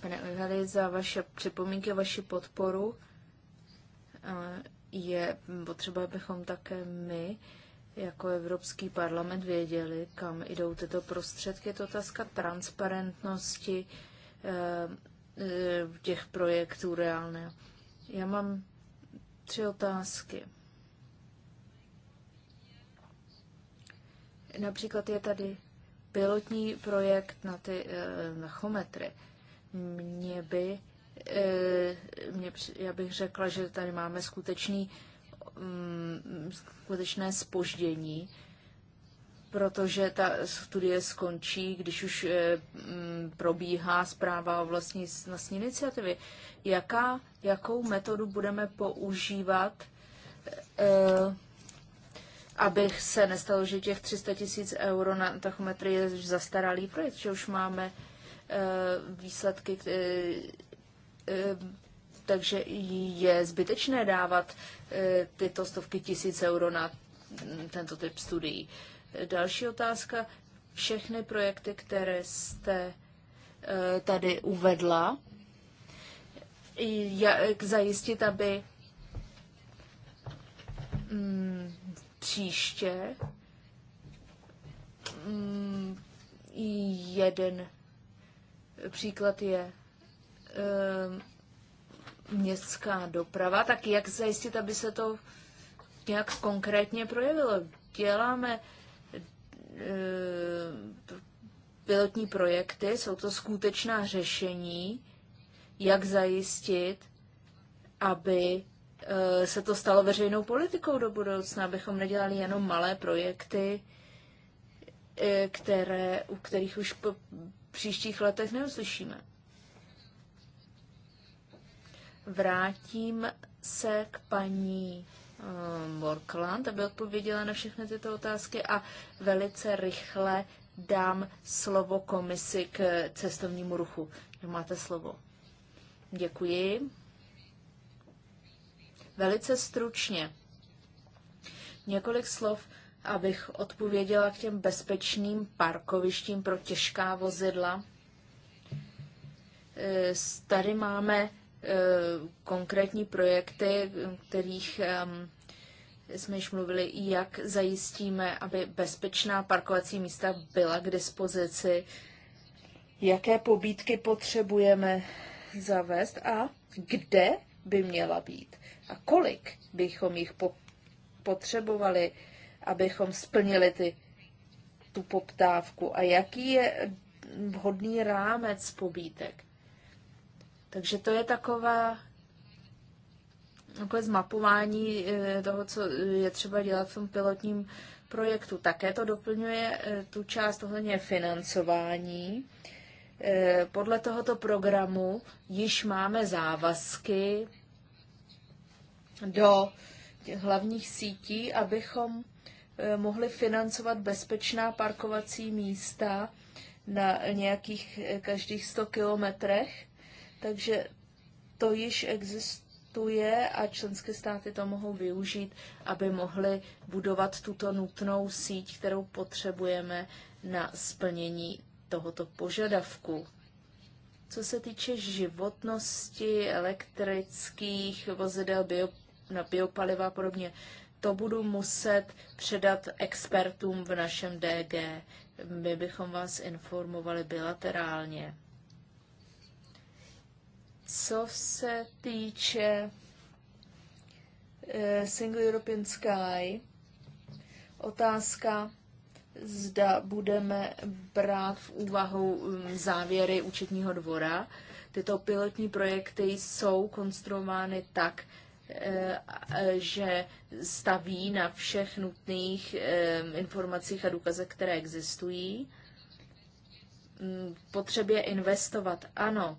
pane Ojhali, za vaše připomínky, vaši podporu. Je potřeba, abychom také my jako Evropský parlament věděli, kam jdou tyto prostředky. Je to otázka transparentnosti eh, eh, těch projektů reálné. Já mám tři otázky. Například je tady pilotní projekt na ty eh, na chometry. Mě by, mě, já bych řekla, že tady máme skutečný mm, skutečné spoždění, protože ta studie skončí, když už eh, mm, probíhá zpráva o vlastní, vlastní iniciativy. Jaká, jakou metodu budeme používat, e, se nestalo, že těch 300 tisíc euro na tachometry je zastaralý projekt, že už máme e, výsledky, e, takže je zbytečné dávat eh, tyto stovky tisíc euro na mm, tento typ studií. Další otázka. Všechny projekty, které jste eh, tady uvedla, jak zajistit, aby mm, příště mm, jeden příklad je eh, městská doprava, tak jak zajistit, aby se to nějak konkrétně projevilo? Děláme e, pilotní projekty, jsou to skutečná řešení, jak zajistit, aby e, se to stalo veřejnou politikou do budoucna, abychom nedělali jenom malé projekty, e, které, u kterých už po příštích letech neuslyšíme. Vrátím se k paní eh, Borkland, aby odpověděla na všechny tyto otázky a velice rychle dám slovo komisi k cestovnímu ruchu. Máte slovo. Děkuji. Velice stručně. Několik slov, abych odpověděla k těm bezpečným parkovištím pro těžká vozidla. Eh, tady máme Eh, konkrétní projekty, kterých jsme již mluvili, jak zajistíme, aby bezpečná parkovací místa byla k dispozici, jaké pobídky potřebujeme zavést a kde by měla být a kolik bychom jich potřebovali, abychom splnili ty, tu poptávku a jaký je vhodný rámec pobítek. Takže to je taková takové zmapování eh, toho, co je třeba dělat v tom pilotním projektu. Také to doplňuje eh, tu část ohledně financování. Eh, podle tohoto programu již máme závazky do hlavních sítí, abychom mohli financovat bezpečná parkovací místa na nějakých každých 100 kilometrech takže to již existuje a členské státy to mohou využít, aby mohly budovat tuto nutnou síť, kterou potřebujeme na splnění tohoto požadavku. Co se týče životnosti elektrických vozidel bio, na biopaliva a podobně, to budu muset předat expertům v našem DG. My bychom vás informovali bilaterálně. Co se týče eh, Single European Sky, otázka, zda budeme brát v úvahu hm, závěry účetního dvora. Tyto pilotní projekty jsou konstruovány tak, eh, že staví na všech nutných hm, informacích a důkazech, které existují. Hm, potřebě investovat, ano,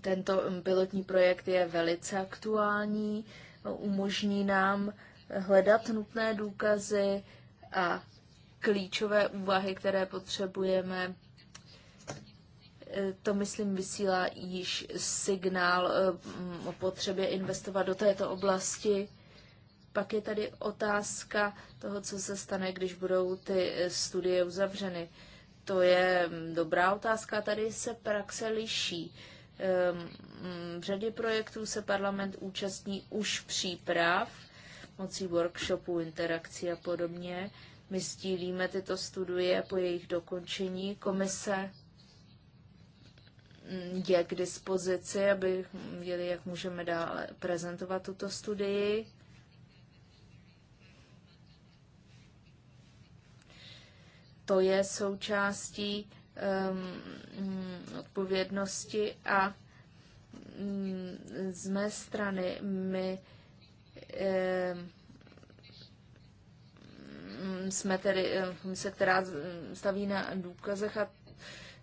tento um, pilotní projekt je velice aktuální, no, umožní nám hledat nutné důkazy a klíčové úvahy, které potřebujeme. E, to, myslím, vysílá již signál e, o potřebě investovat do této oblasti. Pak je tady otázka toho, co se stane, když budou ty e, studie uzavřeny. To je dobrá otázka, tady se praxe liší Ehm, mm, v řadě projektů se parlament účastní už příprav, mocí workshopů, interakcí a podobně. My stílíme tyto studie po jejich dokončení. Komise mm, je k dispozici, aby věděli, jak můžeme dále prezentovat tuto studii. To je součástí um, mm, odpovědnosti a um, z mé strany my um, mm, jsme tedy eh, komise, která staví na důkazech a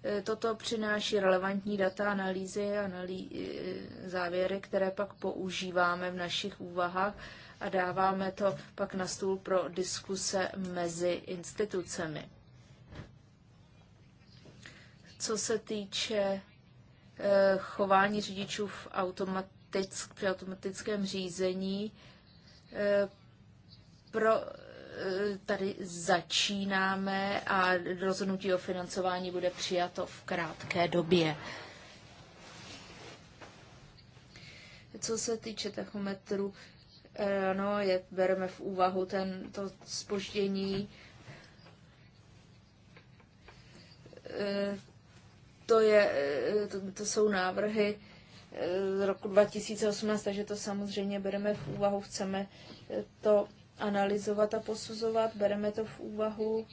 eh, toto přináší relevantní data, analýzy a analý, eh, závěry, které pak používáme v našich úvahách a dáváme to pak na stůl pro diskuse mezi institucemi. Co se týče eh, chování řidičů v automatick, při automatickém řízení, eh, pro, eh, tady začínáme a rozhodnutí o financování bude přijato v krátké době. Co se týče tachometru, no, je, bereme v úvahu ten, to spoždění. E, to, je, eh, to, to jsou návrhy eh, z roku 2018, takže to samozřejmě bereme v úvahu, chceme eh, to analyzovat a posuzovat, bereme to v úvahu.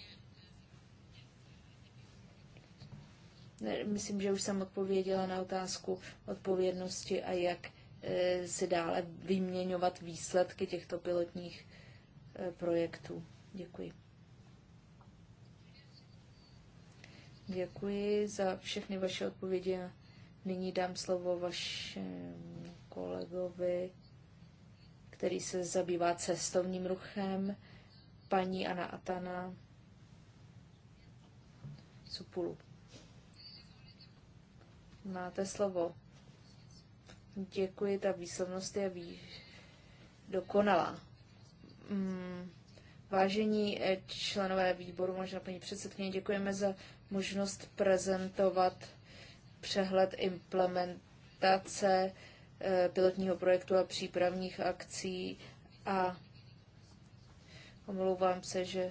Myslím, že už jsem odpověděla na otázku odpovědnosti a jak si dále vyměňovat výsledky těchto pilotních projektů. Děkuji. Děkuji za všechny vaše odpovědi. Nyní dám slovo vašemu kolegovi, který se zabývá cestovním ruchem, paní Ana Atana Supulu. Máte slovo. Děkuji, ta výslovnost je vý... dokonalá. Mm, vážení eh, členové výboru, možná paní předsedkyně, děkujeme za možnost prezentovat přehled implementace eh, pilotního projektu a přípravních akcí a omlouvám se, že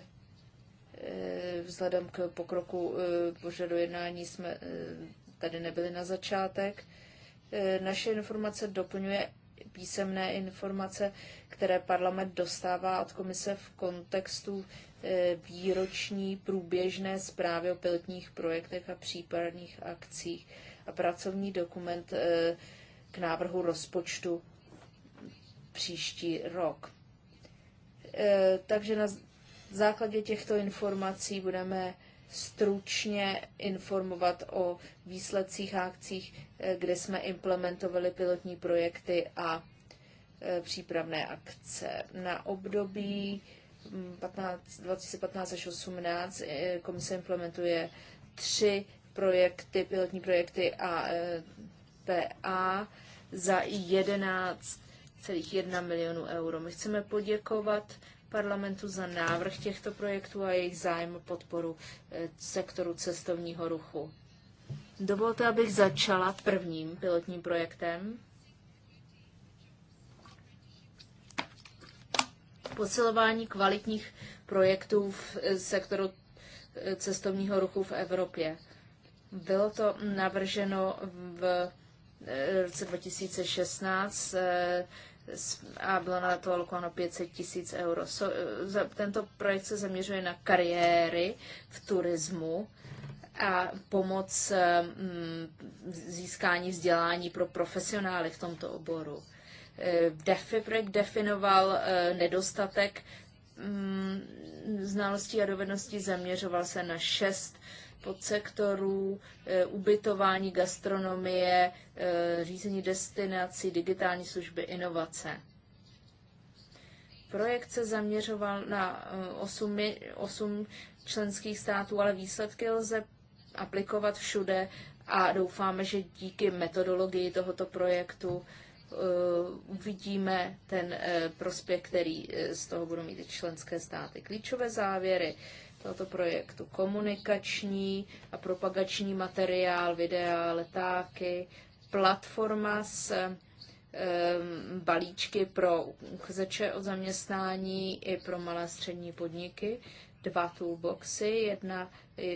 eh, vzhledem k pokroku eh, pořadu jednání jsme tady nebyli na začátek. Naše informace doplňuje písemné informace, které parlament dostává od komise v kontextu E, výroční průběžné zprávy o pilotních projektech a případných akcích a pracovní dokument e, k návrhu rozpočtu příští rok. E, takže na základě těchto informací budeme stručně informovat o výsledcích akcích, kde jsme implementovali pilotní projekty a přípravné akce. Na období 2015 až 2018 eh, komise implementuje tři projekty, pilotní projekty a eh, PA za 11,1 milionů euro. My chceme poděkovat parlamentu za návrh těchto projektů a jejich zájem o podporu eh, sektoru cestovního ruchu. Dovolte, abych začala prvním pilotním projektem, posilování kvalitních projektů v sektoru eh, cestovního ruchu v Evropě. Bylo to navrženo v eh, roce 2016 eh, a bylo na to alokováno 500 tisíc euro. tento projekt se zaměřuje na kariéry v turismu a pomoc získání vzdělání pro profesionály v tomto oboru. Eh, Defibrek definoval eh, nedostatek mm, znalostí a dovedností, zaměřoval se na šest podsektorů, eh, ubytování, gastronomie, řízení destinací, digitální služby, inovace. Projekt se zaměřoval na osm členských států, ale výsledky lze aplikovat všude a doufáme, že díky metodologii tohoto projektu Eh, uvidíme ten eh, prospěch, který eh, z toho budou mít členské státy. Klíčové závěry tohoto projektu komunikační a propagační materiál, videa, letáky, platforma s balíčky pro uchazeče o zaměstnání i pro malé a střední podniky, dva toolboxy, jedna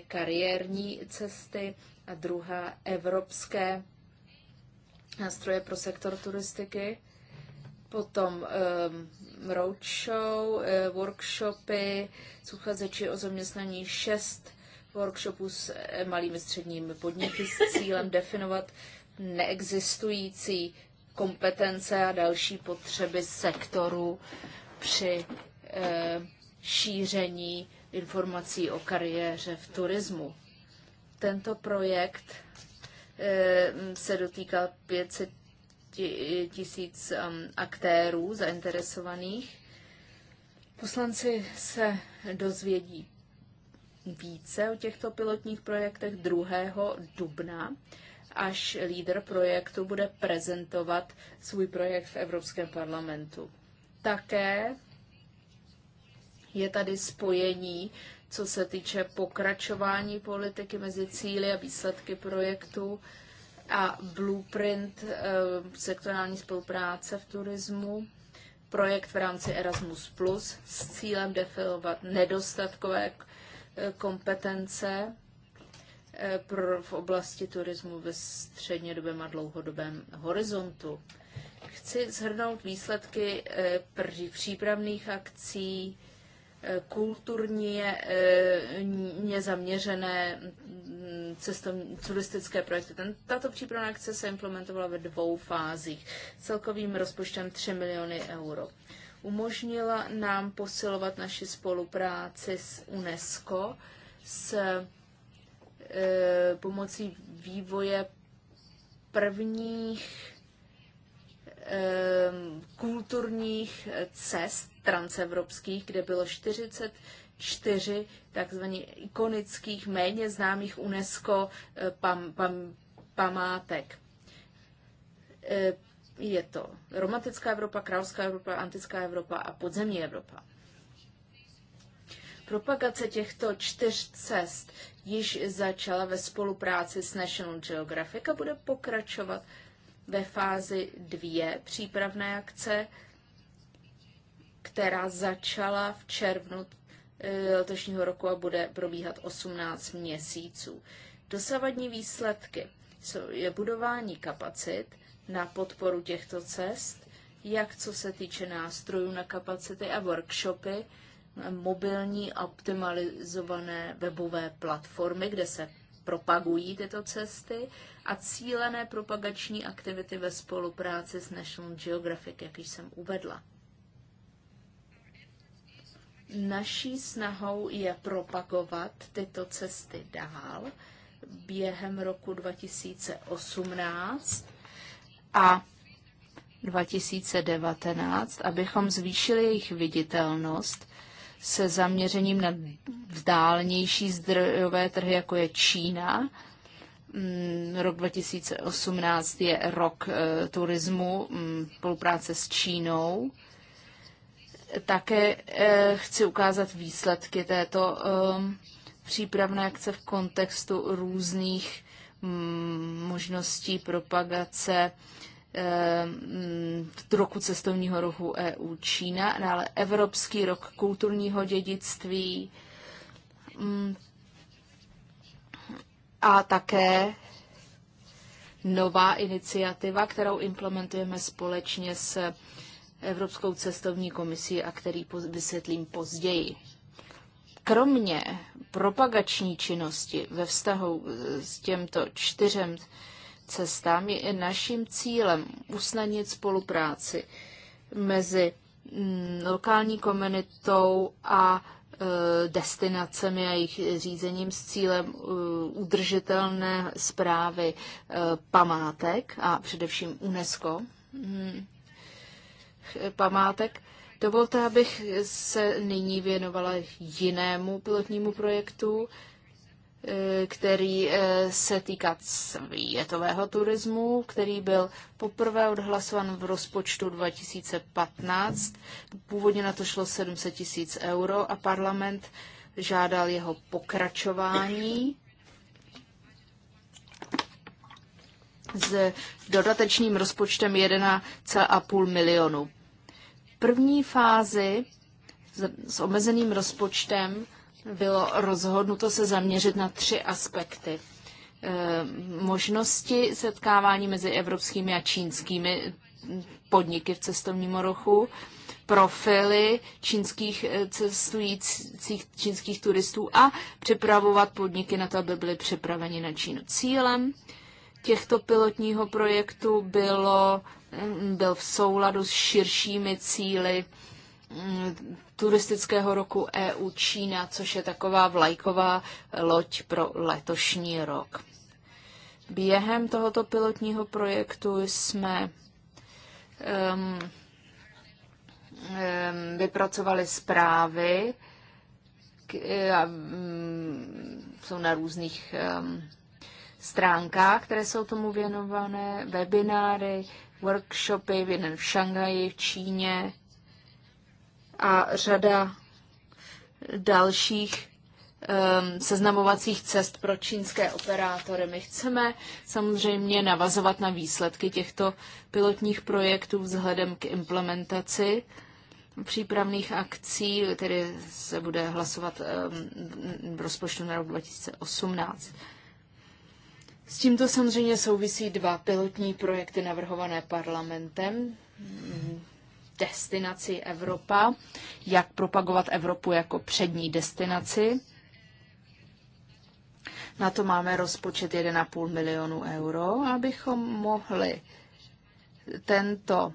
kariérní cesty a druhá evropské nástroje pro sektor turistiky, potom um, ehm, roadshow, eh, workshopy s o zaměstnaní, šest workshopů s eh, malými středními podniky s cílem definovat neexistující kompetence a další potřeby sektoru při uh, šíření informací o kariéře v turismu. Tento projekt Ehm, se dotýká 500 tisíc ehm, aktérů zainteresovaných. Poslanci se dozvědí více o těchto pilotních projektech 2. dubna, až lídr projektu bude prezentovat svůj projekt v Evropském parlamentu. Také je tady spojení co se týče pokračování politiky mezi cíly a výsledky projektu a blueprint eh, sektorální spolupráce v turismu, projekt v rámci Erasmus Plus s cílem definovat nedostatkové eh, kompetence eh, v oblasti turismu ve střednědobém a dlouhodobém horizontu. Chci zhrnout výsledky přípravných akcí kulturně eh, zaměřené mm, cestovní, turistické projekty. Ten, tato přípravná akce se implementovala ve dvou fázích celkovým rozpočtem 3 miliony euro. Umožnila nám posilovat naši spolupráci s UNESCO s e, pomocí vývoje prvních e, kulturních cest transevropských, kde bylo 44 takzvaných ikonických, méně známých UNESCO eh, pam, pam, památek. Eh, je to romantická Evropa, královská Evropa, antická Evropa a podzemní Evropa. Propagace těchto čtyř cest již začala ve spolupráci s National Geographic a bude pokračovat ve fázi dvě přípravné akce, která začala v červnu eh, letošního roku a bude probíhat 18 měsíců. Dosavadní výsledky je budování kapacit na podporu těchto cest, jak co se týče nástrojů na kapacity a workshopy, mobilní optimalizované webové platformy, kde se propagují tyto cesty a cílené propagační aktivity ve spolupráci s National Geographic, jak již jsem uvedla. Naší snahou je propagovat tyto cesty dál během roku 2018 a 2019, abychom zvýšili jejich viditelnost se zaměřením na vzdálnější zdrojové trhy, jako je Čína. Mm, rok 2018 je rok eh, turismu, mm, spolupráce s Čínou také eh, chci ukázat výsledky této ehm, přípravné akce v kontextu různých mm, možností propagace ehm, mm, roku cestovního ruchu EU Čína, ale Evropský rok kulturního dědictví mm, a také nová iniciativa, kterou implementujeme společně s Evropskou cestovní komisí a který vysvětlím později. Kromě propagační činnosti ve vztahu e, s těmto čtyřem cestám je i naším cílem usnadnit spolupráci mezi mm, lokální komunitou a e, destinacemi a jejich řízením s cílem e, udržitelné zprávy památek a především UNESCO. Hmm. Eh, památek. Dovolte, abych se nyní věnovala jinému pilotnímu projektu, eh, který eh, se týká světového turismu, který byl poprvé odhlasovan v rozpočtu 2015. Původně na to šlo 700 tisíc euro a parlament žádal jeho pokračování s dodatečným rozpočtem 1,5 milionu první fázi s omezeným rozpočtem bylo rozhodnuto se zaměřit na tři aspekty. E, možnosti setkávání mezi evropskými a čínskými podniky v cestovním ruchu, profily čínských e, cestujících, čínských turistů a připravovat podniky na to, aby byly připraveni na Čínu. Cílem těchto pilotního projektu bylo, mm, byl v souladu s širšími cíly mm, turistického roku EU Čína, což je taková vlajková loď pro letošní rok. Během tohoto pilotního projektu jsme um, um, vypracovali zprávy, k, um, jsou na různých um, stránkách, které jsou tomu věnované, webináry, workshopy, v jeden v Šanghaji, v Číně a řada dalších um, seznamovacích cest pro čínské operátory. My chceme samozřejmě navazovat na výsledky těchto pilotních projektů vzhledem k implementaci přípravných akcí, tedy se bude hlasovat um, v rozpočtu na rok 2018. S tímto samozřejmě souvisí dva pilotní projekty navrhované parlamentem. Destinaci Evropa, jak propagovat Evropu jako přední destinaci. Na to máme rozpočet 1,5 milionu euro, abychom mohli tento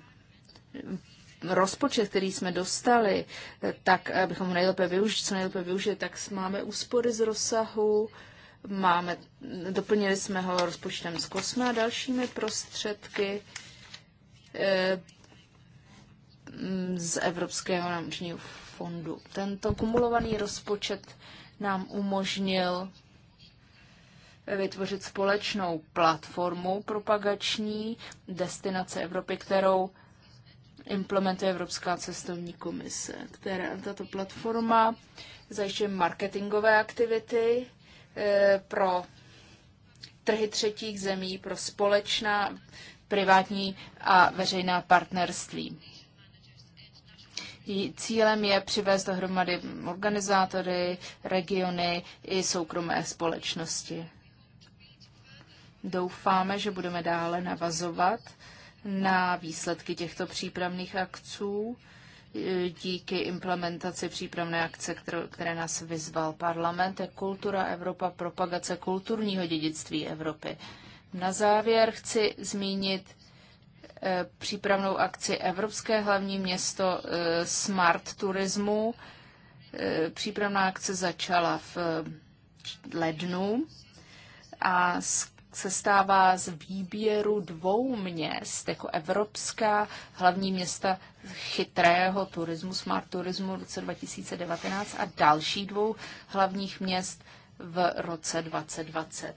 rozpočet, který jsme dostali, tak abychom ho nejlépe využili, co nejlépe využili, tak máme úspory z rozsahu Máme, doplnili jsme ho rozpočtem z kosma a dalšími prostředky eh, mm, z Evropského námořního fondu. Tento kumulovaný rozpočet nám umožnil vytvořit společnou platformu propagační destinace Evropy, kterou implementuje Evropská cestovní komise. Která, tato platforma zajišťuje marketingové aktivity, E, pro trhy třetích zemí, pro společná privátní a veřejná partnerství. Cílem je přivést dohromady organizátory, regiony i soukromé společnosti. Doufáme, že budeme dále navazovat na výsledky těchto přípravných akců díky implementaci přípravné akce, kterou, které nás vyzval parlament, je kultura Evropa, propagace kulturního dědictví Evropy. Na závěr chci zmínit eh, přípravnou akci Evropské hlavní město eh, Smart Turismu. Eh, přípravná akce začala v lednu a se stává z výběru dvou měst, jako evropská hlavní města chytrého turismu, smart turismu v roce 2019 a další dvou hlavních měst v roce 2020.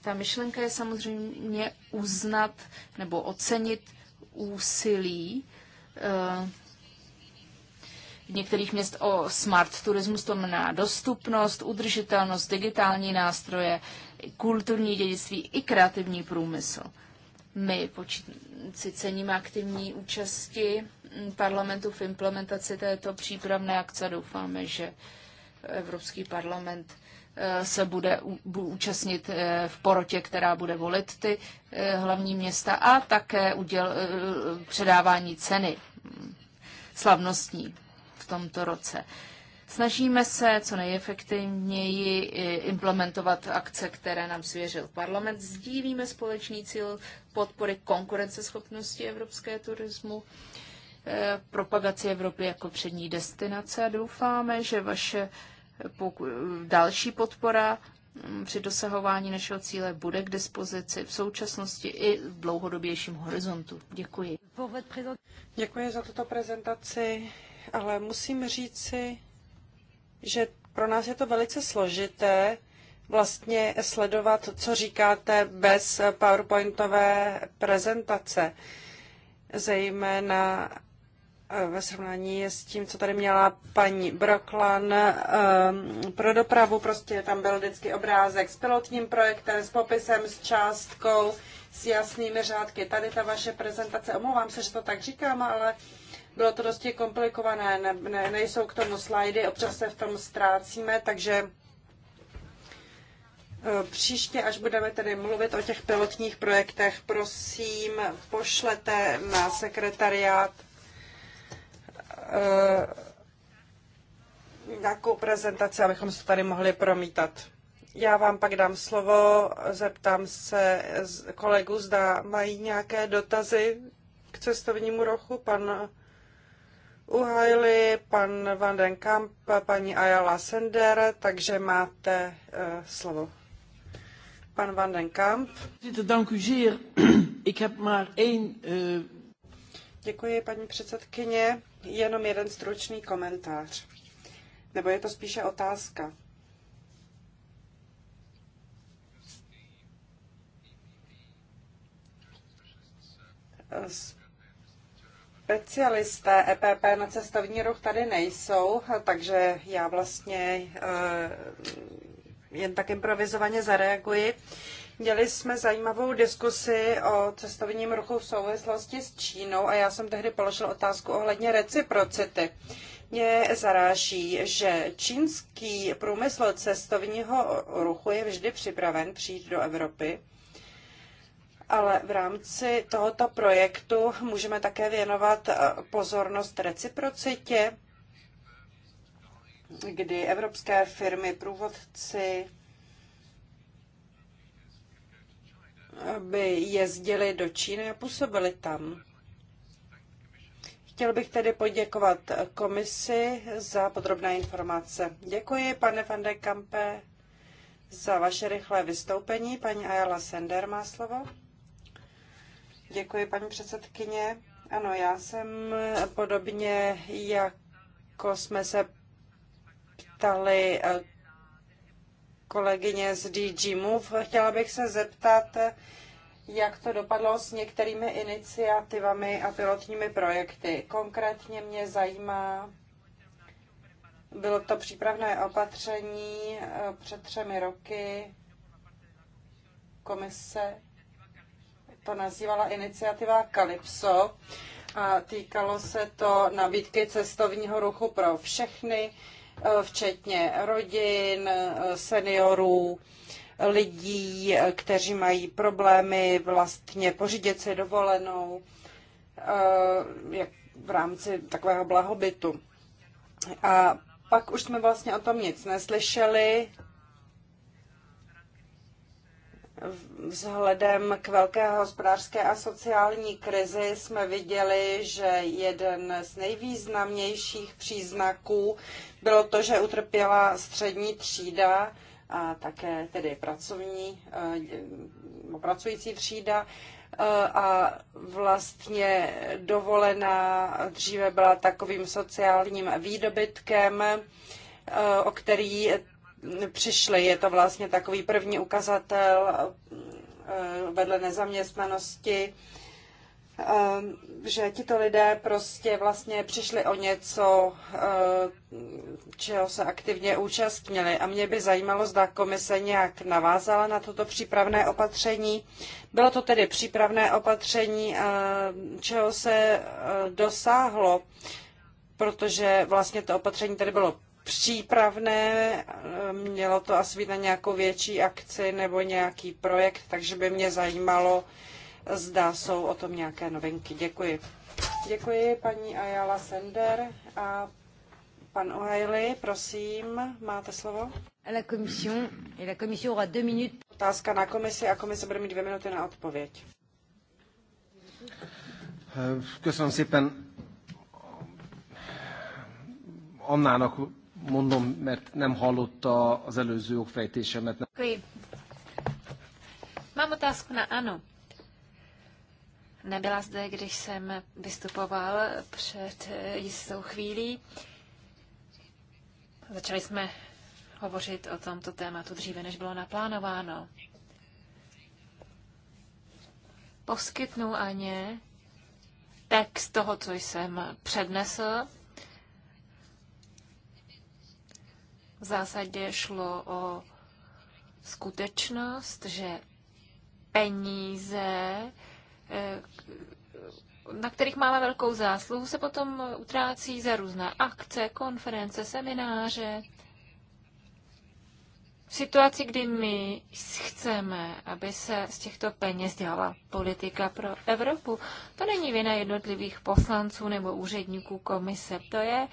Ta myšlenka je samozřejmě uznat nebo ocenit úsilí eh, v některých měst o smart turismus, to znamená dostupnost, udržitelnost, digitální nástroje, kulturní dědictví i kreativní průmysl. My si ceníme aktivní účasti mm, parlamentu v implementaci této přípravné akce. Doufáme, že Evropský parlament eh, se bude účastnit eh, v porotě, která bude volit ty eh, hlavní města a také uděl, předávání ceny mm, slavnostní v tomto roce. Snažíme se co nejefektivněji implementovat akce, které nám svěřil parlament. Sdílíme společný cíl podpory konkurenceschopnosti evropské turismu, eh, propagaci Evropy jako přední destinace a doufáme, že vaše další podpora mm, při dosahování našeho cíle bude k dispozici v současnosti i v dlouhodobějším horizontu. Děkuji. Děkuji za tuto prezentaci, ale musím říci, že pro nás je to velice složité vlastně sledovat, co říkáte bez PowerPointové prezentace, zejména eh, ve srovnání s tím, co tady měla paní Broklan eh, pro dopravu, prostě tam byl vždycky obrázek s pilotním projektem, s popisem, s částkou, s jasnými řádky. Tady ta vaše prezentace, omlouvám se, že to tak říkám, ale bylo to dosti komplikované, ne, ne, nejsou k tomu slajdy, občas se v tom ztrácíme, takže e, Příště, až budeme tedy mluvit o těch pilotních projektech, prosím, pošlete na sekretariát e, nějakou prezentaci, abychom se tady mohli promítat. Já vám pak dám slovo, zeptám se kolegu, zda mají nějaké dotazy k cestovnímu rochu. Pan uhájili pan Van den Kamp, paní Ayala Sender, takže máte uh, slovo. Pan Van den Kamp. Eh, Děkuji, paní předsedkyně. Jenom jeden stručný komentář. Nebo je to spíše otázka. Z specialisté EPP na cestovní ruch tady nejsou, takže já vlastně eh, jen tak improvizovaně zareaguji. Měli jsme zajímavou diskusi o cestovním ruchu v souvislosti s Čínou a já jsem tehdy položil otázku ohledně reciprocity. Mě zaráží, že čínský průmysl cestovního ruchu je vždy připraven přijít do Evropy ale v rámci tohoto projektu můžeme také věnovat eh, pozornost reciprocitě, kdy evropské firmy, průvodci by jezdili do Číny a působili tam. Chtěl bych tedy poděkovat komisi za podrobné informace. Děkuji, pane van de Kampe, za vaše rychlé vystoupení. Paní Ayala Sender má slovo. Děkuji, paní předsedkyně. Ano, já jsem podobně, jako jsme se ptali eh, kolegyně z DG Move, chtěla bych se zeptat, jak to dopadlo s některými iniciativami a pilotními projekty. Konkrétně mě zajímá, bylo to přípravné opatření eh, před třemi roky komise to nazývala iniciativa Calypso a týkalo se to nabídky cestovního ruchu pro všechny, e, včetně rodin, e, seniorů, lidí, e, kteří mají problémy vlastně pořídit si dovolenou jak v rámci takového blahobytu. A pak už jsme vlastně o tom nic neslyšeli, Vzhledem k velké hospodářské a sociální krizi jsme viděli, že jeden z nejvýznamnějších příznaků bylo to, že utrpěla střední třída a také tedy pracovní, eh, pracující třída eh, a vlastně dovolená dříve byla takovým sociálním výdobytkem, eh, o který Přišly Je to vlastně takový první ukazatel eh, vedle nezaměstnanosti, eh, že tito lidé prostě vlastně přišli o něco, eh, čeho se aktivně účastnili. A mě by zajímalo, zda komise nějak navázala na toto přípravné opatření. Bylo to tedy přípravné opatření, čeho se dosáhlo, protože vlastně to opatření tady bylo přípravné, eh, mělo to asi být na nějakou větší akci nebo nějaký projekt, takže by mě zajímalo, zda jsou o tom nějaké novinky. Děkuji. Děkuji paní Ayala Sender a pan O'Reilly, prosím, máte slovo. La commission, et la commission aura deux minutes. Otázka na komisi a komise bude mít dvě minuty na odpověď. Eh, köszönöm szépen Annának mondom, mert nem hallotta az előző okfejtésemet. Mám otázku na Ano. Nebyla zde, když jsem vystupoval před jistou chvílí. Začali jsme hovořit o tomto tématu dříve, než bylo naplánováno. Poskytnu Aně text toho, co jsem přednesl V zásadě šlo o skutečnost, že peníze, eh, na kterých máme velkou zásluhu, se potom utrácí za různé akce, konference, semináře. V situaci, kdy my chceme, aby se z těchto peněz dělala politika pro Evropu, to není vina jednotlivých poslanců nebo úředníků komise. To je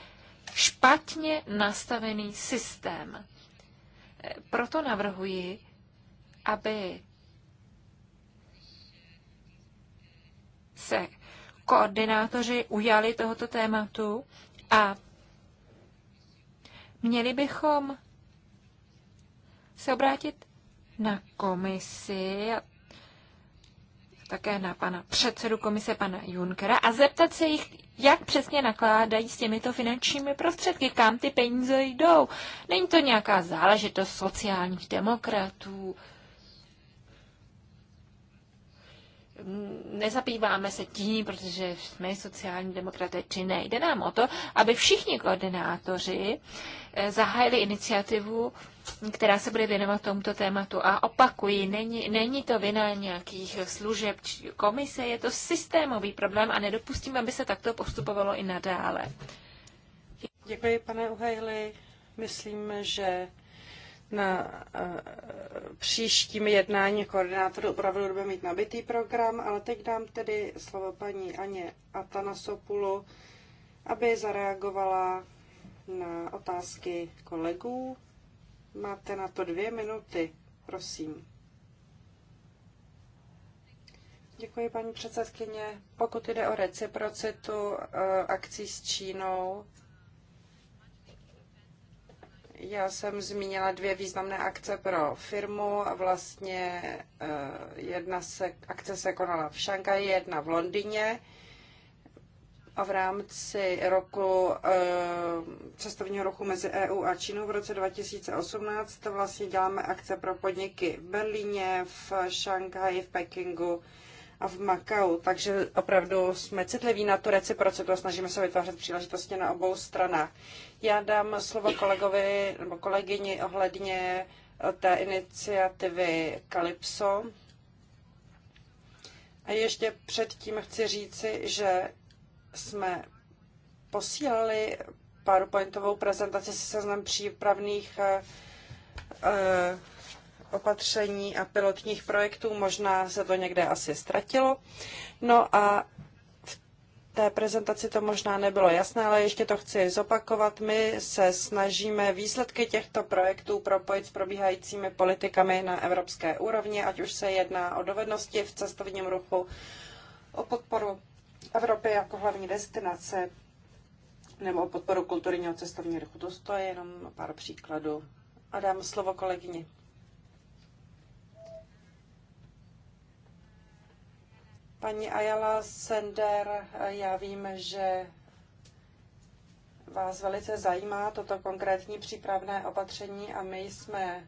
špatně nastavený systém. Eh, proto navrhuji, aby se koordinátoři ujali tohoto tématu a měli bychom se obrátit na komisi také na pana předsedu komise, pana Junkera, a zeptat se jich, jak přesně nakládají s těmito finančními prostředky, kam ty peníze jdou. Není to nějaká záležitost sociálních demokratů, nezabýváme se tím, protože jsme sociální demokraté, či ne. Jde nám o to, aby všichni koordinátoři eh, zahájili iniciativu, která se bude věnovat tomuto tématu. A opakuji, není, není to vina nějakých služeb či komise, je to systémový problém a nedopustím, aby se takto postupovalo i nadále. Děkuji, pane Uhejli. Myslím, že na eh, příštím jednání koordinátorů opravdu budeme mít nabitý program, ale teď dám tedy slovo paní Aně Atanasopulu, aby zareagovala na otázky kolegů. Máte na to dvě minuty, prosím. Děkuji, paní předsedkyně. Pokud jde o reciprocitu eh, akcí s Čínou, já jsem zmínila dvě významné akce pro firmu. Vlastně eh, jedna se, akce se konala v Šanghaji, jedna v Londýně. A v rámci roku, eh, cestovního roku mezi EU a Čínou v roce 2018 vlastně děláme akce pro podniky v Berlíně, v Šanghaji, v Pekingu a v Makau. Takže opravdu jsme citliví na tu reciprocitu a snažíme se vytvářet příležitosti na obou stranách. Já dám slovo kolegovi nebo kolegyni ohledně eh, té iniciativy Calypso. A ještě předtím chci říci, že jsme posílali PowerPointovou prezentaci se seznam přípravných eh, eh, opatření a pilotních projektů. Možná se to někde asi ztratilo. No a v té prezentaci to možná nebylo jasné, ale ještě to chci zopakovat. My se snažíme výsledky těchto projektů propojit s probíhajícími politikami na evropské úrovni, ať už se jedná o dovednosti v cestovním ruchu, o podporu Evropy jako hlavní destinace nebo o podporu kulturního cestovního ruchu. To je jenom pár příkladů. A dám slovo kolegyni. Paní Ayala Sender, já vím, že vás velice zajímá toto konkrétní přípravné opatření a my jsme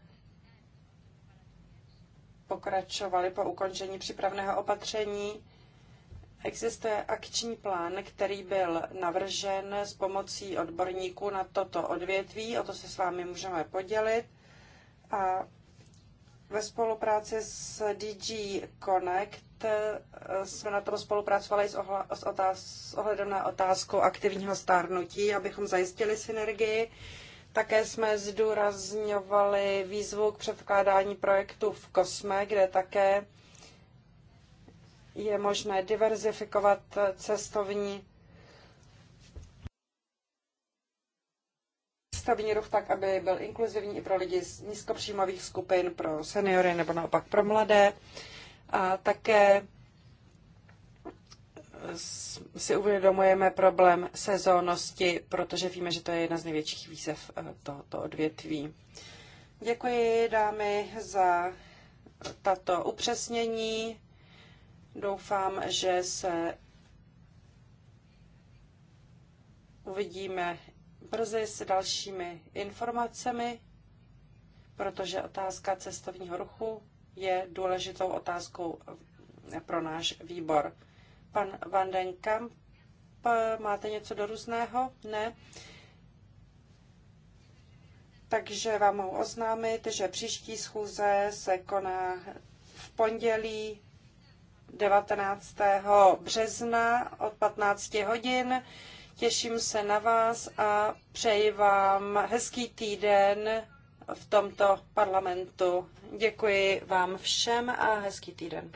pokračovali po ukončení přípravného opatření. Existuje akční plán, který byl navržen s pomocí odborníků na toto odvětví, o to se s vámi můžeme podělit. A ve spolupráci s DG Connect eh, jsme na tom spolupracovali s, ohla, s, otáz, s ohledem na otázku aktivního stárnutí, abychom zajistili synergii. Také jsme zdůrazňovali výzvu k předkládání projektů v Kosme, kde také je možné diverzifikovat cestovní stavní tak, aby byl inkluzivní i pro lidi z nízkopříjmových skupin, pro seniory nebo naopak pro mladé. A také si uvědomujeme problém sezónnosti, protože víme, že to je jedna z největších výzev eh, tohoto odvětví. Děkuji, dámy, za tato upřesnění. Doufám, že se uvidíme brzy s dalšími informacemi, protože otázka cestovního ruchu je důležitou otázkou pro náš výbor. Pan Van den Kamp, máte něco do různého? Ne? Takže vám mohu oznámit, že příští schůze se koná v pondělí 19. března od 15 hodin. Těším se na vás a přeji vám hezký týden v tomto parlamentu. Děkuji vám všem a hezký týden.